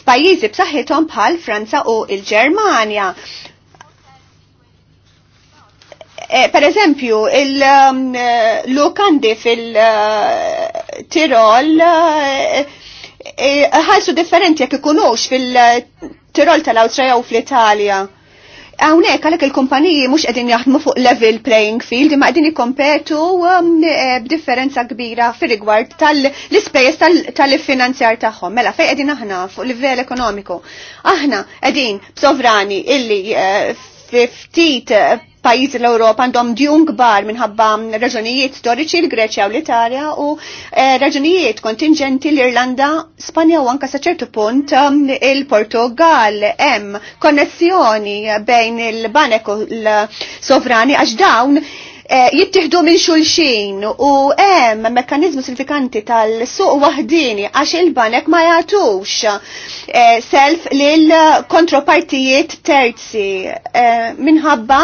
f'pajjiżi b'saħħithom bħal Franza u l-Ġermanja. Eh, per eżempju, il-lokandi um, eh, fil-Tirol eh, ħalsu differenti jekk ikunux fil-Tirol tal-Awstrija u fl-Italja Għawnek, għalek il-kumpaniji mux għedin jaħdmu fuq level playing field, ma għedin jikompetu um, eh, b'differenza kbira fil-rigward tal-ispejjeż tal-finanzjar tagħhom. Mela, fej għedin aħna fuq livell ekonomiku. Aħna għedin b'sovrani illi eh, ftit eh, pajizi l-Europa għandhom djun kbar minħabba raġunijiet storiċi l-Greċja u l-Italja u eh, raġunijiet kontingenti l-Irlanda, Spanja u anka saċertu punt um, il-Portugal hemm konnessjoni bejn il-banek u l-sovrani għax dawn Eh, jittihdu minn xulxin u hemm mekkanizmu sinifikanti tal-suq waħdini għax il-banek ma jagħtux eh, self lil kontropartijiet terzi eh, minħabba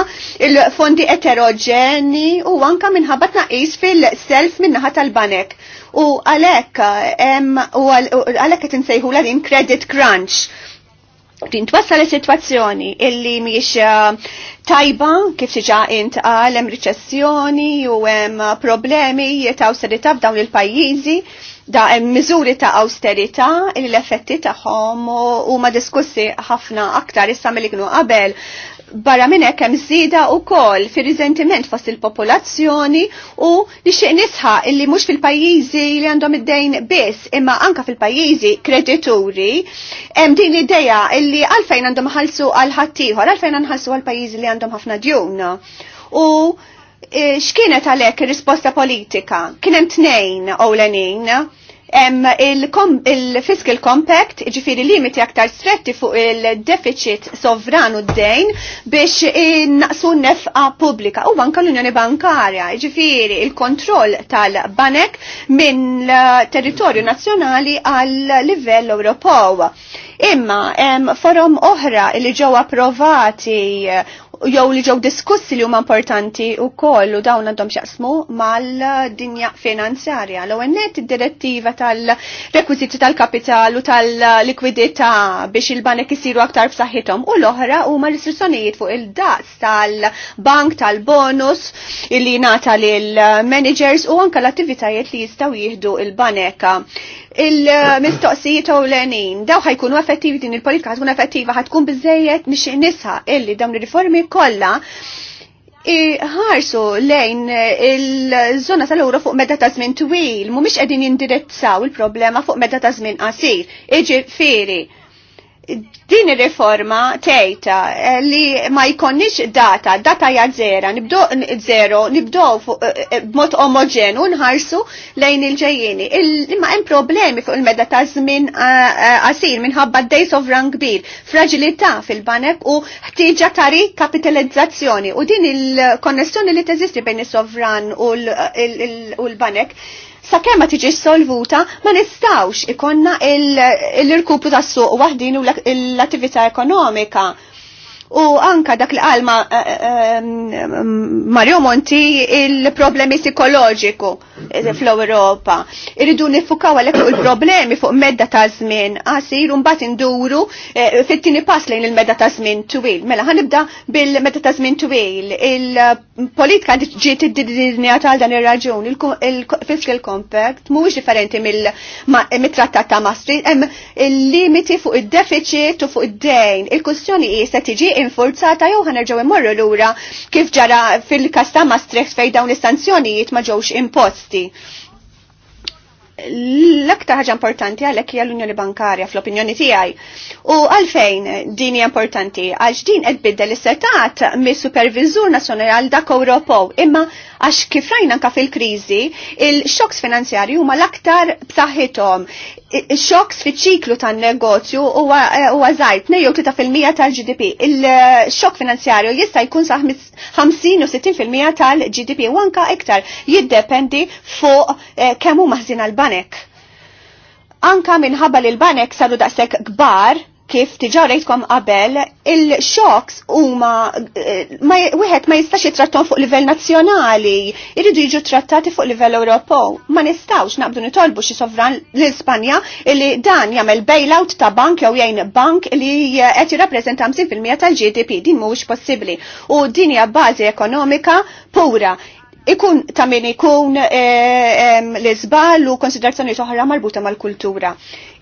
il-fondi eterogeni u anka minħabba tnaqis fil-self minnaħa tal-banek. U għalhekk u għalhekk qed l din credit crunch Tintwassal is-sitwazzjoni illi miex eh, tajba kif siġa intqal hemm riċessjoni u hemm problemi ta' awsterità f'dawn il-pajjiżi da hemm miżuri ta' awsterità illi l-effetti tagħhom huma diskussi ħafna aktar issa mill qabel barra minn hekk hemm żieda wkoll fir-riżentiment fost il-popolazzjoni u li xie nisħa illi mhux fil-pajjiżi li għandhom id-dejn biss imma anka fil-pajjiżi kredituri hemm din idea illi għalfejn għandhom ħalsu għal ħaddieħor għalfejn nħallsu għal pajjiżi li għandhom ħafna djun. U eh, x'kienet għalhekk ir-risposta politika? Kien hemm tnejn ewlenin il-Fiscal Compact, ġifiri limiti aktar stretti fuq il-deficit sovran d-dejn biex naqsu nefqa publika u banka l-Unjoni Bankarja, ġifiri il-kontroll tal-banek minn territorju nazjonali għal livell Ewropew. Imma forum oħra li ġew approvati jew li ġew diskussi li huma importanti wkoll u dawn għandhom x'jaqsmu mal-dinja finanzjarja. L-ewwel net id-direttiva tal-rekwiżiti tal-kapital u tal-likwidità biex il-banek isiru aktar f'saħħithom u l-oħra huma restrizzjonijiet fuq il-daqs tal-bank tal-bonus illi nata lil managers u anke l-attivitajiet li jistgħu jieħdu il-banek il-mistoqsijiet u l-enin. Daw ħajkunu effettivi din il-politika ħatkun effettiva ħatkun bizzejiet nix nisa illi dawn il-riformi kollha ħarsu lejn il-żona tal-ewro fuq medda ta' żmien twil, mhumiex qegħdin jindirizzaw il-problema fuq medda ta' żmien qasir. Iġifieri, din reforma riforma tgħidha eh, li ma jkonniex data, data hija żera, nibdew zero, nibdo eh, b'mod omogenu nħarsu lejn il ġejjini Imma hemm problemi fuq il-meda ta' żmien eh, qasir minħabba days of rank kbir, fragilità fil-banek u ħtieġa ta' kapitalizzazzjoni. u din il-konnessjoni li teżisti bejn is-sovran u l-banek sakemm ma tiġi solvuta ma nistawx ikonna l-irkupru tas-suq waħdin u l-attività ekonomika. U anka dak li qalma eh, eh, Mario Monti il-problemi psikoloġiku eh, fl-Europa. Irridu nifukaw għalek fuq il-problemi fuq medda ta' żmien qasir u mbagħad induru fit-tieni pass lejn il-medda ta' żmien twil. Mela ħanibda bil-medda ta' żmien twil. Il-politika ġiet iddinjata għal dan ir-raġun. Il-fiscal compact mhuwiex differenti mill-trattat ta' Maastricht, hemm il-limiti fuq id-deficit u fuq id-dejn. Il-kwistjoni hi se tiġi infurzata jew ħanerġgħu immorru lura kif ġara fil-kas ta' Maastricht fejn dawn is-sanzjonijiet ma ġewx imposti. L-aktar ħaġa importanti għalhekk hija l-Unjoni Bankarja fl-opinjoni tiegħi. U għalfejn din hija importanti għalx din qed biddel is-setat mis-Supervizur Nazzjonali għal dak Ewropew imma Għax kif rajna anka fil-kriżi, il-xoks finanzjarji huma l-aktar b'saħħithom. Xoks fiċ-ċiklu tan-negozju huwa eh, żgħir tnejn jew fil-mija tal-GDP. Il-xokk finanzjarju jista' jkun sa 50 u 60 fil-mija tal-GDP u anka iktar jiddependi fuq eh, kemm huma ħżin għall-banek. Anka minħabba li l-banek saru daqshekk kbar, kif tiġarajtkom qabel, il-xoks huma eh, wieħed ma jistax jitrattom fuq livell nazzjonali, jridu jiġu trattati fuq livell Ewropew. Ma nistgħux naqbdu nitolbu xi sovran l-Ispanja li dan jagħmel bailout ta' bank jew jgħin bank li qed jirrappreżenta 50% tal-GDP din mhuwiex possibbli. U din hija bażi ekonomika pura ikun ta' min ikun eh, l-izbal u konsiderazzjoni oħra marbuta mal-kultura.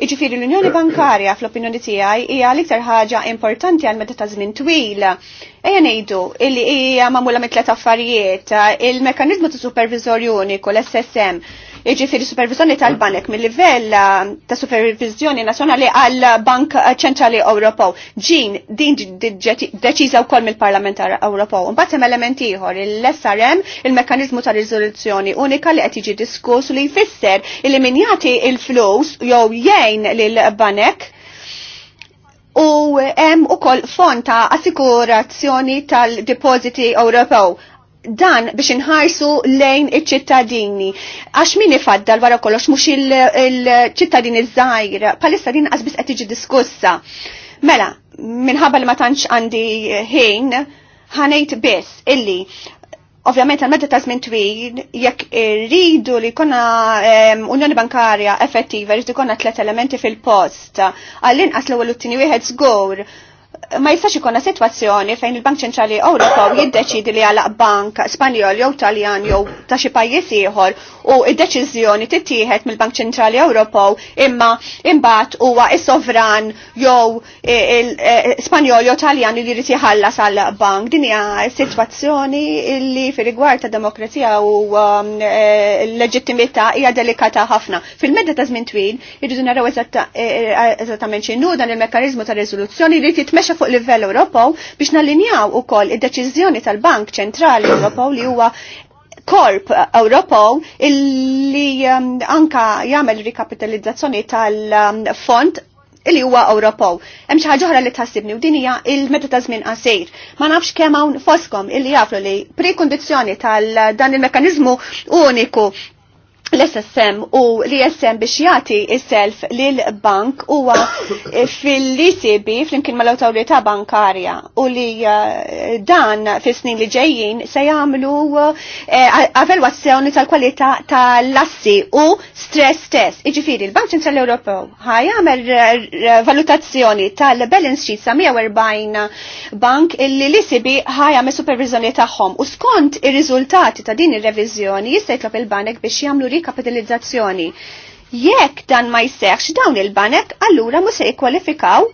Iġifiri l-Unjoni Bankarja fl-opinjoni tiegħi hija l-iktar ħaġa importanti għal meta ta' żmien twil. Ejja ngħidu illi hija magħmula mit tliet affarijiet, il-mekkaniżmu ta' supervizorju uniku l-SSM Jiġifieri supervizjoni tal-banek mill-livell eh, ta' supervizjoni nazzjonali għal Bank Ċentrali Ewropew. Ġin din deċiża wkoll mill-Parlament Ewropew. Imbagħad hemm element ieħor il-SRM il-mekkaniżmu ta' riżoluzzjoni unika li qed jiġi diskuss li jfisser li min jagħti il-flus jew jgħin lill-banek u hemm ukoll fond ta' assikurazzjoni tal-depositi Ewropew dan biex inħarsu lejn iċ-ċittadini. Għax min ifaddal wara kollox mhux il-ċittadini żgħir, palissa din qasbis qed tiġi diskussa. Mela, minħabba li ma tantx għandi ħin, ħanejt biss illi Ovvjament għal-medda ta' żmien twil, jekk irridu li jkollna unjoni bankarja effettiva, jrid konna tliet elementi fil-post. Għall-inqas l-ewwel u t-tieni wieħed żgur ma jistax ikonna situazzjoni fejn il-Bank Ċentrali Ewropew jiddeċidi li għalaq bank Spanjol jew Taljan jew ta' xi pajjiż ieħor u d-deċiżjoni tittieħed mill-Bank Ċentrali Ewropew imma imbagħad huwa is-sovran jew eh, Spanjol jew Taljan li jrid jħallas għal bank. Din hija sitwazzjoni li fir-rigward ta' demokrazija u l-leġittimità um, eh, hija delikata ħafna. Fil-medda ta' żmien twil irridu naraw eh, eżattament x'inhu dan il-mekkaniżmu ta' riżoluzzjoni li jitmexxa ħaġa fuq livell Ewropew biex nallinjaw ukoll id-deċiżjoni tal-Bank Ċentrali Ewropew li huwa korp Ewropew illi um, anka jagħmel rikapitalizzazzjoni tal-fond um, illi huwa Ewropew. Hemm xi ħaġa oħra li tħassibni u din hija il-meta ta' żmien qasir. Ma nafx kemm hawn foskom illi jaflu li prekondizzjoni tal dan il-mekkaniżmu uniku l-SSM u l SSM biex jati is-self lil-bank huwa fil-ICB flimkien mal-autorità bankarja u li uh, dan fis-snin li ġejjin se jagħmlu uh, avalwazzjoni tal-kwalità tal-assi u stress test. Iġifiri, l-Bank Ċentrali Ewropew jagħmel uh, valutazzjoni tal-balance sheet sa 140 bank illi l-ICB e ħajjagħmel supervizjoni tagħhom u skont ir-riżultati ta' din ir-reviżjoni jista' jitlob il-banek biex jagħmlu kapitalizzazzjoni. Jekk dan ma jseħx dawn il-banek, allura mu se jikkwalifikaw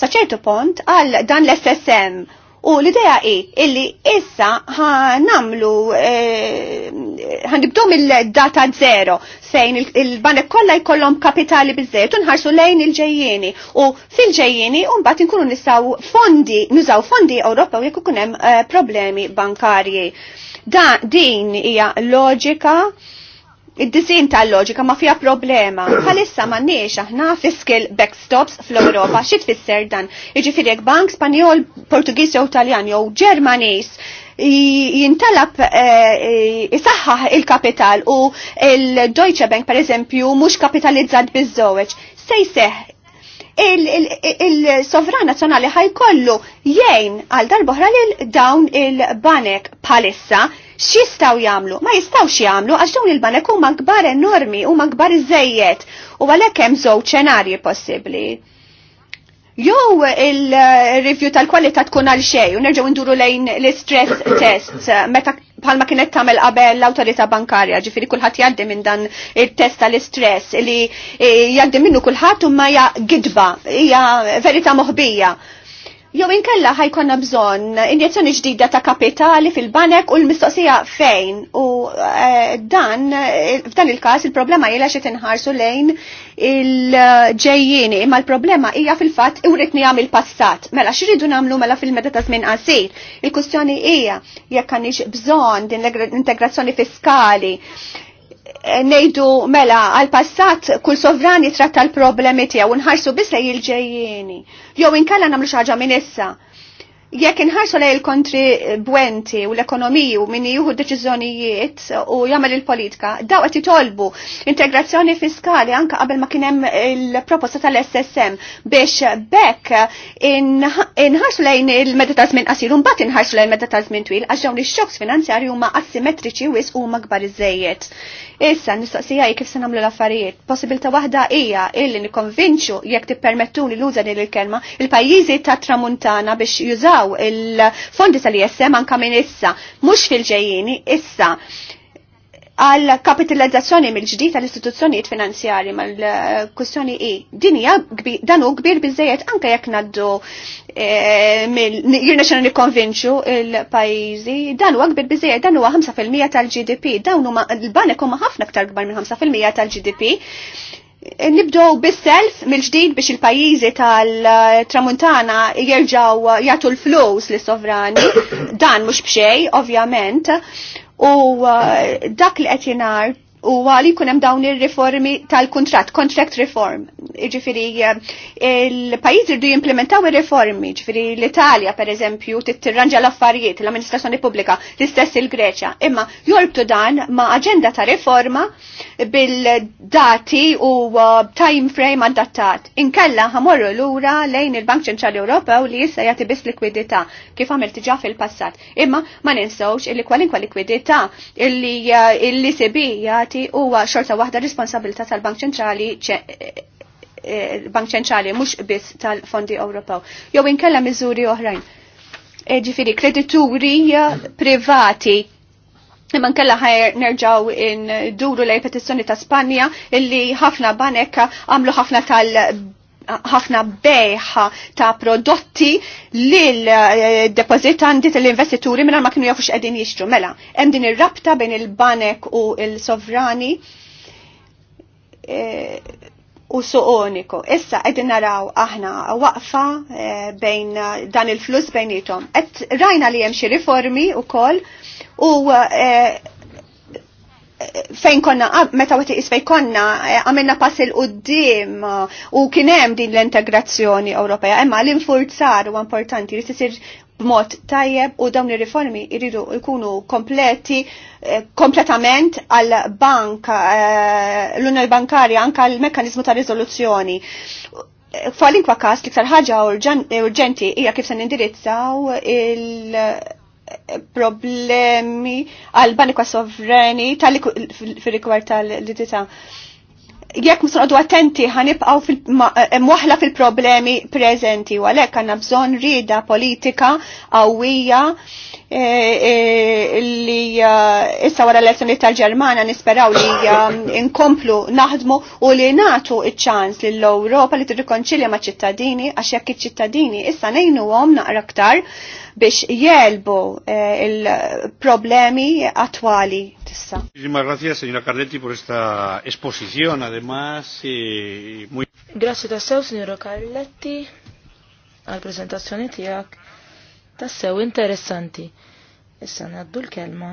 sa ċertu pont għal dan l-SSM u l-idea i illi issa ħanamlu eh, ħanibdom e, il-data zero fejn il-banek kolla kollha jkollhom kapitali biżejt u nħarsu lejn il ġejjini u fil ġejjini u mbagħad inkunu nisaw fondi nużaw fondi Ewropew jekk ikun hemm eh, problemi bankarji. Da din hija loġika id-disin tal-loġika ma fija problema. Bħalissa ma nix aħna fiskil backstops fl-Europa. Xi tfisser dan? firjek jiġifieri bank Spanjol, Portugiż jew Taljan jew Ġermaniż jintalab eh, isaħħaħ il-kapital u il-Deutsche Bank per eżempju mhux kapitalizzat biż-żewġ. Sejseħ il-sovran nazzjonali ħajkollu jgħin għal darbohra lil dawn il-banek palissa x'jistgħu jagħmlu? Ma jistgħux jagħmlu għax dawn il-banek huma kbar enormi, huma kbar iżejjed u għalhekk hemm żewġ ċenarji possibbli jew il-review tal-kwalità tkun għal xej u nerġgħu nduru lejn l-istress test meta bħalma kienet tagħmel qabel l-awtorità bankarja, ġifieri kulħadd jgħaddi minn dan il-test tal-istress li jgħaddi minnu kulħadd u ma hija gidba, hija verità moħbija. Jow inkella ħajkonna bżonn injezzjoni ġdida ta' kapitali fil-banek u l-mistoqsija fejn. U eh, dan, eh, f'dan il-każ il-problema jela xi tinħarsu lejn il-ġejjieni, imma l-problema hija fil-fatt iwritni għamil passat. Mela x'iridu nagħmlu mela fil-meta ta' żmien qasir. il kustjoni hija jekk għandix bżonn din l-integrazzjoni fiskali nejdu mela għal-passat kull sovran jitratta l-problemi tiegħu nħarsu biss se il Jew inkella nagħmlu xi ħaġa minn issa Jekk inħarsu lej il kontri Bwenti u l-ekonomiju min juhu deċiżjonijiet u jagħmel il-politika, daw qed jitolbu integrazzjoni fiskali anke qabel ma kien hemm il-proposta tal-SSM biex bekk inħarsu lejn il ta' żmien qasir u mbagħad inħarsu lejn ta' żmien twil għax dawn ix-xokks finanzjarji huma asimetriċi wis huma kbar iżejjed. Issa nistaqsija kif se nagħmlu l-affarijiet. Possibilità waħda hija illi nikkonvinċu jekk tippermettuni l-uża din il-kelma il-pajjiżi tat-tramuntana biex jużaw daw il-fondi tal-ISM anka minn issa, mhux fil-ġejjini issa għal kapitalizzazzjoni mill-ġdid tal-istituzzjonijiet finanzjari mal-kwistjoni i. Din hija dan hu kbir biżejjed anke jekk ngħaddu eh, jirna xena nikkonvinċu il-pajjiżi, dan huwa kbir biżejjed, dan huwa 5% tal-GDP, Dan huma l-banek huma ħafna aktar kbar minn 5% tal-GDP nibdow bis-self mill-ġdid biex il-pajjiżi tal-Tramuntana jerġgħu jagħtu l-flows li sovrani dan mhux b'xej ovvjament u uh, dak li qed jingħar u għali kunem dawn il-reformi tal-kontrat, contract reform. Ġifiri, eh, il-pajiz irdu jimplementaw il-reformi, ġifiri l-Italja, per eżempju, tirranġa l-affarijiet, l-amministrazzjoni pubblika, l-istess il-Greċja. Imma jorbtu dan ma' agenda ta' reforma bil-dati u eh, time frame adattat. Inkella ħamorru l-ura lejn il-Bank ċentrali Ewropew li jissa jati bis likwidità kif għamilt ġa fil-passat. Imma ma ninsawx illi kwalinkwa likwidità illi, eh, illi sebija stati huwa xorta waħda responsabilità tal-Bank Ċentrali eh, eh, bank ċentrali mhux biss tal-Fondi Ewropew. Jew inkella miżuri oħrajn. Eh, Ġifieri kredituri privati Imma nkella ħajr nerġaw in duru lej petizzjoni ta' Spanja illi ħafna banekka għamlu ħafna tal ħafna bejħa ta' prodotti lil eh, depozitanti tal-investituri minna ma kienu jafux qegħdin jixtru. Mela, hemm din ir-rabta bejn il-banek u l-sovrani e, eh, u suqoniku. Issa qegħdin naraw aħna waqfa e, bejn dan il-flus bejnietom. Qed rajna li hemm xi riformi wkoll u, kol, u e, fejn konna, ah, meta għati isfej konna, eh, għamilna pass il-qoddim eh, u kienem din l-integrazzjoni Ewropea, imma l-infurzar u importanti li tisir b'mod tajjeb u dawn ir-riformi jridu jkunu kompleti eh, kompletament għal bank l-Unjoni Bankarja anke l mekkanizmu ta' riżoluzzjoni. inkwa kas li ktar ħaġa urġenti hija kif se nindirizzaw il- problemi għal banikwa sovrani tal fil rikwar tal-lidita. Jekk għadu attenti ħanibqaw eh, mwaħla fil-problemi preżenti u għalhekk għandna bżonn rieda politika qawwija eh, eh, li issa wara l-elezzjoni tal-Ġermana nisperaw li inkomplu naħdmu u li natu il ċans lill Ewropa li tirrikonċilja ma' ċittadini għax jekk iċ-ċittadini issa ngħinuhom naqra aktar biex jelbu eh, il-problemi attuali. tissa. Muchísimas gracias, señora Carletti, por esta exposición, además, y eh, muy... Grazie tassew, signora Carletti, għal-prezentazzjoni tijak, tassew interessanti. Issa naddu l-kelma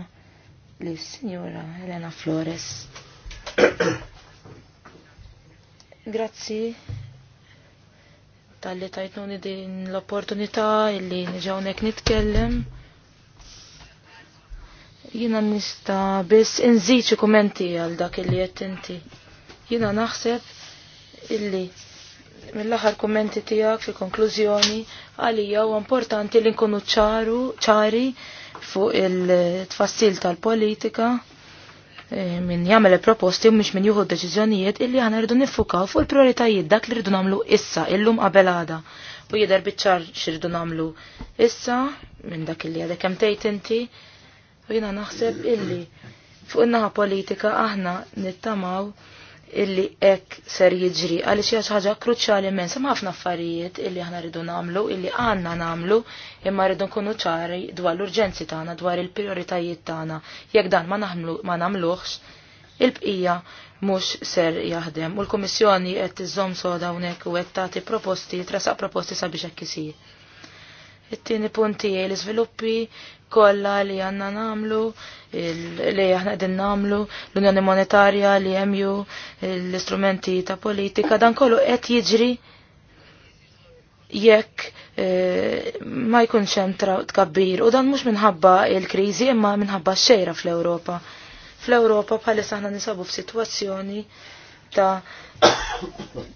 li signora Elena Flores. Grazie tal-li tajtnuni din l-opportunità illi nġawnek nitkellem. Jina nista biss inżiċi kumenti għal dak illi jettinti. inti. Jina naħseb illi mill-aħħar kumenti tijak fil konklużjoni għalija u importanti li nkunu ċaru ċari fuq il-tfassil tal-politika. Eh, min jagħmel proposti u mhux min jieħu deċiżjonijiet illi aħna rridu niffukaw fuq il-prioritajiet dak li rridu nagħmlu issa illum qabel għada. U jidher biċċar x'irridu nagħmlu issa minn dak illi għadek hemm tgħid inti u jiena naħseb illi fuq in-naħa politika aħna nittamaw illi ek ser jiġri għaliex hija ħaġa kruċjali minn sem ħafna affarijiet illi aħna rridu nagħmlu illi għandna nagħmlu imma rridu nkunu ċari dwar l-urġenzi tagħna dwar il prioritajiet tagħna jekk dan ma nagħmluhx il-bqija mhux ser jaħdem u l-Kummissjoni qed zom soda hawnhekk u qed tagħti proposti trasaq proposti sabiex hekk isir it-tieni punti l-iżviluppi kollha li għandna namlu, li aħna qegħdin namlu, l-Unjoni Monetarja, li EMU, l-istrumenti ta' politika, dan kollu qed jiġri jekk eh, ma jkunx hemm tkabbir u dan mhux minħabba l-kriżi imma minħabba xejra fl-Ewropa. Fl-Ewropa bħalissa aħna nisabu f'sitwazzjoni ta'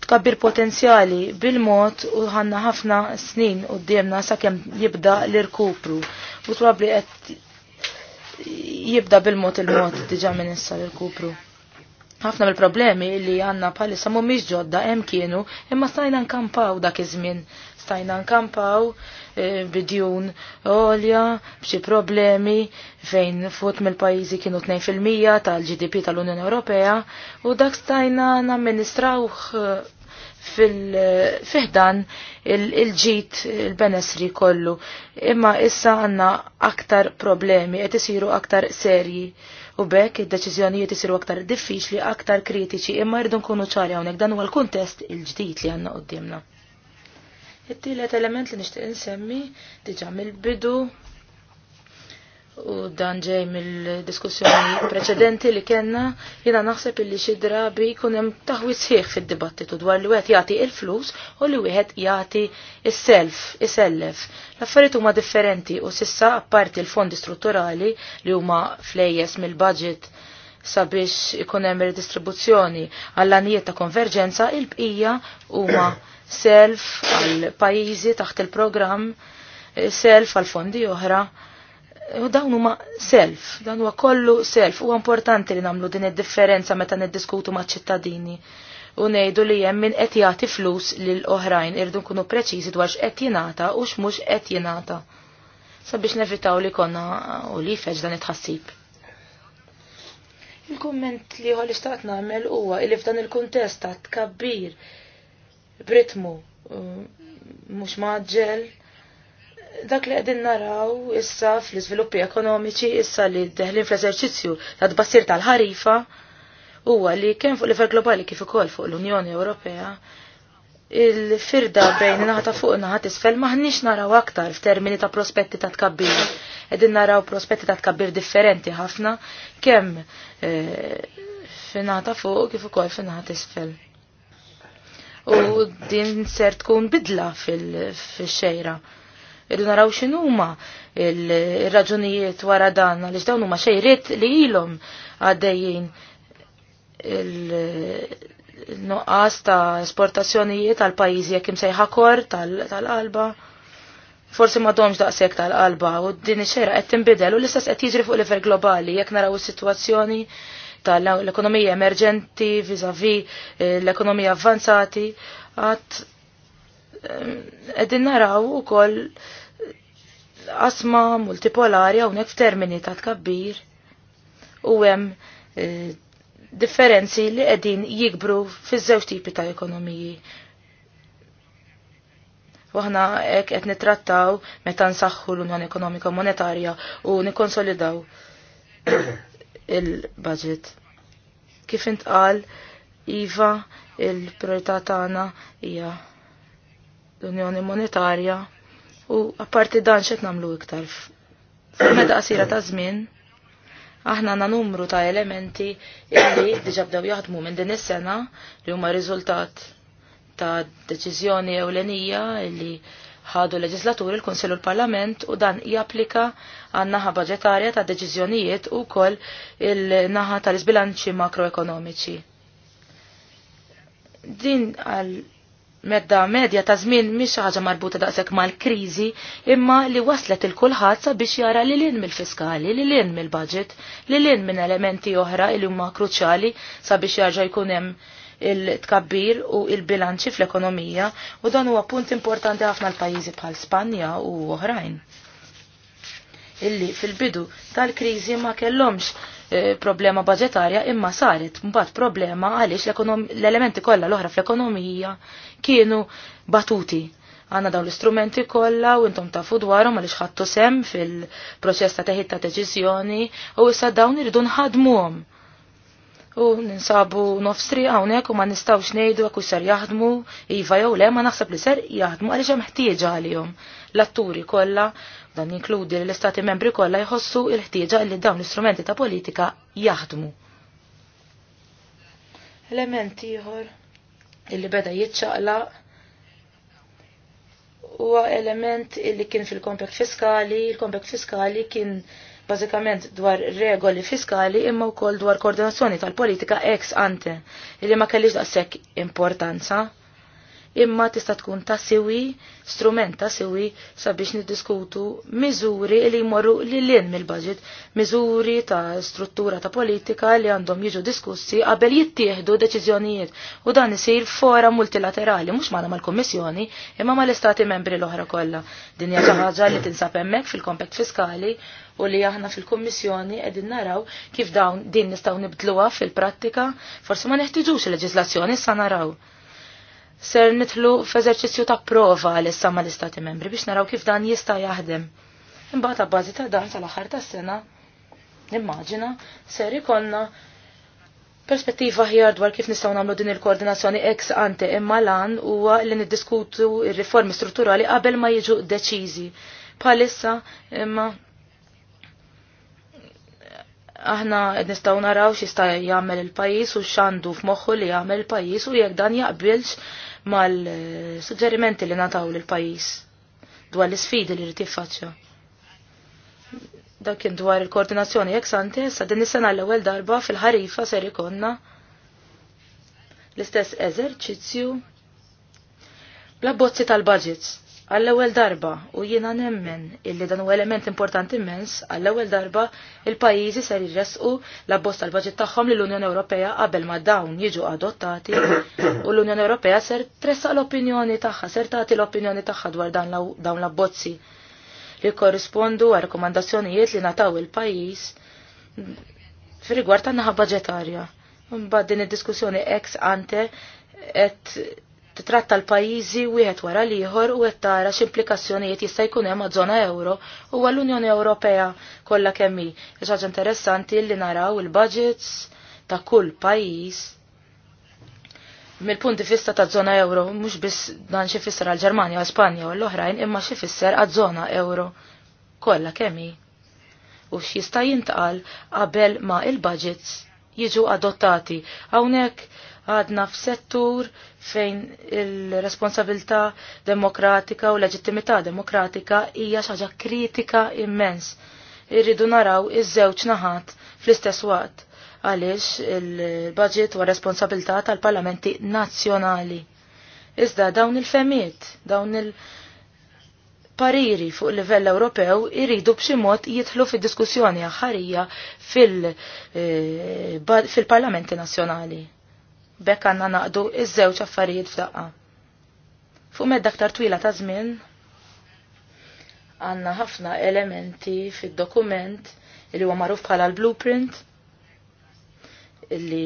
tkabbir potenzjali bil-mod u ħanna ħafna snin u d-diemna sakem jibda l-irkupru. U probabli qed jibda bil-mod il-mod diġa minn issa l-irkupru. Ħafna mill-problemi li għanna bħalissa mhumiex ġodda hemm kienu imma stajna nkampaw dak iż-żmien. Stajna nkampaw bidjun olja, bċi problemi fejn fut mill-pajjiżi kienu 2% tal-GDP tal-Unjoni Ewropea u dak stajna namministrawh eh, fil-fihdan eh, il-ġit il-benesri kollu. Imma issa għanna aktar problemi, qed isiru aktar serji. U bekk id-deċiżjonijiet isiru aktar diffiċli, aktar kritiċi, imma rridu nkunu ċari hawnhekk dan huwa l-kuntest il-ġdid li għandna qudiemna. It-tielet element li nixtieq insemmi diġa' mill-bidu u dan ġej mill-diskussjoni preċedenti li kellna jiena naħseb illi xi drabi jkun hemm taħwit sħiħ fid-dibattitu dwar li wieħed jagħti il-flus u li wieħed jagħti is-self isellef. L-affarijiet huma differenti u sissa apparti l-fondi strutturali li huma flejjes mill-budget sabiex ikun hemm redistribuzzjoni għall-anijiet ta' konverġenza, il-bqija huma self għal pajjiżi taħt il-programm, eh, self għal fondi oħra. Eh, u dawn huma self, dan huwa kollu self, huwa importanti li nagħmlu din id-differenza meta niddiskutu maċ-ċittadini u nejdu li jem min qed jagħti flus lil oħrajn irdu nkunu preċiżi dwar x'qed jingħata u x'mhux qed jingħata. Sabiex nevitaw li konna u li feġ dan it-ħassib. Il-kumment li ħol xtaqt nagħmel huwa li f'dan il-kuntest ta' tkabbir britmu mhux maġġel dak li qegħdin naraw issa fl-iżviluppi ekonomiċi issa li deħlin fl-eżerċizzju ta' tbassir tal-ħarifa huwa li kemm fuq livell globali kif ukoll fuq l-Unjoni Ewropea il-firda bejn naħata fuq naħat isfel maħniex naraw aktar f'termini ta' prospetti ta' tkabbir. Edin naraw prospetti ta' tkabbir differenti ħafna kemm e, eh, f'naħta fuq kif ukoll f'naħat isfel u din ser tkun bidla fil-xejra. Irridu naraw x'inhuma il-raġunijiet wara dan għaliex dawn huma xejriet li ilhom għaddejjin il-nuqqas ta' esportazzjonijiet għal pajjiżi jekk imsejħa ħakor tal-qalba. Forsi ma domx daqshekk tal-qalba u din ix-xejra qed tinbidel u l-istess qed jiġri fuq livell globali jekk naraw is-sitwazzjoni tal-ekonomija emerġenti vis-a vi eh, l-ekonomija avvanzati għat eh, edin naraw u kol asma multipolari nek f'termini ta' tkabbir u hemm eh, differenzi li qegħdin jikbru fiż-żewġ tipi ta' ekonomiji. U aħna hekk qed nittrattaw meta nsaħħu l-Unjoni Ekonomika Monetarja u nikkonsolidaw il-budget. Kif intqal, iva il-priorità tagħna hija l-Unjoni Monetarja u apparti dan x'qed nagħmlu iktar Fil-meda qasira ta' żmien aħna għandna numru ta' elementi illi diġà bdew jaħdmu minn din is-sena li huma riżultat ta' deċiżjoni ewlenija illi ħadu leġislatur il-Kunsell u l-Parlament u dan japplika għan naħa budgetarja ta' deċiżjonijiet u kol il-naħa tal-izbilanċi makroekonomiċi. Din għal medda medja ta' żmien mhix ħaġa marbuta daqshekk mal-kriżi, imma li waslet il kulħadd sabiex jara li lin mill-fiskali, li lin mill-budget, li lin minn elementi oħra li huma kruċjali sabiex jarġa' jkun hemm il-tkabbir u il-bilanċi fl-ekonomija u dan huwa punt importanti ħafna l-pajjiżi bħal Spanja u oħrajn. Illi fil-bidu tal-kriżi ma kellhomx eh, problema budgetarja imma saret mbagħad problema għaliex l-elementi kollha l-oħra fl-ekonomija kienu batuti. Għanna dawn l-istrumenti kollha u intom tafu dwarhom għaliex ħadtu sem fil-proċess ta' teħid ta' deċiżjoni u issa dawn iridu nħadmuhom U ninsabu nofstri hawnhekk u ma nistgħux ngħidu u ser jaħdmu iva jew le ma naħseb li ser jaħdmu għaliex hemm ħtieġa għalihom. L-atturi kollha dan jinkludi li l-istati membri kollha jħossu l-ħtieġa li dawn l-istrumenti ta' politika jaħdmu. Element ieħor illi beda jitċaqla huwa element illi kien fil-kompakt fiskali, il-kompakt fiskali kien bażikament dwar regoli fiskali imma wkoll dwar koordinazzjoni tal-politika ex ante, illi ma kellix daqshekk importanza imma tista' tkun ta' siwi, strument ta' siwi sabiex niddiskutu miżuri li jmorru li lin mill-budget, miżuri ta' struttura ta' politika li għandhom jiġu diskussi qabel jittieħdu deċiżjonijiet u dan isir fora multilaterali mhux magħna mal-Kummissjoni imma mal-Istati membri l-oħra kollha. Din hija ħaġa li tinsab hemmhekk fil-kompakt fiskali u li aħna fil-Kummissjoni qegħdin naraw kif dawn din nistgħu nibdluha fil-prattika, forsi ma neħtiġux il-leġiżlazzjoni sa naraw ser nitlu f'eżerċizzju ta' prova għalissa ma l-istati membri biex naraw kif dan jista' jaħdem. Imbagħad ta' bażi ta' dan sal-aħħar tas-sena nimmaġina ser ikonna Perspettiva ħjar dwar kif nistgħu nagħmlu din il-koordinazzjoni ex ante imma lan huwa li niddiskutu r-riformi strutturali qabel ma jiġu deċiżi. Palissa imma aħna nistgħu naraw sta jagħmel il-pajjiż u x'għandu f'moħħu li jagħmel il-pajjiż u jekk dan jaqbilx mal-suġġerimenti li nataw lil pajjiż dwar l-isfidi li rid jiffaċċja. Dak kien dwar il-koordinazzjoni jekk santi, sa din is-sena l-ewwel darba fil-ħarifa ser ikonna l-istess eżerċizzju bla bozzi tal-budgets għall-ewwel darba u jiena nemmen illi dan huwa element importanti immens għall-ewwel darba il-pajjiżi ser jirresqu l-abbozz tal-baġit tagħhom lill unjoni Ewropea qabel ma dawn jiġu adottati u l-Unjoni Ewropea ser tressaq l-opinjoni tagħha, ser tagħti l-opinjoni tagħha dwar dawn l-abbozzi li korrispondu għal rekomandazzjonijiet li nataw il-pajjiż fir tan-naħa baġetarja. Mbagħad din id-diskussjoni ex ante qed titratta l-pajjiżi wieħed wara l-ieħor u qed tara x'implikazzjonijiet jista' jkun hemm żona euro u għall-Unjoni Ewropea kollha kemm hi. interessanti li naraw il-budgets ta' kull pajjiż mill punti fissa ta' żona euro mhux biss dan x'ifisser fisser għal Ġermanja u Spanja u l-oħrajn imma xi fisser għad żona euro kollha kemm hi. U x'jista' jintqal qabel ma' il-budgets jiġu adottati hawnhekk għadna f'settur fejn il-responsabilità demokratika u leġittimità demokratika hija xi ħaġa kritika immens. Irridu naraw iż-żewġ naħat fl-istess waqt għaliex il-budget u responsabilità tal-parlamenti nazzjonali. Iżda dawn il-femiet, dawn il-pariri fuq livell Ewropew iridu b'xi mod jidħlu fid-diskussjoni aħħarija eh, fil-Parlamenti fil Nazzjonali. Bekk għandna naqdu iż-żewġ affarijiet f'daqqa. Fuq medda aktar twila ta' żmien għandna ħafna elementi fid-dokument li huwa magħruf bħala l-blueprint illi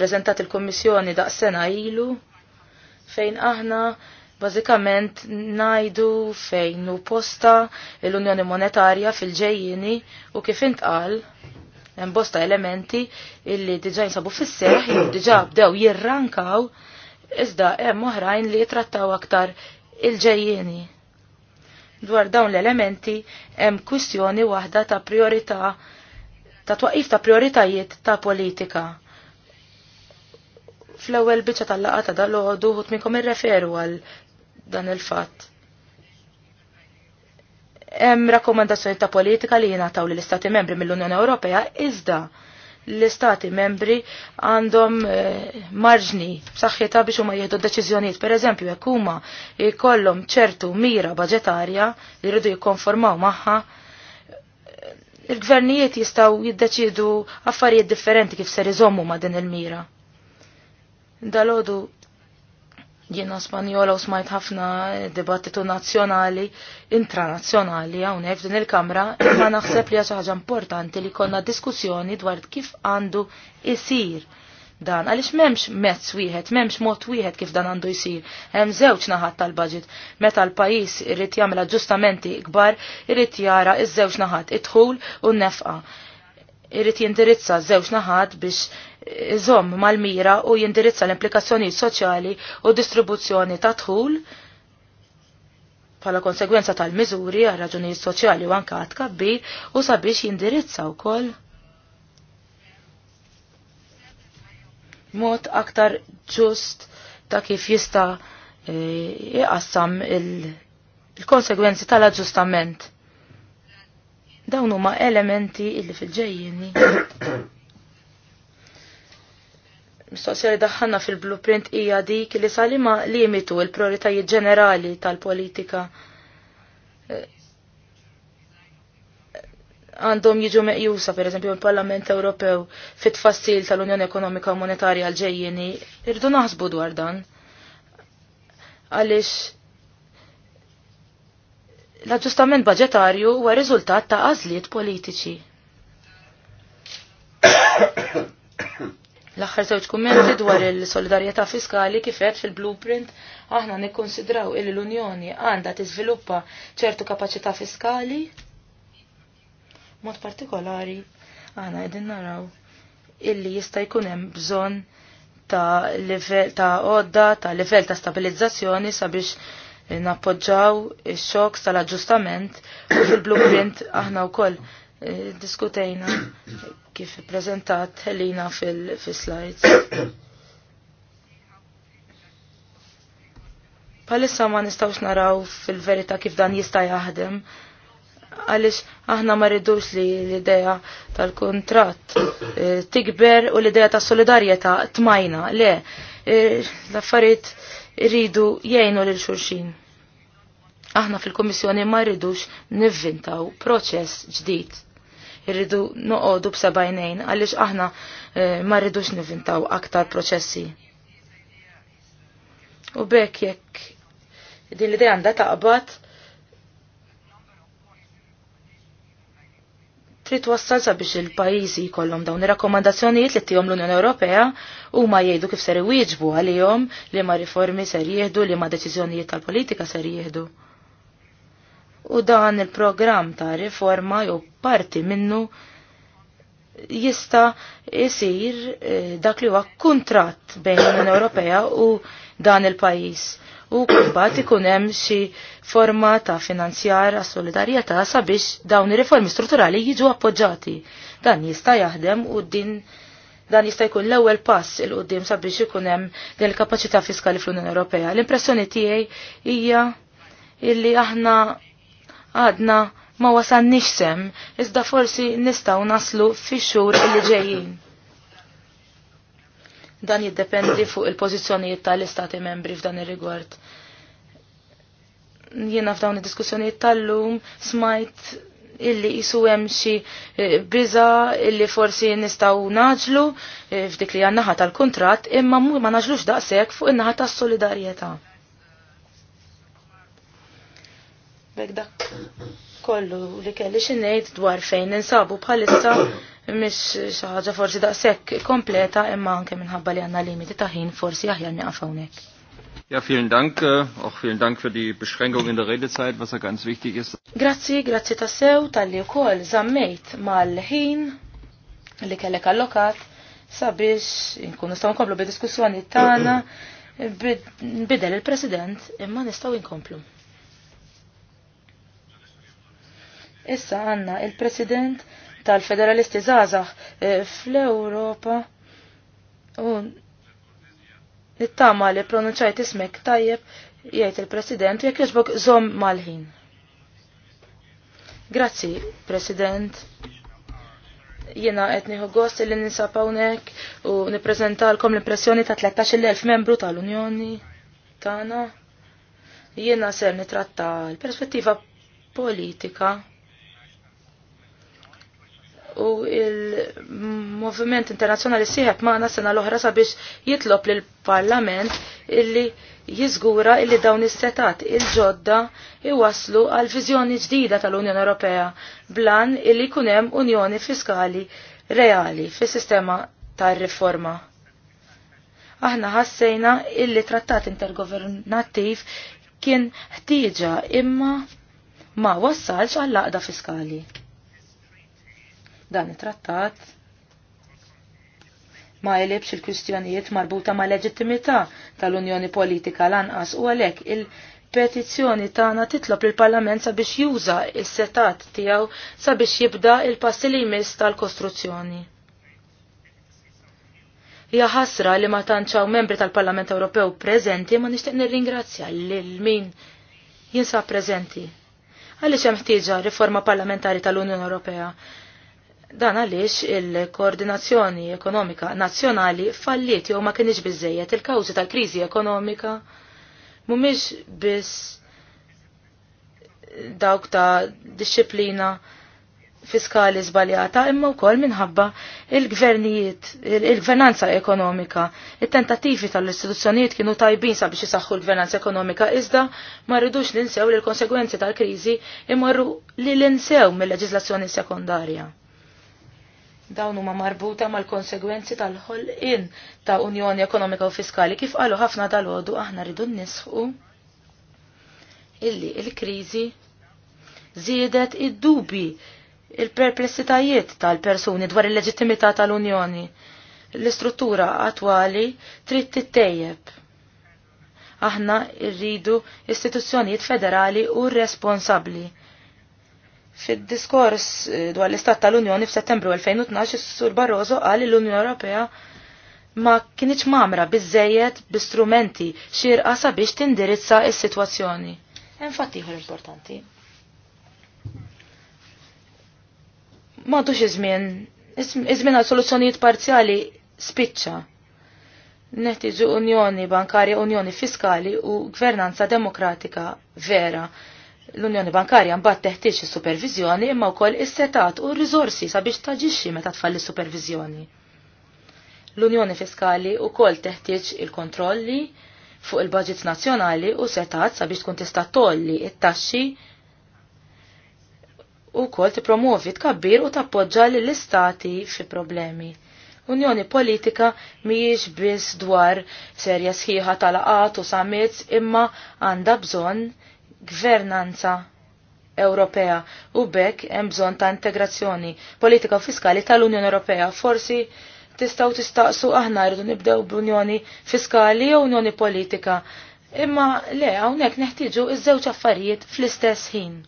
preżentat il-Kommissjoni sena ilu fejn aħna bażikament najdu fejn u posta l-Unjoni Monetarja fil-ġejjini u kif intqal hemm bosta elementi illi diġà jinsabu fis-seħ jew diġà bdew jirrankaw iżda hemm oħrajn li jitrattaw aktar il-ġejjieni. Dwar dawn l-elementi hemm kwistjoni waħda ta' priorità ta' twaqif ta' prioritajiet ta' politika. Fl-ewwel biċċa tal laqata dal-għodu ħut minkom irreferu għal dan il-fatt Hemm rakkomandazzjoni ta' politika li jingħataw lill istati membri mill-Unjoni Ewropea iżda l-istati membri għandhom eh, marġni b'saħħitha biex huma jieħdu deċiżjonijiet. Pereżempju jekk huma jkollhom ċertu mira baġetarja li jridu jikkonformaw magħha, eh, il-gvernijiet jistgħu jiddeċidu affarijiet differenti kif ser iżommu ma' din il-mira. Dalodu Jiena Spanjola u smajt ħafna dibattitu nazzjonali, intranazzjonali hawnhekk f'din il-Kamra, imma naħseb li ħaġa importanti li konna diskussjoni dwar kif għandu isir dan għaliex m'hemmx mezz wieħed, m'hemmx mod wieħed kif dan għandu jsir. Hemm żewġ naħat tal-budget. Meta l-pajjiż irid jagħmel aġġustamenti kbar, irid jara iż żewġ naħat, id-dħul u nefqa Irid jindirizza ż-żewġ naħat biex iżomm mal-mira u jindirizza l-implikazzjonijiet soċjali u distribuzzjoni ta' tħul bħala konsegwenza tal-miżuri għal raġunijiet soċjali u anka tkabbir u sabiex jindirizza wkoll mod aktar ġust ta' kif jista' e, iqassam il-konsegwenzi il tal-aġġustament. Dawn huma elementi illi fil-ġejjeni mistoqsija li daħħanna fil-blueprint hija dik li salima limitu il-prioritajiet ġenerali tal-politika għandhom jiġu meqjusa, per eżempju, il-Parlament Ewropew fit tfassil tal-Unjoni Ekonomika u Monetarja għal-ġejjeni, irdu naħsbu dwar dan. Għalix l-aġġustament budgetarju huwa riżultat ta' għażliet politiċi. L-aħħar żewġ kummenti dwar il-solidarjetà fiskali kifet fil-blueprint aħna nikkonsidraw il l-Unjoni għandha tiżviluppa ċertu kapaċità fiskali mod partikolari aħna qegħdin naraw illi jista' jkun hemm bżonn ta' level ta' odda, ta' livell ta' stabilizzazzjoni sabiex nappoġġaw ix-xoks tal-aġġustament u fil-blueprint aħna wkoll Eh, diskutejna kif prezentat Helena fil-slides. Palissa ma nistawx naraw fil-verita kif dan jista' jaħdem għalix aħna ma rridux li l-ideja tal-kontrat eh, tikber u l-ideja ta' solidarjeta tmajna, le, eh, l-affarijiet rridu jgħinu lil xulxin. Aħna fil-Komissjoni ma rridux nivvintaw proċess ġdid irridu noqogħdu b'sebajnejn għaliex aħna eh, ma rridux nivintaw aktar proċessi. U bekk jekk din l-idea għandha taqbad trid wassal sabiex il-pajjiżi jkollhom dawn ir-rakkomandazzjonijiet li tihom l-Unjoni Ewropea huma jgħidu kif ser iwieġbu għalihom li ma riformi ser jieħdu li ma deċiżjonijiet tal-politika ser jieħdu u dan il-programm ta' riforma jew parti minnu jista jisir eh, dak li huwa kuntratt bejn l-Unjoni Ewropea u dan il-pajjiż. U kumbat ikun hemm xi forma ta' finanzjar għas solidarjetà sabiex dawn ir-riformi strutturali jiġu appoġġati. Dan jista' jaħdem u din dan jista' jkun l-ewwel pass il qudiem sabiex ikun hemm din il-kapaċità fiskali fl-Unjoni Ewropea. L-impressjoni tiegħi hija illi aħna għadna ma wasan sem, iżda forsi nistaw naslu fi xhur li ġejjin. Dan jiddependi fuq il-pożizzjonijiet tal-istati membri f'dan ir-rigward. Jiena f'dawn id-diskussjonijiet tal-lum smajt illi jisu hemm xi e, biża illi forsi nistgħu naġlu e, f'dik li għan-naħa tal-kuntratt imma ma naġlux daqshekk fuq in-naħa tas-solidarjetà. Bek dak kollu li kelli xinnejt dwar fejn ninsabu bħalissa mis xaħġa forsi sekk kompleta imma anke minħabba li għanna limiti ta' ħin forsi aħjar niqaf hawnhekk. Ja, vielen Dank, äh, auch vielen Dank für die Beschränkung in der Redezeit, was ja ganz wichtig ist. Grazzi, grazzi ta' sew, tal-li zammejt mal-ħin li kellek allokat sabiex nkunu nistaw nkomplu bi diskussjoni tagħna bidel il-President imma nistgħu inkomplu. Issa għanna il-President tal-Federalisti Zazax eh, fl-Europa u nittama li pronunċajt ismek tajjeb jgħid il-President jekk jogħġbok zom mal-ħin. Grazzi, President. Jiena qed nieħu gost li ninsab hawnhekk u niprezentalkom l-impressjoni ta' 13,000 membru tal-Unjoni tagħna. Jiena ser nitratta l-perspettiva politika u il-Moviment Internazzjonali sieħeb maħna sena l-oħra sabiex jitlob l parlament illi jiżgura illi dawn is-setat il-ġodda iwaslu għal viżjoni ġdida tal-Unjoni Ewropea blan illi jkun hemm Unjoni Fiskali reali fis-sistema tar-riforma. Aħna ħassejna illi trattat intergovernattiv kien ħtieġa imma ma wassalx għall-laqda fiskali. Dan it-trattat ma jlebx il-kwistjonijiet marbuta ma' leġittimità tal-Unjoni Politika lanqas u għalhekk il-petizzjoni tagħna titlob il-Parlament sabiex juża s-setat tiegħu sabiex jibda il-passi li jmiss tal-kostruzzjoni. Hija ħasra li ma tantxaw membri tal-Parlament Ewropew preżenti ma nixtieq nirringrazzja lil min jinsa preżenti. Għaliex hemm ħtieġa riforma parlamentari tal-Unjoni Ewropea Dan għaliex il-koordinazzjoni ekonomika nazzjonali falliet jew ma kienx biżejjed il-kawżi tal-kriżi ekonomika mhumiex biss dawk ta' disċiplina fiskali żbaljata imma wkoll minħabba il-gvernijiet, il-gvernanza ekonomika. Il-tentattivi tal-istituzzjonijiet kienu tajbin sabiex isaħħu l-gvernanza ekonomika iżda ma rridux ninsew li l-konsegwenzi tal-kriżi imorru li l-insew mill-leġiżlazzjoni sekondarja. Dawn huma marbuta mal-konsegwenzi tal-ħolqien ta' Unjoni Ekonomika u Fiskali kif qalu ħafna dal-għodu aħna rridu nisħu illi il-kriżi żiedet id-dubi il-perplessitajiet tal-persuni dwar il-leġittimità tal-Unjoni. L-istruttura attwali trid tittejjeb. Aħna rridu istituzzjonijiet federali u responsabbli Fid-diskors eh, dwar l-Istat tal-Unjoni f'Settembru 2012 is-Sur Barroso qal li l-Unjoni Ewropea ma kienieċ mamra biżejjed b'istrumenti xirqa sabiex tindirizza is-sitwazzjoni. Enfatti ieħor importanti. Ma iż-żmien, iż-żmien għal soluzzjonijiet parzjali spiċċa. Nettiġu Unjoni Bankarja, Unjoni Fiskali u Gvernanza Demokratika vera L-Unjoni Bankarja mbagħad teħtieġ is-supervizjoni imma wkoll is-setat u r-riżorsi sabiex taġixxi meta tfalli supervizjoni. L-Unjoni Fiskali wkoll teħtieġ il-kontrolli fuq il-budgets nazzjonali u setat sabiex tkun tista' tolli it-taxxi u kol tipromovi tkabbir u tappoġġa l-istati fi problemi. Unjoni politika mhijiex biss dwar serja sħiħa tal-qat u samiz imma għanda bżonn gvernanza Ewropea u bekk hemm bżonn ta' integrazzjoni politika u fiskali tal-Unjoni Ewropea. Forsi tistgħu tistaqsu aħna rridu nibdew b'Unjoni Fiskali jew Unjoni Politika. Imma le hawnhekk neħtieġu iż-żewġ affarijiet fl-istess ħin.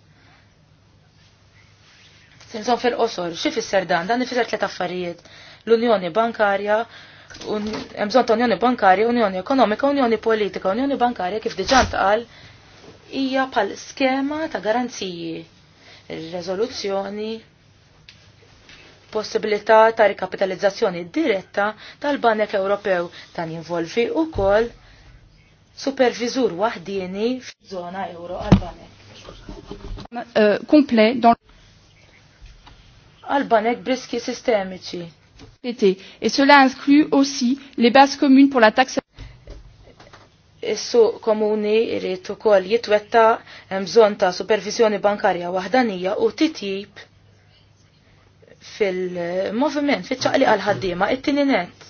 Sinżon fil-qosor, xi fisser dan? Dan ifisser tliet affarijiet. L-Unjoni Bankarja, hemm bżonn ta' Unjoni Bankarja, Unjoni Ekonomika, Unjoni Politika, Unjoni Bankarja kif diġà ntqal hija pal skema ta' garanziji, rezoluzzjoni, possibilità ta' rikapitalizzazzjoni diretta tal-Banek Ewropew tan u kol supervizur waħdieni f'żona euro għal-Banek. Kumple euh, don Għal-Banek briski sistemiċi. Et cela inclut aussi les bases communes pour la taxe Is-suq komuni jrid ukoll jitwetta hemm bżonn ta' supervizjoni bankarja waħdanija u titjib fil-moviment, fiċ-ċaqli għal ħaddiema it-tini net.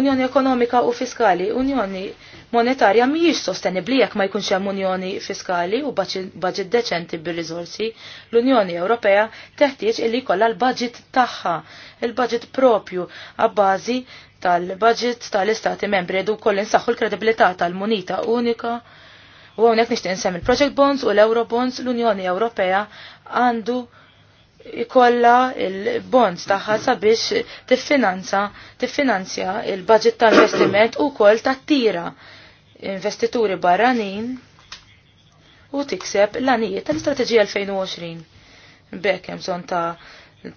Unjoni ekonomika u fiskali, unjoni monetarja mhijiex sostenibbli jekk ma jkunx hemm unjoni fiskali u budget deċenti bir-riżorsi. L-Unjoni Ewropea teħtieġ illi jkollha l-budget tagħha, il-budget propju għabbażi tal-budget tal-istati membri jdu koll insaħħu l-kredibilità tal-munita unika. U hawnhekk nixtieq insemm il-project bonds u l-Eurobonds l-Unjoni Ewropea għandu ikolla il-bonds tagħha sabiex tiffinanza tiffinanzja il-budget tal-investiment u kol tat-tira investituri barranin u tikseb l-anijiet tal-Istrateġija 2020. Bekk hemm bżonn ta'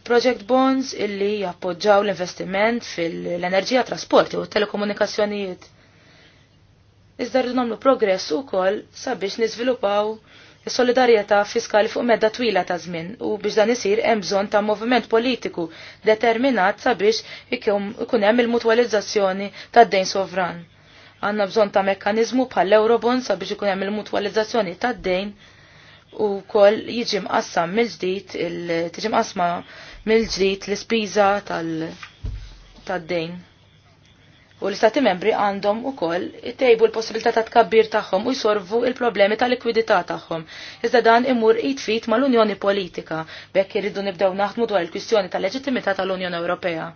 project bonds illi jappoġġaw l-investiment fil-enerġija, trasporti u telekomunikazzjonijiet. Iżda rridu nagħmlu progress ukoll sabiex niżviluppaw is-solidarjetà fiskali fuq medda twila ta' żmien u biex dan isir hemm bżonn ta' moviment politiku determinat sabiex ikun hemm il-mutwalizzazzjoni tad-dejn sovran Għanna bżon ta' mekkanizmu pal eurobond sabiex ikun hemm il-mutwalizzazzjoni tad-dejn u kol jiġi mqassam mill-ġdid, tiġim qasma mill-ġdid l-ispiża tad-dejn. U l-istati membri għandhom u koll tejbu l-possibilità ta' tkabbir tagħhom u jsorvu il-problemi ta' likwidità tagħhom. Iżda dan imur jitfit mal-Unjoni Politika bekk irridu nibdew naħdmu dwar il-kwistjoni tal-leġittimità tal-Unjoni Ewropea.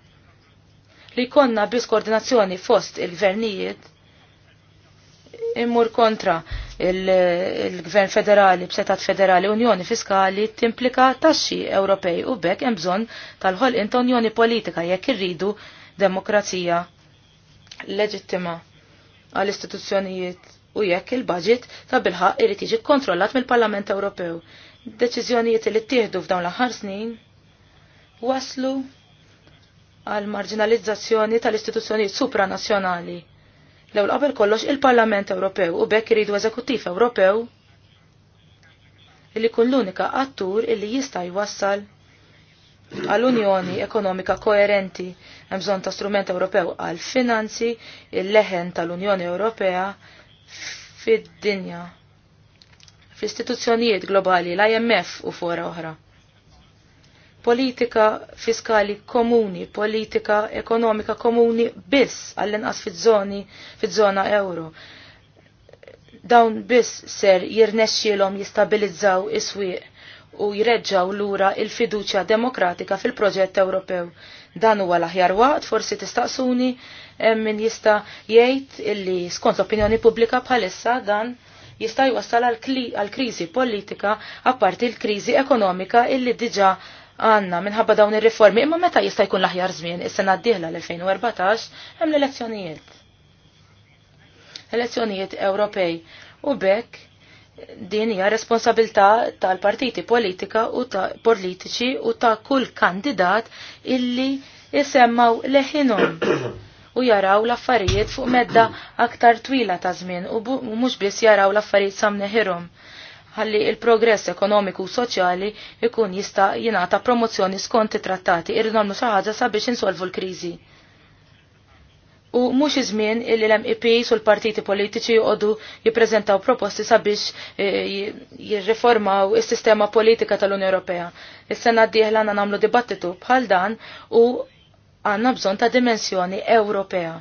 Li konna biss koordinazzjoni fost il-gvernijiet immur kontra il-Gvern federali b'setat federali Unjoni Fiskali timplika taxxi Ewropej u bekk hemm bżonn tal-ħolqien ta' Unjoni Politika jekk irridu demokrazija leġittima għall-istituzzjonijiet u jekk il-budget ta' bilħaq irid jiġi kontrollat mill-Parlament Ewropew. Deċiżjonijiet li ttieħdu f'dawn l-aħħar snin waslu għal marginalizzazzjoni tal-istituzzjonijiet supranazzjonali L-ewwel qabel kollox il-Parlament Ewropew u bekk iridu Eżekuttiv Ewropew illi kun l-unika attur illi jista' jwassal għall-Unjoni Ekonomika Koerenti hemm bżonn ta' strument Ewropew għal finanzi il-leħen tal-Unjoni Ewropea fid-dinja fl-istituzzjonijiet globali l-IMF u fora oħra politika fiskali komuni, politika ekonomika komuni biss għall-inqas fiż zoni fit żona euro. Dawn biss ser jirnexxielhom jistabilizzaw is-swieq u jreġġaw lura il-fiduċja demokratika fil-proġett Ewropew. Dan huwa l-aħjar waqt, forsi tistaqsuni min jista' jgħid illi skont l-opinjoni pubblika bħalissa dan jista' jwassal għal kriżi politika apparti l-kriżi ekonomika illi diġà għanna minħabba dawn ir-riformi imma meta jista' jkun l-aħjar żmien is-sena d-dieħla l-2014 hemm l-elezzjonijiet. Elezzjonijiet Ewropej u bekk din hija responsabilità tal-partiti politika u ta' politiċi u ta' kull kandidat illi jisemmaw leħinhom u jaraw l-affarijiet fuq medda aktar twila ta' żmien u mhux biss jaraw l-affarijiet samneħirhom ħalli il-progress ekonomiku u soċjali ikun jista' jingħata promozzjoni skont it-trattati irridu nagħmlu xi ħaġa sabiex insolvu l-kriżi. U mhux iż-żmien li l-MEPs u l-partiti politiċi jqogħdu jippreżentaw proposti sabiex eh, jirriformaw is-sistema politika tal-Unja Ewropea. Is-sena d-dieħla għandna nagħmlu dibattitu bħal dan u għandna bżonn ta' dimensjoni Ewropea.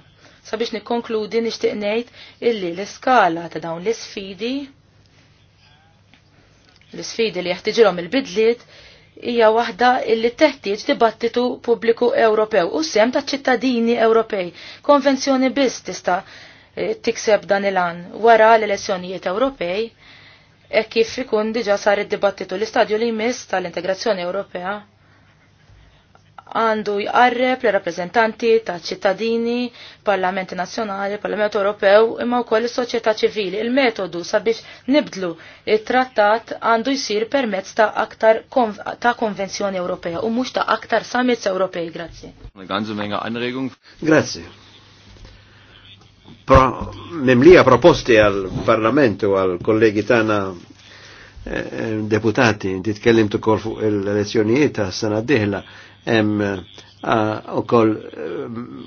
Sabiex nikkonkludi nixtieq ngħid illi l-iskala ta' dawn l-isfidi L-sfidi li jeħtiġilhom il-bidliet hija waħda illi teħtieġ dibattitu pubbliku Ewropew u sem ta' ċittadini Ewropej. Konvenzjoni biss tista' eh, tikseb dan il-an wara l-elezzjonijiet Ewropej e kif ikun diġa sar id-dibattitu l-istadju li jmiss tal-integrazzjoni Ewropea għandu jqarreb l-rappresentanti ta' ċittadini, Parlamenti Nazzjonali, Parlament Ewropew, imma wkoll is-soċjetà ċivili. Il-metodu sabiex nibdlu it-trattat għandu jsir permezz ta' aktar konv ta' konvenzjoni Ewropea u mhux ta' aktar summits Ewropej. Grazzi. Grazzi. Pro, memlija proposti għal Parlamentu għal kollegi tagħna eh, eh, deputati, titkellimt ukoll fuq il elezzjonijiet ta' sena d hemm ukoll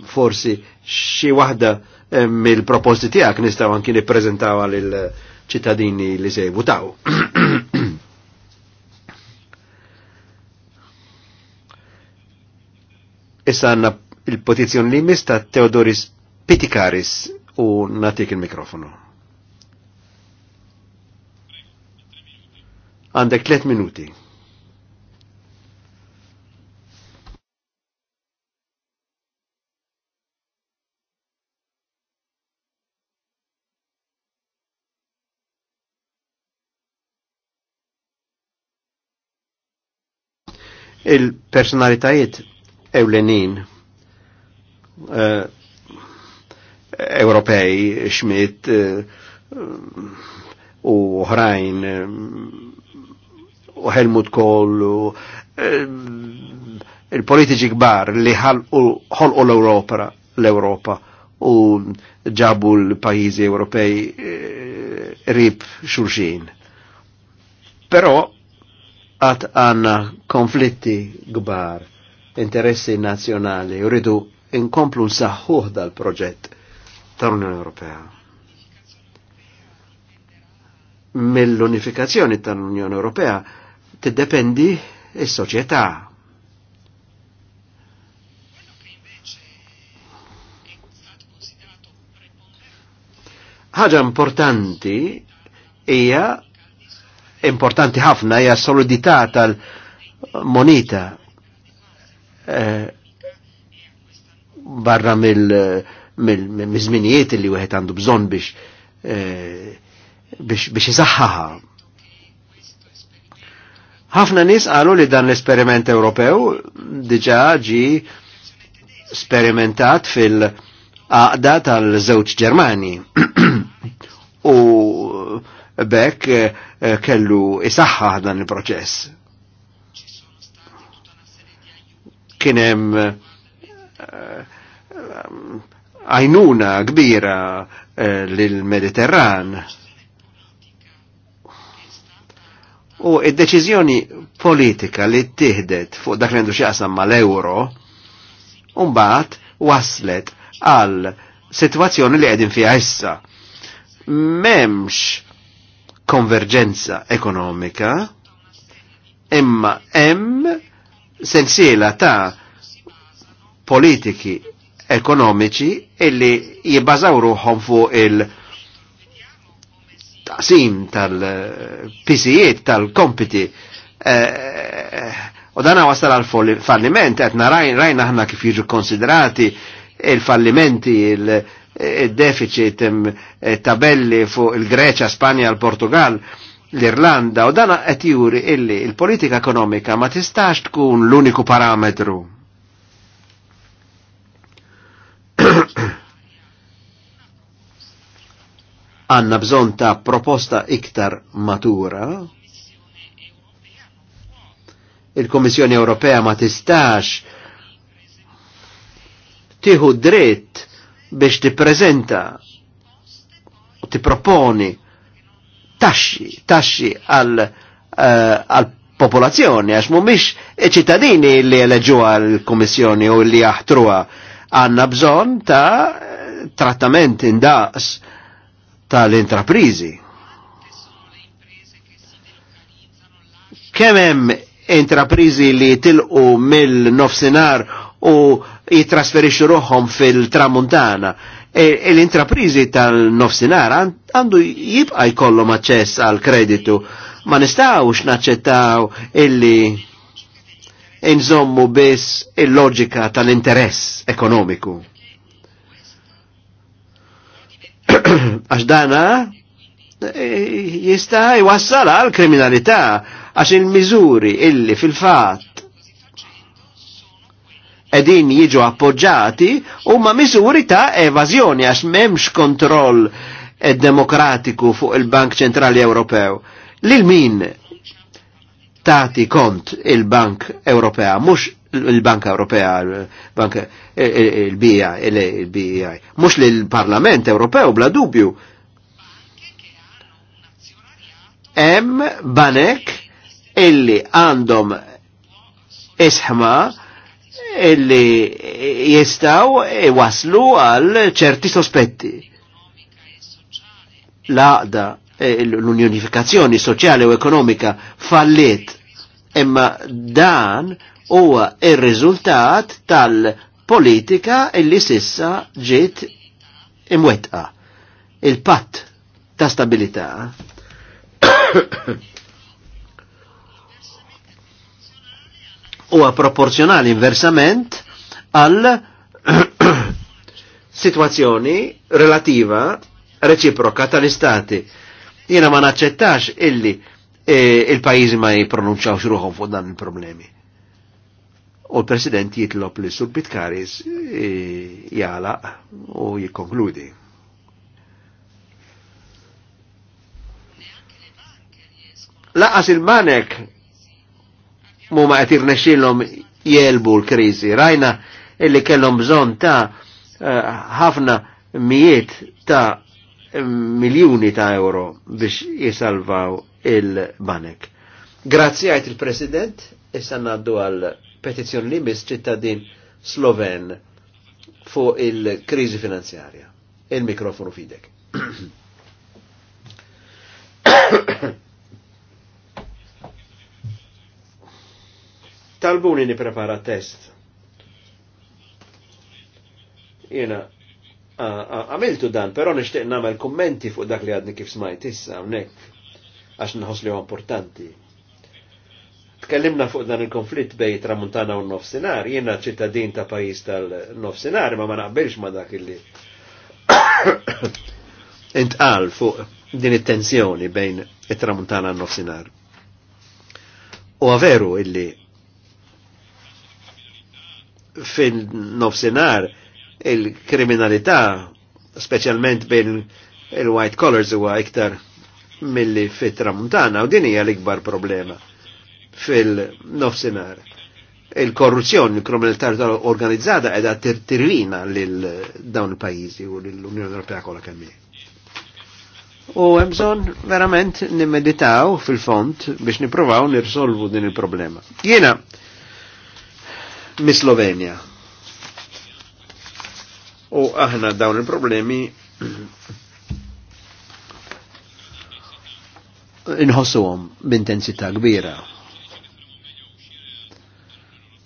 forsi xi waħda mill-proposti tiegħek nistgħu anki nippreżentawha lil ċittadini li se jvutaw. Issa għandna il pozizjon li mista Teodoris Pitikaris u natik il-mikrofonu. Għandek tliet minuti. il-personalitajiet ewlenin uh, Ewropej, Schmidt uh, u uh, u Helmut Kohl u il-politiċi gbar li ħolqu l-Europa l-Europa u ġabu l-pajizi Ewropej rib xurxin. Però għat għanna konflitti gbar, interessi nazjonali, u inkomplu nsaħħuħ dal-proġett tal-Unjoni Ewropea. Mill-unifikazzjoni tal-Unjoni Ewropea t-dependi il soċjetà Ħaġa importanti hija importanti ħafna hija solidità tal-monita eh, barra mill mill-miżminijiet li wieħed għandu bżonn eh, biex biex iżaħħaha. Ħafna nies qalu li dan l-esperiment Ewropew diġà ġi sperimentat fil-għaqda tal-żewġ Ġermani. U bekk eh, eh, kellu isaħħa dan il-proċess. Kienem eh, għajnuna kbira lil-Mediterran. U id-deċizjoni politika li t-tihdet fuq dak li għandu xaqsam mal-euro, umbat waslet għal situazzjoni li għedin fija issa. Memx konverġenza ekonomika, imma em sensiela ta' politiki ekonomiċi illi jibbażaw ruħom fuq il- taqsim tal-pisijiet, tal-kompiti. Eh, u dan wasal għal-falliment, għetna rajna ħna kif jiġu konsiderati il-fallimenti, il-, -fallimenti, il fallimenti deficit e tabelli fuq il-Greċa, Spanja, l-Portugal, l-Irlanda u dana qed juri illi il-politika ekonomika ma tistax tkun l-uniku parametru. Għanna bżon ta' proposta iktar matura. Il-Komissjoni Ewropea ma tistax tiħu dritt biex prezenta u tipproponi taxxi, taxxi għal uh, popolazzjoni, għax mumiex ċittadini li eleġu għal komissjoni u li jaħtruha għanna bżon ta' trattament indaqs tal-intraprizi. Kemem intraprizi li tilqu mill-nofsinar u jitrasferixxu ruħhom fil-tramuntana. E, e l-intraprizi tal-nofsinar għandu jibqa jkollhom aċċess għal kreditu. Ma nistgħux naċċettaw illi inżommu biss il-loġika tal-interess ekonomiku. Għax dana e, jista' jwassal għal kriminalità għax il-miżuri illi fil-fatt edin jiġu appoġġati u ma ta' evażjoni għax memx kontroll eh, demokratiku fuq il-Bank Ċentrali Ewropew. Lil min tati kont il-Bank Ewropea, mux il-Bank Ewropea, il-Bank eh, il-BI, il-BI, mux l-Parlament Ewropew bla dubju. M banek illi għandhom isħma illi jistaw waslu għal ċerti sospetti. Laqda eh, l-unjonifikazzjoni soċjali u ekonomika falliet imma dan huwa ir-riżultat tal-politika illi sissa ġiet imwetqa. Il-patt ta' stabilità huwa proporzjonali inversament għal situazzjoni relativa reċiproka tal-istati. Jena ma naċċettax illi e, il pajizi ma jipronunċaw xruħom fuq dan il-problemi. U l-President jitlob li sur e, jala u jikkonkludi. Laqas il-banek mu ma għatir nexilom jelbu l-krizi. Rajna illi kellhom bżon ta' ħafna mijiet ta' miljoni ta' euro biex jisalvaw il-banek. Grazzi għajt il-President, issa naddu għal petizjon li bis ċittadin Sloven fuq il-krizi finanzjarja. Il-mikrofonu fidek. talbuni niprepara test. Jena, għamiltu dan, pero nishtiq namel kommenti fuq dak li għadni kif smajt issa, unnek, għax nħos li importanti. Tkellimna fuq dan il-konflitt bej tramuntana u nofsinar, jena ċittadin ta' pajis tal-nofsinar, ma ma naqbilx ma dak illi. Intqal fuq din it-tensjoni bejn it-tramuntana u nofsinar. U għaveru illi fin-nofsinar il-kriminalità, specialment bejn il-white collars huwa iktar milli fit-tramuntana u din hija l-ikbar problema fil-nofsinar. Il-korruzzjoni, il-kriminalità organizzata edha tirtirina lil dawn il pajizi u l-Unjoni Ewropea kolla kemmi. U hemm verament nimmeditaw fil-font biex niprovaw nirsolvu din il-problema. Jiena mis-Slovenja. U aħna dawn il-problemi għom b'intensità kbira.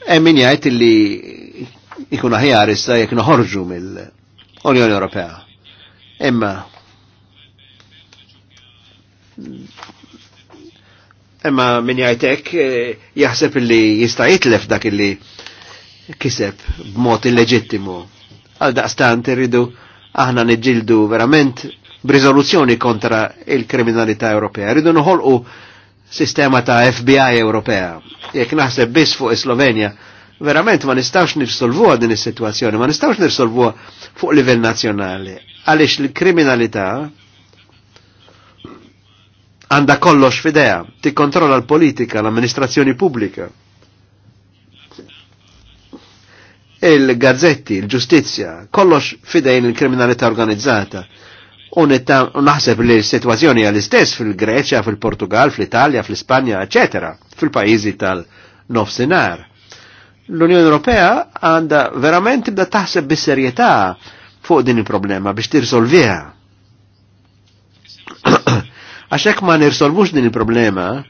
Emmin min li illi ikun aħjar issa jek noħorġu mill-Unjoni Ewropea. Emma. Emma min jajtek eh, jaħseb li jista' jitlef dak li kiseb b'mod illeġittimu. Għal daqstant irridu aħna niġġildu verament b'rizoluzzjoni kontra il-kriminalità Ewropea. Rridu noħolqu sistema ta' FBI Ewropea. Jekk naħseb biss fuq Slovenja, verament ma nistawx nifsolvuha din is-sitwazzjoni, ma nistawx nifsolvuha fuq livell nazzjonali. Għaliex il kriminalità għanda kollox fidea, tikkontrolla l-politika, l-amministrazzjoni pubblika. il-gazzetti, il-ġustizja, kollox fidejn il-kriminalità organizzata. Un naħseb li situazzjoni għal-istess fil-Greċja, fil-Portugal, fil-Italja, fil-Spanja, ecc. fil-pajizi tal-nofsinar. L-Unjoni Ewropea għanda verament tibda taħseb bis-serjetà fuq din il-problema biex tirsolviha. Għaxek ma nirsolvux din il-problema,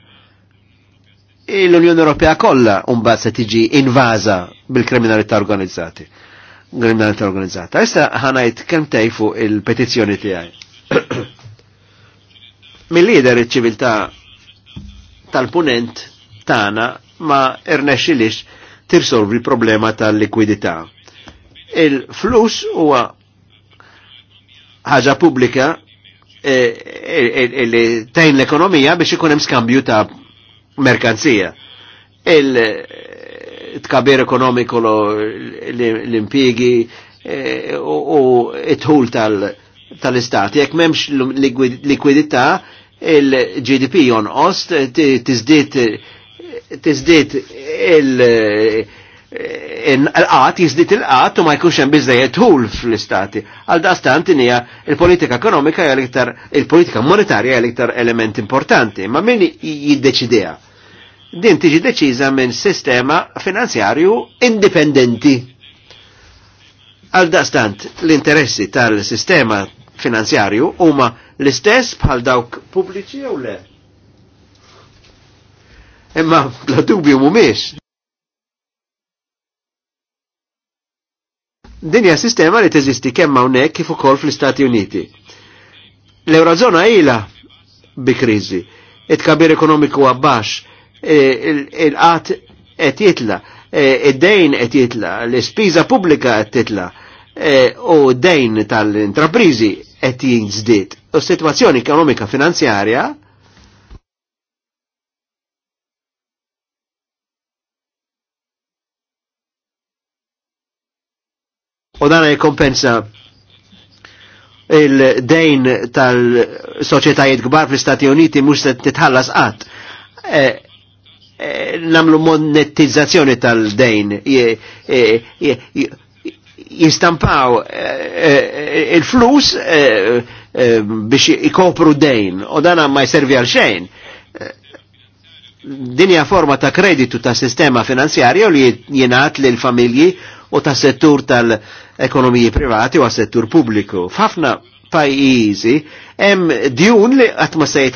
l-Unjoni Ewropea kollha mbagħad se tiġi invaża bil-kriminalità organizzati. Kriminalità organizzata. Issa ħanajt kemm tej fuq il-petizzjoni tiegħi. Mill-lider iċ-ċiviltà tal-punent tagħna ma irnexxilix tirsolvi l problema tal-likwidità. Il-flus huwa ħaġa pubblika eh, eh, eh, li tejn l-ekonomija biex ikun hemm skambju ta' merkanzija. Il-tkabir eh, ekonomiku l-impiegi eh, u it-ħul tal-istat. Jek memx likwidità, il-GDP jonqos, tizdit il- eh, il-qat, jizdit il-qat u ma jkunx hemm biżdejjed tul fl-istati. Għal daqstant hija il-politika ekonomika hija l-iktar il-politika monetarja hija l-iktar element importanti, ma min jiddeċidea din tiġi deċiża minn sistema finanzjarju indipendenti. Għaldaqstant l-interessi tal-sistema finanzjarju huma l-istess bħal dawk pubbliċi jew le. Imma bla dubju mhumiex. hija sistema li teżisti kemm hawnhekk kif ukoll fl-Istati Uniti. L-Eurozona ilha bi kriżi. It-kabir ekonomiku għabbax, il-qat qed jitla, eh, id-dejn qed jitla, l-ispiża pubblika qed titla eh, u d-dejn tal-intraprizi qed jinżdied. U s-sitwazzjoni ekonomika finanzjarja u dan jkompensa il-dejn tal-soċietajiet gbar fl-Istati Uniti mux se titħallas qatt. Eh, Eh, namlu monetizzazzjoni tal-dejn jistampaw eh, eh, il-flus biex ikopru dejn u dana ma jservi għal xejn dinja forma ta' kreditu ta' sistema finanzjarju li jenat li l-familji u ta' settur tal-ekonomiji privati u għas settur pubbliku. F'ħafna pajjiżi hemm djun li qatt ma se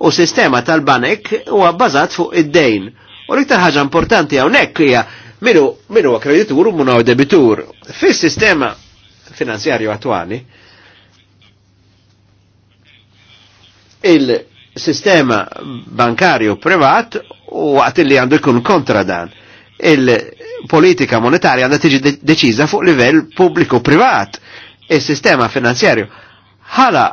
u sistema tal-banek huwa bbażat fuq id-dejn. U l-iktar ħaġa importanti hawnhekk hija minu minu kreditur u minu debitur. Fis-sistema finanzjarju attwali il-sistema bankarju privat u għat li għandu jkun kontra dan il-politika monetarja għandha tiġi deċiża fuq livell pubbliku privat. Il-sistema finanzjarju ħala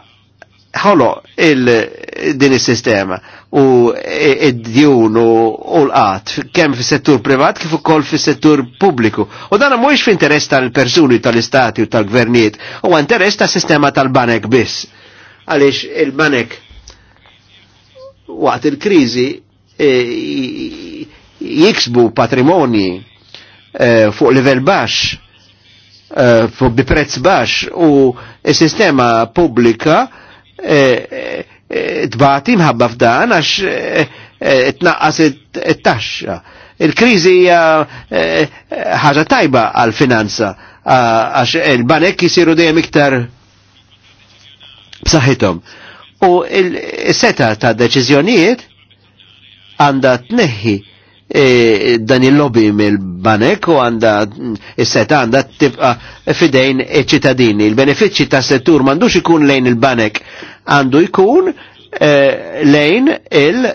ħolo il-din il sistema u id-djun u l-qat, kem fi settur privat kif ukoll fi settur pubbliku. U dan mhuwiex interess tal-persuni tal-istati u tal-gvernijiet, u interess tas-sistema tal-banek biss. Għaliex il-banek waqt il-kriżi e, jiksbu patrimoni e, fuq livell baxx e, bi prezz baxx u s-sistema pubblika Eh, eh, eh, dbati mħabba f'dan għax tnaqqas it-taxxa. Il-kriżi hija ħaġa tajba għal-finanza għax il-banek jisiru dejjem iktar b'saħħithom. U il-seta ta' deċiżjonijiet għandha tneħħi e, dan il-lobby mill-banek u għanda is-seta għanda tibqa fidejn iċ-ċittadini. Il-benefiċċji ta' settur m'għandux ikun lejn il-banek, għandu jkun e, lejn il-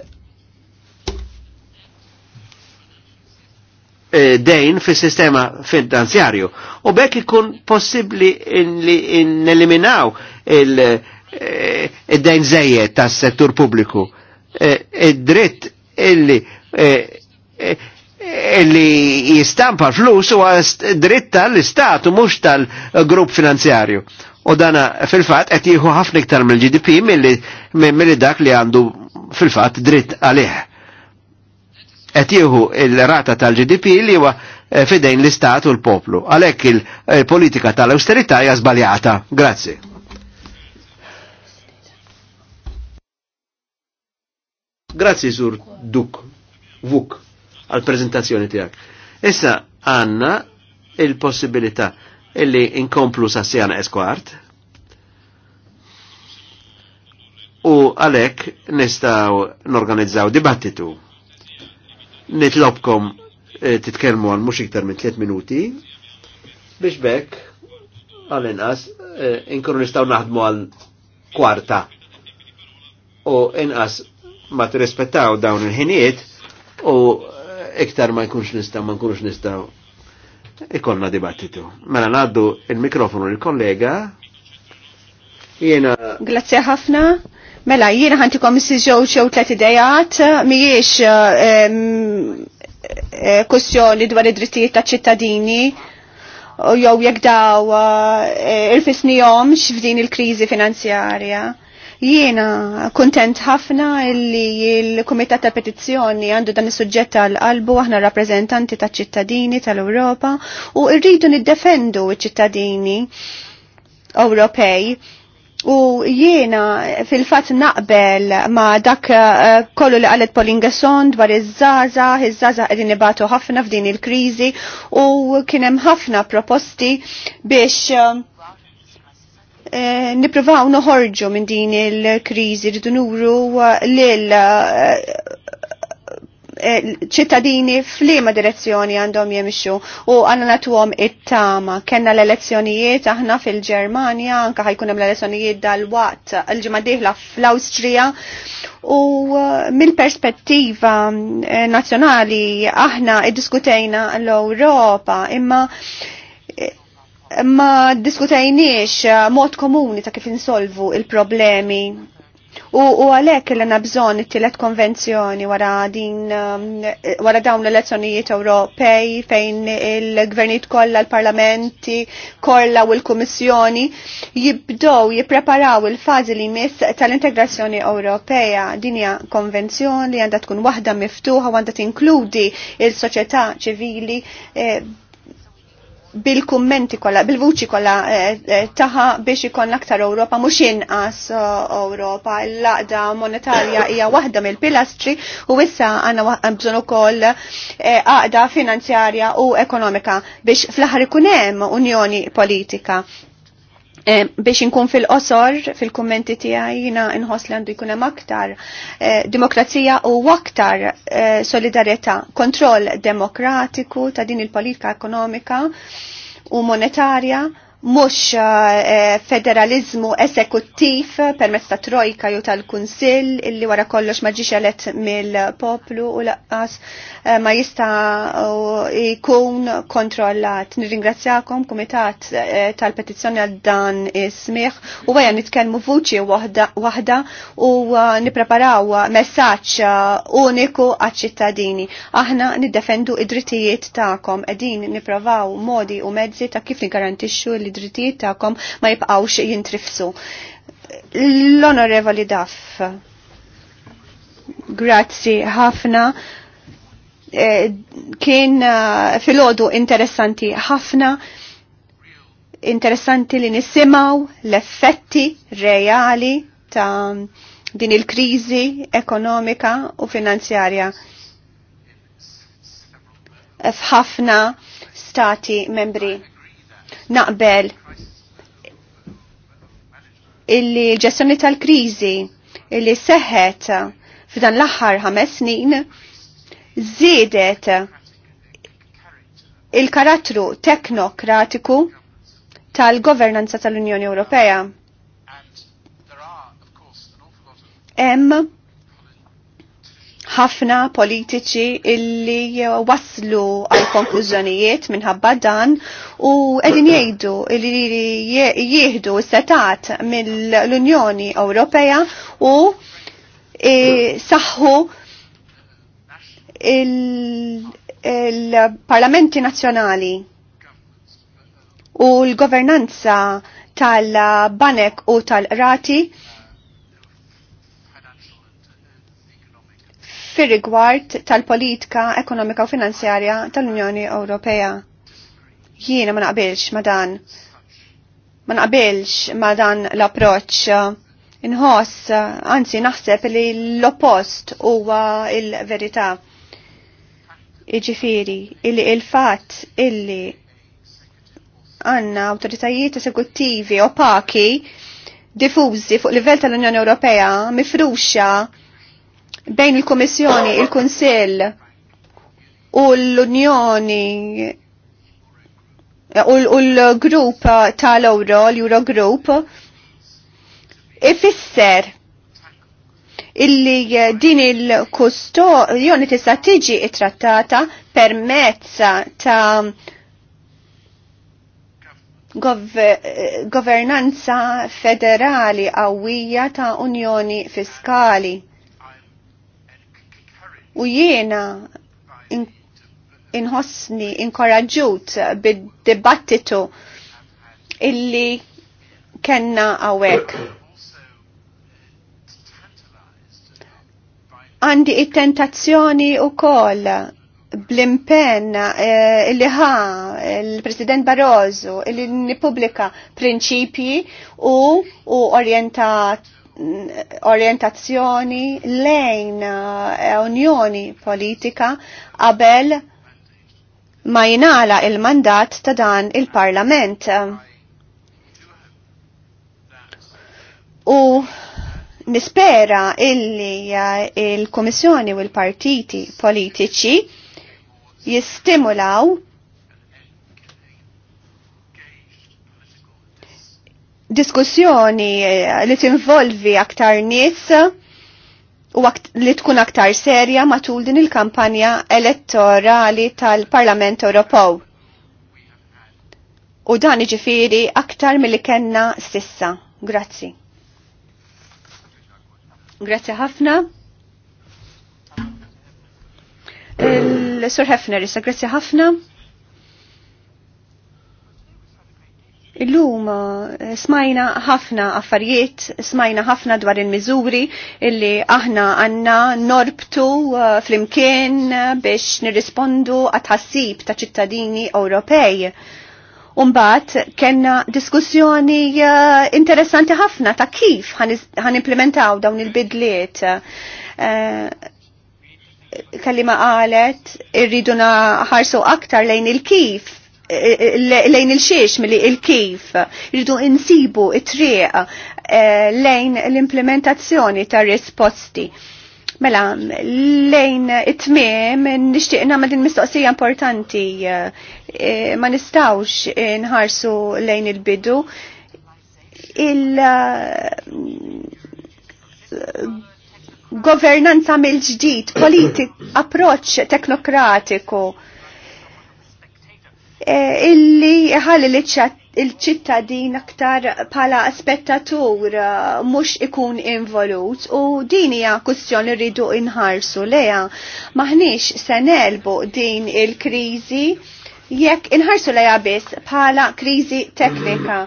e, dejn fis sistema finanzjarju. U bekk ikun possibli n neliminaw il-dejn e, zejjed tas settur pubbliku. Id-dritt illi li jistampa flus u dritt tal-istat u mux tal-grupp finanzjarju. U dana fil-fat qed jieħu ħafna iktar mill-GDP milli dak li għandu fil-fat dritt għalih. Qed jieħu il-rata tal-GDP li huwa eh, fidejn l-istat u l-poplu. Għalhekk il-politika eh, tal-austerità hija żbaljata. Grazzi. Grazzi sur Duk. Vuk għal-prezentazzjoni tijak. Issa għanna il-possibilità illi inkomplu sa' sjana eskwart u għalek nistaw norganizzaw dibattitu. Nitlobkom eh, titkelmu għal mux iktar minn 3 minuti biex bekk għal-inqas eh, inkunu nistaw naħdmu għal kwarta u inqas ma tirrispettaw dawn il-ħinijiet u iktar ma jkunx nistaw, ma jkunx nistaw ikonna dibattitu. Mela naddu il-mikrofonu il-kollega. Jena. Grazie ħafna. Mela, jiena ħantikom si ġewċew tlet idejat, Mijiex ehm, eh, kussjoni dwar id-drittijiet ta' ċittadini, jew jekk daw eh, irfisnihomx f'din il-kriżi finanzjarja Jiena kontent ħafna li l-Kumitat ta' Petizzjoni għandu dan is-suġġett għal-qalbu aħna rappreżentanti taċ ċittadini tal-Ewropa u rridu niddefendu ċ-ċittadini Ewropej. U jiena fil-fat naqbel ma dak eh, kollu li għalet Polingesson dwar iż-żaza, iż-żaza qegħdin ibatu ħafna f'din il-kriżi u kien hemm ħafna proposti biex eh, eh, niprovaw noħorġu minn din il-kriżi rridu nuru eh, lil eh, eh, ċittadini f'liema direzzjoni għandhom jemxu u għanna natuhom it-tama. Kenna l-elezzjonijiet aħna fil-Ġermanja, anka ħajkun hemm l-elezzjonijiet dal-waqt l-ġimgħa fl-Awstrija u mill-perspettiva nazzjonali aħna iddiskutejna l-Ewropa imma ma diskutajniex eh, mod komuni ta' kif insolvu il-problemi. U, għalek l-għana bżon it tillet konvenzjoni wara, din, um, eh, wara dawn l-elezzjonijiet Ewropej fejn il-gvernijiet kollha l-parlamenti kollha u l-kummissjoni jibdow jippreparaw il-fażi li miss tal-integrazzjoni Ewropea. Din hija konvenzjoni li għandha tkun waħda miftuħa u għandha tinkludi il-soċjetà ċivili eh, bil-kummenti kolla, bil-vuċi kolla eh, eh, taħa biex ikon aktar Ewropa, mux inqas eh, Ewropa. L-laqda monetarja hija waħda mill-pilastri u issa għanna bżon ukoll għaqda finanzjarja u ekonomika biex fl-aħħar ikun hemm unjoni politika. Eh, biex inkun fil-qosor, fil-kommenti tiegħi jiena nħoss li għandu jkun hemm aktar eh, demokrazija u aktar eh, solidarjetà, kontroll demokratiku ta' din il-politika ekonomika u monetarja mux eh, eh, federalizmu esekuttiv permezz ta' trojka ju tal-kunsill illi wara kollox ma ġiex elett mill-poplu u laqqas eh, ma jista' jkun kontrollat. Nirringrazzjakom kumitat tal-petizzjoni għal dan is u għajan nitkellmu vuċi waħda u nipreparaw messaċ uniku għaċ-ċittadini. Aħna niddefendu id-drittijiet tagħkom qegħdin nippravaw modi u mezzi ta' kif nigarantixxu li li drittijiet tagħkom ma jibqgħux jintrifsu. L-onorevoli Daff. Grazzi ħafna. Eh, kien eh, filgħodu filodu interessanti ħafna, interessanti li nisimaw l-effetti reali ta' din il-krizi ekonomika u finanzjarja f'ħafna stati membri naqbel illi l-ġestjoni tal-kriżi illi seħħet f'dan l-aħħar ħames snin żiedet il-karattru teknokratiku tal-governanza tal-Unjoni Ewropea. Hemm ħafna politiċi illi waslu għal konklużjonijiet minħabba dan u qegħdin jgħidu illi jieħdu setat mill-Unjoni Ewropea u e, saħħu il-parlamenti nazzjonali u l-governanza tal-banek u tal-rati fir-rigward tal-politika ekonomika u finanzjarja tal-Unjoni Ewropea. Jiena ma naqbilx ma dan. Ma naqbilx ma dan l-approċċ inħoss, anzi naħseb li l-oppost huwa il-verità. Iġifiri, illi il-fat illi għanna autoritajiet esekuttivi opaki diffużi fuq livell tal-Unjoni Ewropea mifruxa bejn il-Komissjoni, il-Kunsill u l-Unjoni u l-grupp tal-Euro, l-Eurogroup, ifisser illi din il kustorjoni tista' tiġi trattata permezz ta' gov governanza federali qawwija ta' unjoni fiskali. U jiena inħossni in bid-dibattitu illi kenna għawek. Għandi it-tentazzjoni u koll bl-impen eh, li ħa il-President Barroso illi nipublika prinċipji u, u orientat orientazzjoni lejn eh, unjoni politika qabel ma jinala il-mandat ta' dan il-parlament. U nispera illi eh, il-Komissjoni u l-partiti politiċi jistimulaw diskussjoni eh, li tinvolvi aktar nies u li tkun aktar serja matul din il-kampanja elettorali tal-Parlament Ewropew. U dan iġifiri aktar mill-li kenna sissa. Grazzi. Grazzi ħafna. Il-Sur Hefner, issa grazzi ħafna. Illum eh, smajna ħafna affarijiet, smajna ħafna dwar il-miżuri illi aħna għanna norbtu eh, fl-imkien eh, biex nirrispondu għat-ħassib ta' ċittadini Ewropej. Umbat kena diskussjoni interessanti ħafna ta' kif ħan implementaw dawn il-bidliet. Kallima għalet, qalet irridu ħarsu aktar lejn il-kif lejn il-xiex mill il-kif, rridu insibu it-triq eh, lejn l-implementazzjoni ta' risposti. Mela, lejn it-tmiem nixtieq nagħmel din mistoqsija importanti eh, ma nistawx nħarsu lejn il-bidu. Il eh, governanza mill-ġdid, politik, approċċ teknokratiku Eh, illi ħalli il-ċittadin aktar pala spettatur eh, mux ikun involut u din hija kustjon rridu inħarsu leja maħniex se nelbu din il-kriżi jekk inħarsu leja biss pala kriżi teknika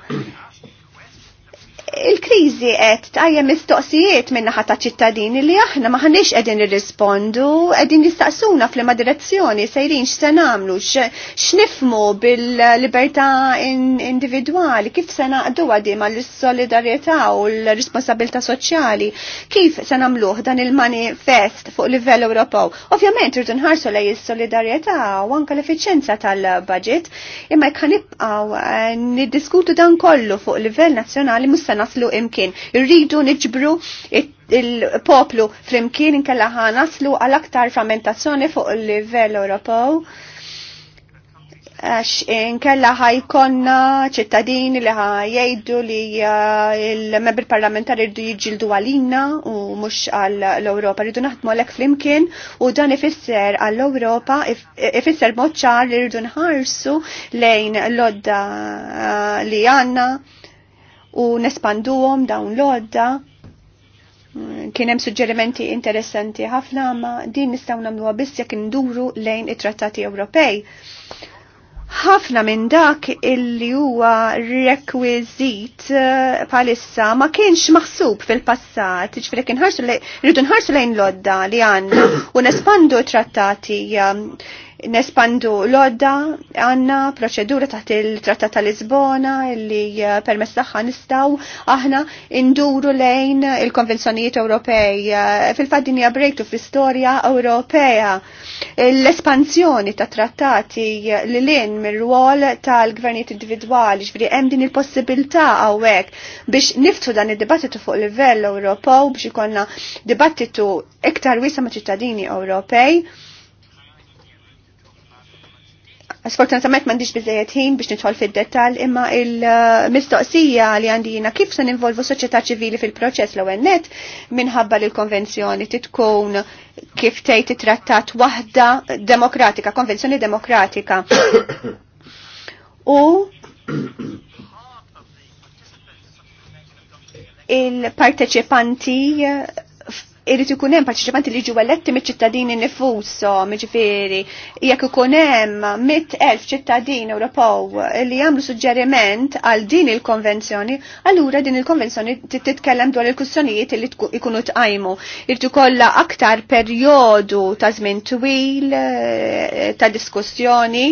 il-krizi qed tajjem mistoqsijiet minn naħa ta' ċittadini li aħna ma ħanix qegħdin nirrispondu, qegħdin jistaqsuna f'liema direzzjoni sejrin x'se nagħmlu, x'nifmu bil-libertà individwali, kif se naqdu għadi mal-solidarjetà u l-responsabilità soċjali, kif se nagħmluh dan il-manifest fuq livell Ewropew. Ovvjament irdu nħarsu lej is-solidarjetà u anke l-effiċenza tal-budget, imma jekk ħanibqgħu eh, niddiskutu dan kollu fuq livell nazzjonali mhux naslu imkien. Irridu niġbru il-poplu fl-imkien inkella ħa naslu għal aktar frammentazzjoni fuq il-livell Ewropew għax inkella ħajkonna ċittadini li jgħidu li uh, il-membri parlamentari rridu jġildu għalina u mux għall-Europa, rridu naħdmu għalek flimkien u dan ifisser għall-Europa, ifisser moċċar li rridu nħarsu lejn l-odda uh, li għanna u nespanduhom dawn l-odda. Kien hemm suġġerimenti interessanti ħafna, ma din nistgħu nagħmluha biss jekk induru lejn it-trattati Ewropej. Ħafna minn dak illi huwa rekwiżit palissa eh, ma kienx maħsub fil-passat, ġifieri kien ħarsu rridu nħarsu lejn l-odda li għandna u nespandu trattati eh, nespandu l-odda għanna proċedura taħt il-Trattat tal-Lisbona li eh, permess taħħa nistaw aħna induru lejn il-konvenzjonijiet Ewropej. Eh, Fil-fat dinja brejtu fl-istoria Ewropea. L-espansjoni ta' trattati li lin mir-rwol tal-gvernijiet individwali ġbri hemm din il-possibilità hawnhekk biex niftu dan id-dibattitu fuq livell Ewropew biex ikonna dibattitu iktar wisa ma' ċittadini Ewropej Sfortunatament m'għandix biżejjed ħin biex nidħol fid-dettall imma il-mistoqsija li għandi jiena kif se ninvolvu soċjetà ċivili fil-proċess l-ewwel net minħabba li l-konvenzjoni titkun kif tgħid trattat waħda demokratika, konvenzjoni demokratika. U il-parteċipanti irrit ikun hemm partiċipanti li ġu eletti miċ-ċittadini nifushom, ġifiri, jekk ikun hemm elf ċittadin Ewropew li jagħmlu suġġeriment għal din il-konvenzjoni, allura din il-konvenzjoni titkellem dwar il-kussjonijiet li ikunu tqajmu. Irtu ikollha aktar periodu ta' żmien twil eh, ta' diskussjoni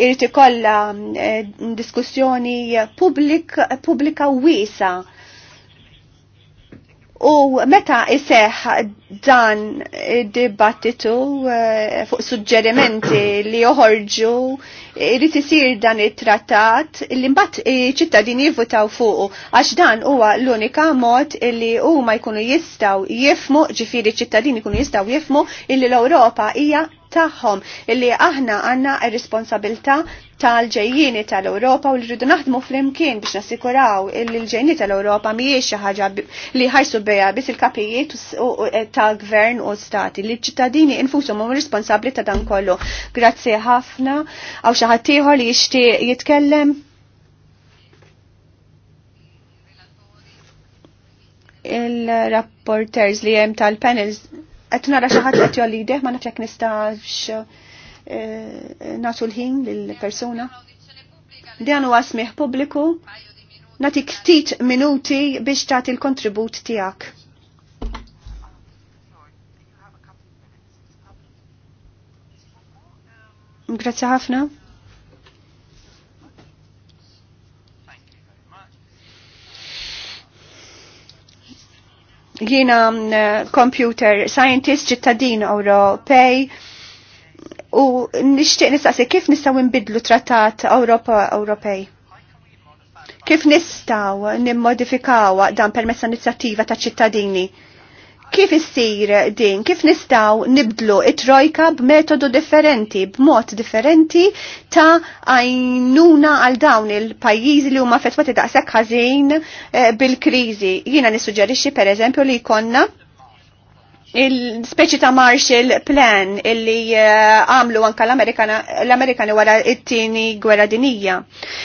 irrid ikollha eh, diskussjoni pubblika wiesa' U meta iseħ dan dibattitu eh, fuq suġġerimenti li joħorġu irrid isir dan it-trattat li imbat ċittadini jivvutaw fuq għax dan huwa l-unika mod li huma jkunu jistgħu jifmu, ġifieri ċittadini jkunu jistgħu jifmu illi l-Ewropa hija tagħhom illi aħna għandna r-responsabilta tal-ġejjini tal-Ewropa u li rridu naħdmu flimkien biex nassikuraw illi l-ġejjini tal-Ewropa mhijiex xi ħaġa li ħajsu beja biss il-kapijiet e tal-gvern u stati li ċittadini infushom huma responsabbli ta' dan kollu. Grazzi ħafna għaw xi ħadd ieħor li jixtieq jitkellem. il-rapporters li jem tal-panels qed nara xi ħadd qed jolideh ma nafx nistax eh, eh, nagħtu l-ħin lill-persuna. Dan huwa smih pubbliku Nati ftit minuti biex tagħti l-kontribut tiegħek. Grazie ħafna. jina eh, computer scientist ċittadin Ewropej u nixtieq nistaqsi kif nistgħu nbidlu trattat Ewropa Ewropej. Kif nistgħu nimmodifikaw dan permezz inizjattiva ta' ċittadini? Kif issir din? Kif nistaw nibdlu it-trojka b'metodu differenti, b'mod differenti ta' għajnuna għal dawn il-pajjiżi li huma fetwati daqshekk ħażin eh, bil-kriżi. Jiena nissuġġerixxi pereżempju li jkollna il-speċi ta' Marshall Plan illi eh, għamlu uh, anka l-Amerikani wara it-tieni gwerra dinija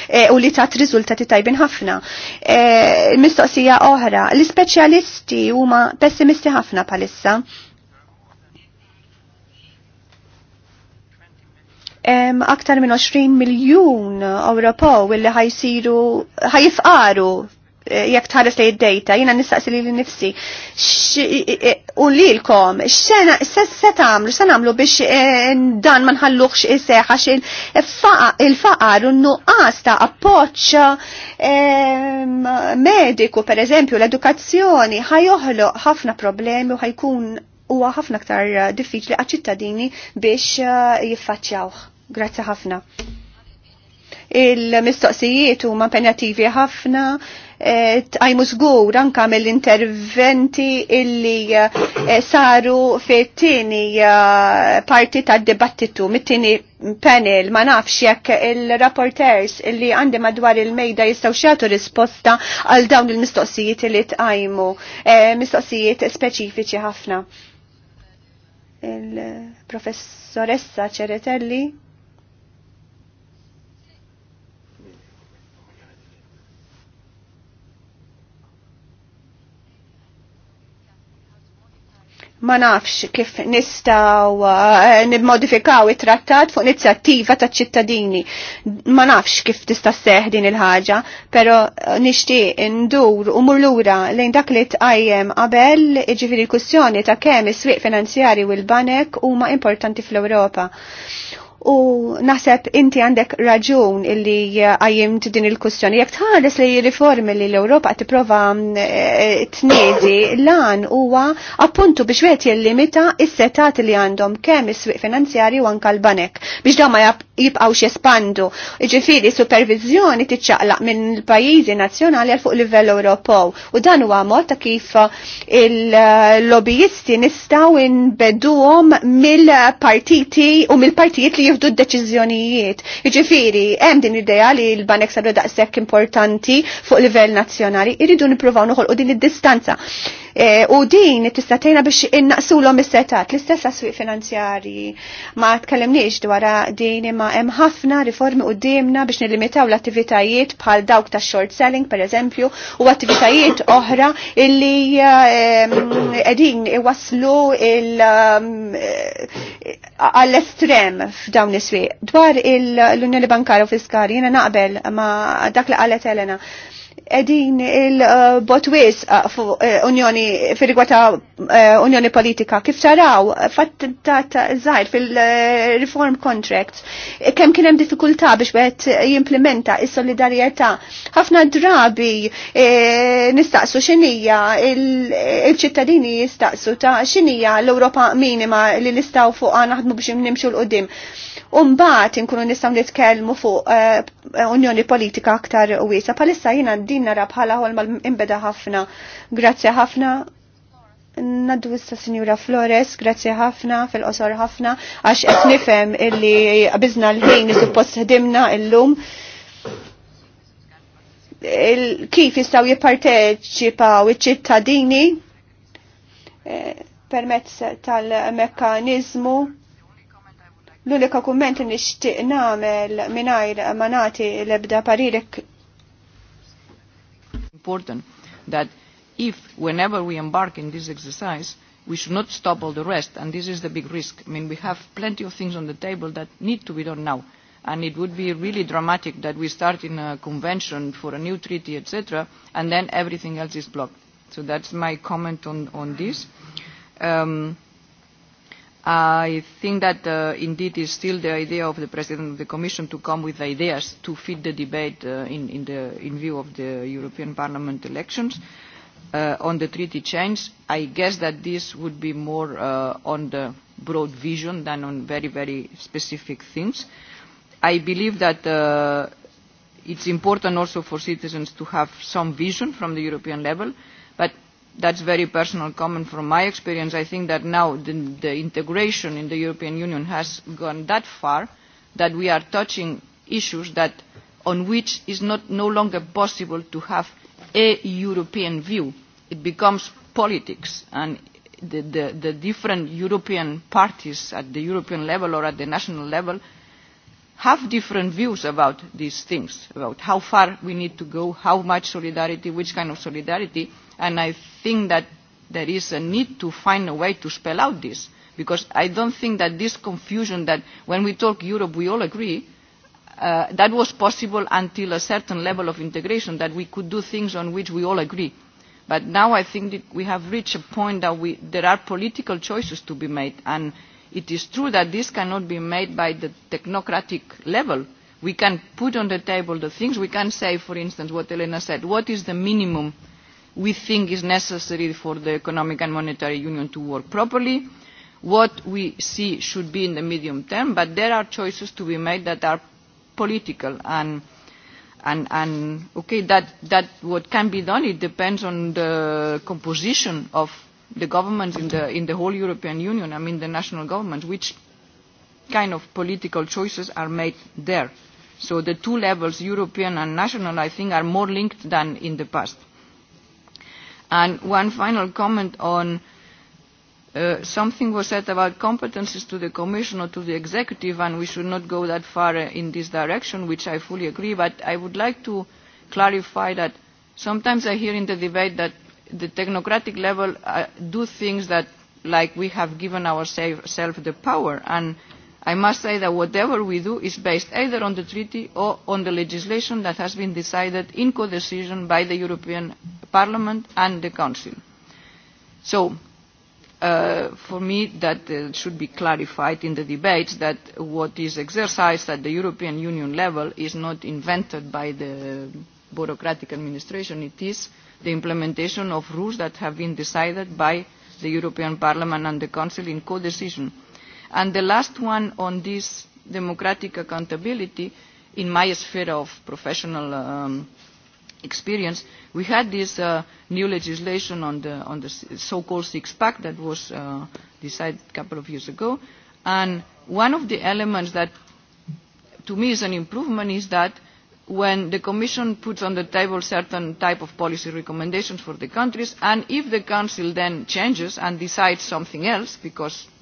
eh, u li tat riżultati tajbin ħafna. Eh, mistoqsija oħra, l-speċjalisti huma pessimisti ħafna palissa. aktar minn 20 miljun Ewropew illi ħajsiru ħajfqaru jekk tħares li id data jina nistaqsi li nifsi u lilkom, xena, s tamlu, se namlu biex e, dan ma nħalluħx iseħax il-faqar u għasta ta' appoċ e, mediku, per eżempju, l-edukazzjoni ħajoħloq ħafna problemi u ħajkun huwa ħafna aktar diffiċli għaċ-ċittadini biex e, jiffaċċjawh. Grazzi ħafna. Il-mistoqsijiet huma penjativi ħafna Eh, tqajmu żgur anka mill-interventi illi eh, saru fit-tieni eh, parti tad-dibattitu, mit-tieni panel ma nafx jekk il-rapporters illi għandi madwar il-mejda jistaw xiatu risposta għal dawn il-mistoqsijiet li tqajmu, mistoqsijiet speċifiċi ħafna. Il-professoressa Ceretelli ma nafx kif nistaw eh, nimmodifikaw it-trattat fuq inizjattiva ta' ċittadini. Ma nafx kif tista' seħ din il-ħaġa, pero eh, nixtieq indur u mur lura lejn dak li tqajjem qabel ġifieri kussjoni ta' kemm is-swieq finanzjari u l-banek huma importanti fl-Ewropa. U naħseb inti għandek raġun illi eh, għajjimt din il-kustjoni. Jek tħares li riformi li l-Europa tipprova eh, nedi lan huwa appuntu biex wet jellimita is-setat li għandhom kemm is-swieq finanzjari u anka l-banek biex da ma jibqaw jespandu. Iġifiri supervizjoni tiċċaqlaq minn pajjiżi nazzjonali għal fuq livell Ewropew. U dan huwa mod ta' kif uh, il-lobbyisti nistgħu inbeduhom mill-partiti u mill-partijiet li jieħdu d-deċiżjonijiet. Iġifiri hemm din idea li l-banek saru daqshekk importanti fuq livell nazzjonali, irridu nippruvaw noħolqu din id-distanza. Eh, u din tistatejna biex innaqsulhom is-setat l-istess aswiq finanzjari. Ma tkellimniex dwar din imma hemm ħafna riformi qudiemna biex nilimitaw l-attivitajiet bħal dawk ta' short selling pereżempju u attivitajiet oħra illi ehm, qegħdin iwaslu ehm, għall-estrem f'dawn is-swieq. Dwar l-Unjoni Bankarja u Fiskali jiena naqbel ma dak li qalet Elena edin il-botwis uh, fuq uh, unjoni fil-rigwata uh, unjoni politika. Kif taraw, fattat zaħir fil-reform contract, kem kienem diffikultà biex bħet jimplementa is solidarieta ħafna drabi eh, nistaqsu xinija, il-ċittadini jistaqsu ta' xinija l-Europa minima li nistaw fuq naħdmu biex nimxu l-qoddim. Umbaħt inkunu nistaw nitkellmu fuq eh, eh, unjoni politika aktar wiesa. Palissa jina din nara bħala ħolma imbeda ħafna. Grazie ħafna. Naddu issa Sinjura Flores, grazzi ħafna fil-qosor ħafna għax qed nifhem illi biżna l-ħin suppost ħdimna illum kif jistaw jipparteċipaw iċ-ċittadini eh, permezz tal mekkaniżmu L-unika kumment nixtieq nagħmel mingħajr ma nagħti l-ebda parirek. Important that if whenever we embark in this exercise we should not stop all the rest and this is the big risk. I mean we have plenty of things on the table that need to be done now and it would be really dramatic that we start in a convention for a new treaty, etc., and then everything else is blocked. So that's my comment on, on this. Um, I think that uh, indeed is still the idea of the President of the Commission to come with ideas to feed the debate uh, in, in, the, in view of the European Parliament elections. Uh, on the treaty change, I guess that this would be more uh, on the broad vision than on very, very specific things. I believe that uh, it's important also for citizens to have some vision from the European level. Uh, that's very personal comment from my experience. I think that now the, the integration in the European Union has gone that far that we are touching issues that on which is not no longer possible to have a European view. It becomes politics and the, the, the different European parties at the European level or at the national level have different views about these things, about how far we need to go, how much solidarity, which kind of solidarity And I think that there is a need to find a way to spell out this, because I don't think that this confusion that when we talk Europe we all agree, uh, that was possible until a certain level of integration, that we could do things on which we all agree. But now I think that we have reached a point that we, there are political choices to be made, and it is true that this cannot be made by the technocratic level. We can put on the table the things, we can say, for instance, what Elena said, what is the minimum we think is necessary for the economic and monetary union to work properly, what we see should be in the medium term, but there are choices to be made that are political and and and okay that that what can be done it depends on the composition of the governments in the in the whole European Union I mean the national governments which kind of political choices are made there so the two levels European and national I think are more linked than in the past And one final comment on uh, something was said about competences to the Commission or to the Executive, and we should not go that far uh, in this direction, which I fully agree, but I would like to clarify that sometimes I hear in the debate that the technocratic level uh, do things that, like, we have given ourselves the power, and I must say that whatever we do is based either on the treaty or on the legislation that has been decided in co-decision by the European Parliament and the Council. So, uh, for me, that uh, should be clarified in the debates that what is exercised at the European Union level is not invented by the bureaucratic administration. It is the implementation of rules that have been decided by the European Parliament and the Council in co-decision. And the last one on this democratic accountability, in my sphere of professional um, experience, we had this uh, new legislation on the, on the so-called six-pack that was uh, decided a couple of years ago. And one of the elements that to me is an improvement is that when the Commission puts on the table certain type of policy recommendations for the countries, and if the Council then changes and decides something else, because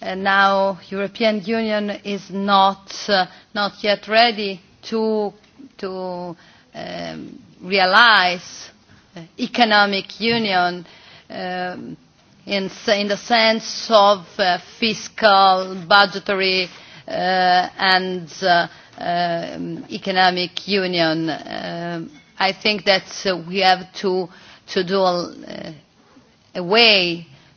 uh, now European Union is not, uh, not yet ready to, to um, realize uh, economic union um, in, in the sense of uh, fiscal, budgetary uh, and uh, um, economic union. Um, I think that uh, we have to, to do a, uh, a way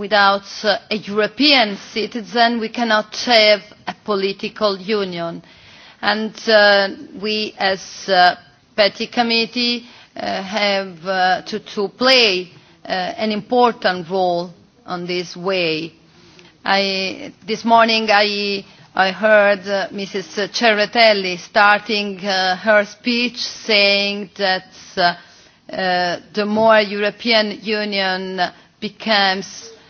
without uh, a European citizen, we cannot have a political union. And uh, we as a uh, Petty Committee uh, have uh, to, to play uh, an important role on this way. I, this morning I, I heard uh, Mrs. Cerretelli starting uh, her speech saying that uh, uh, the more European Union becomes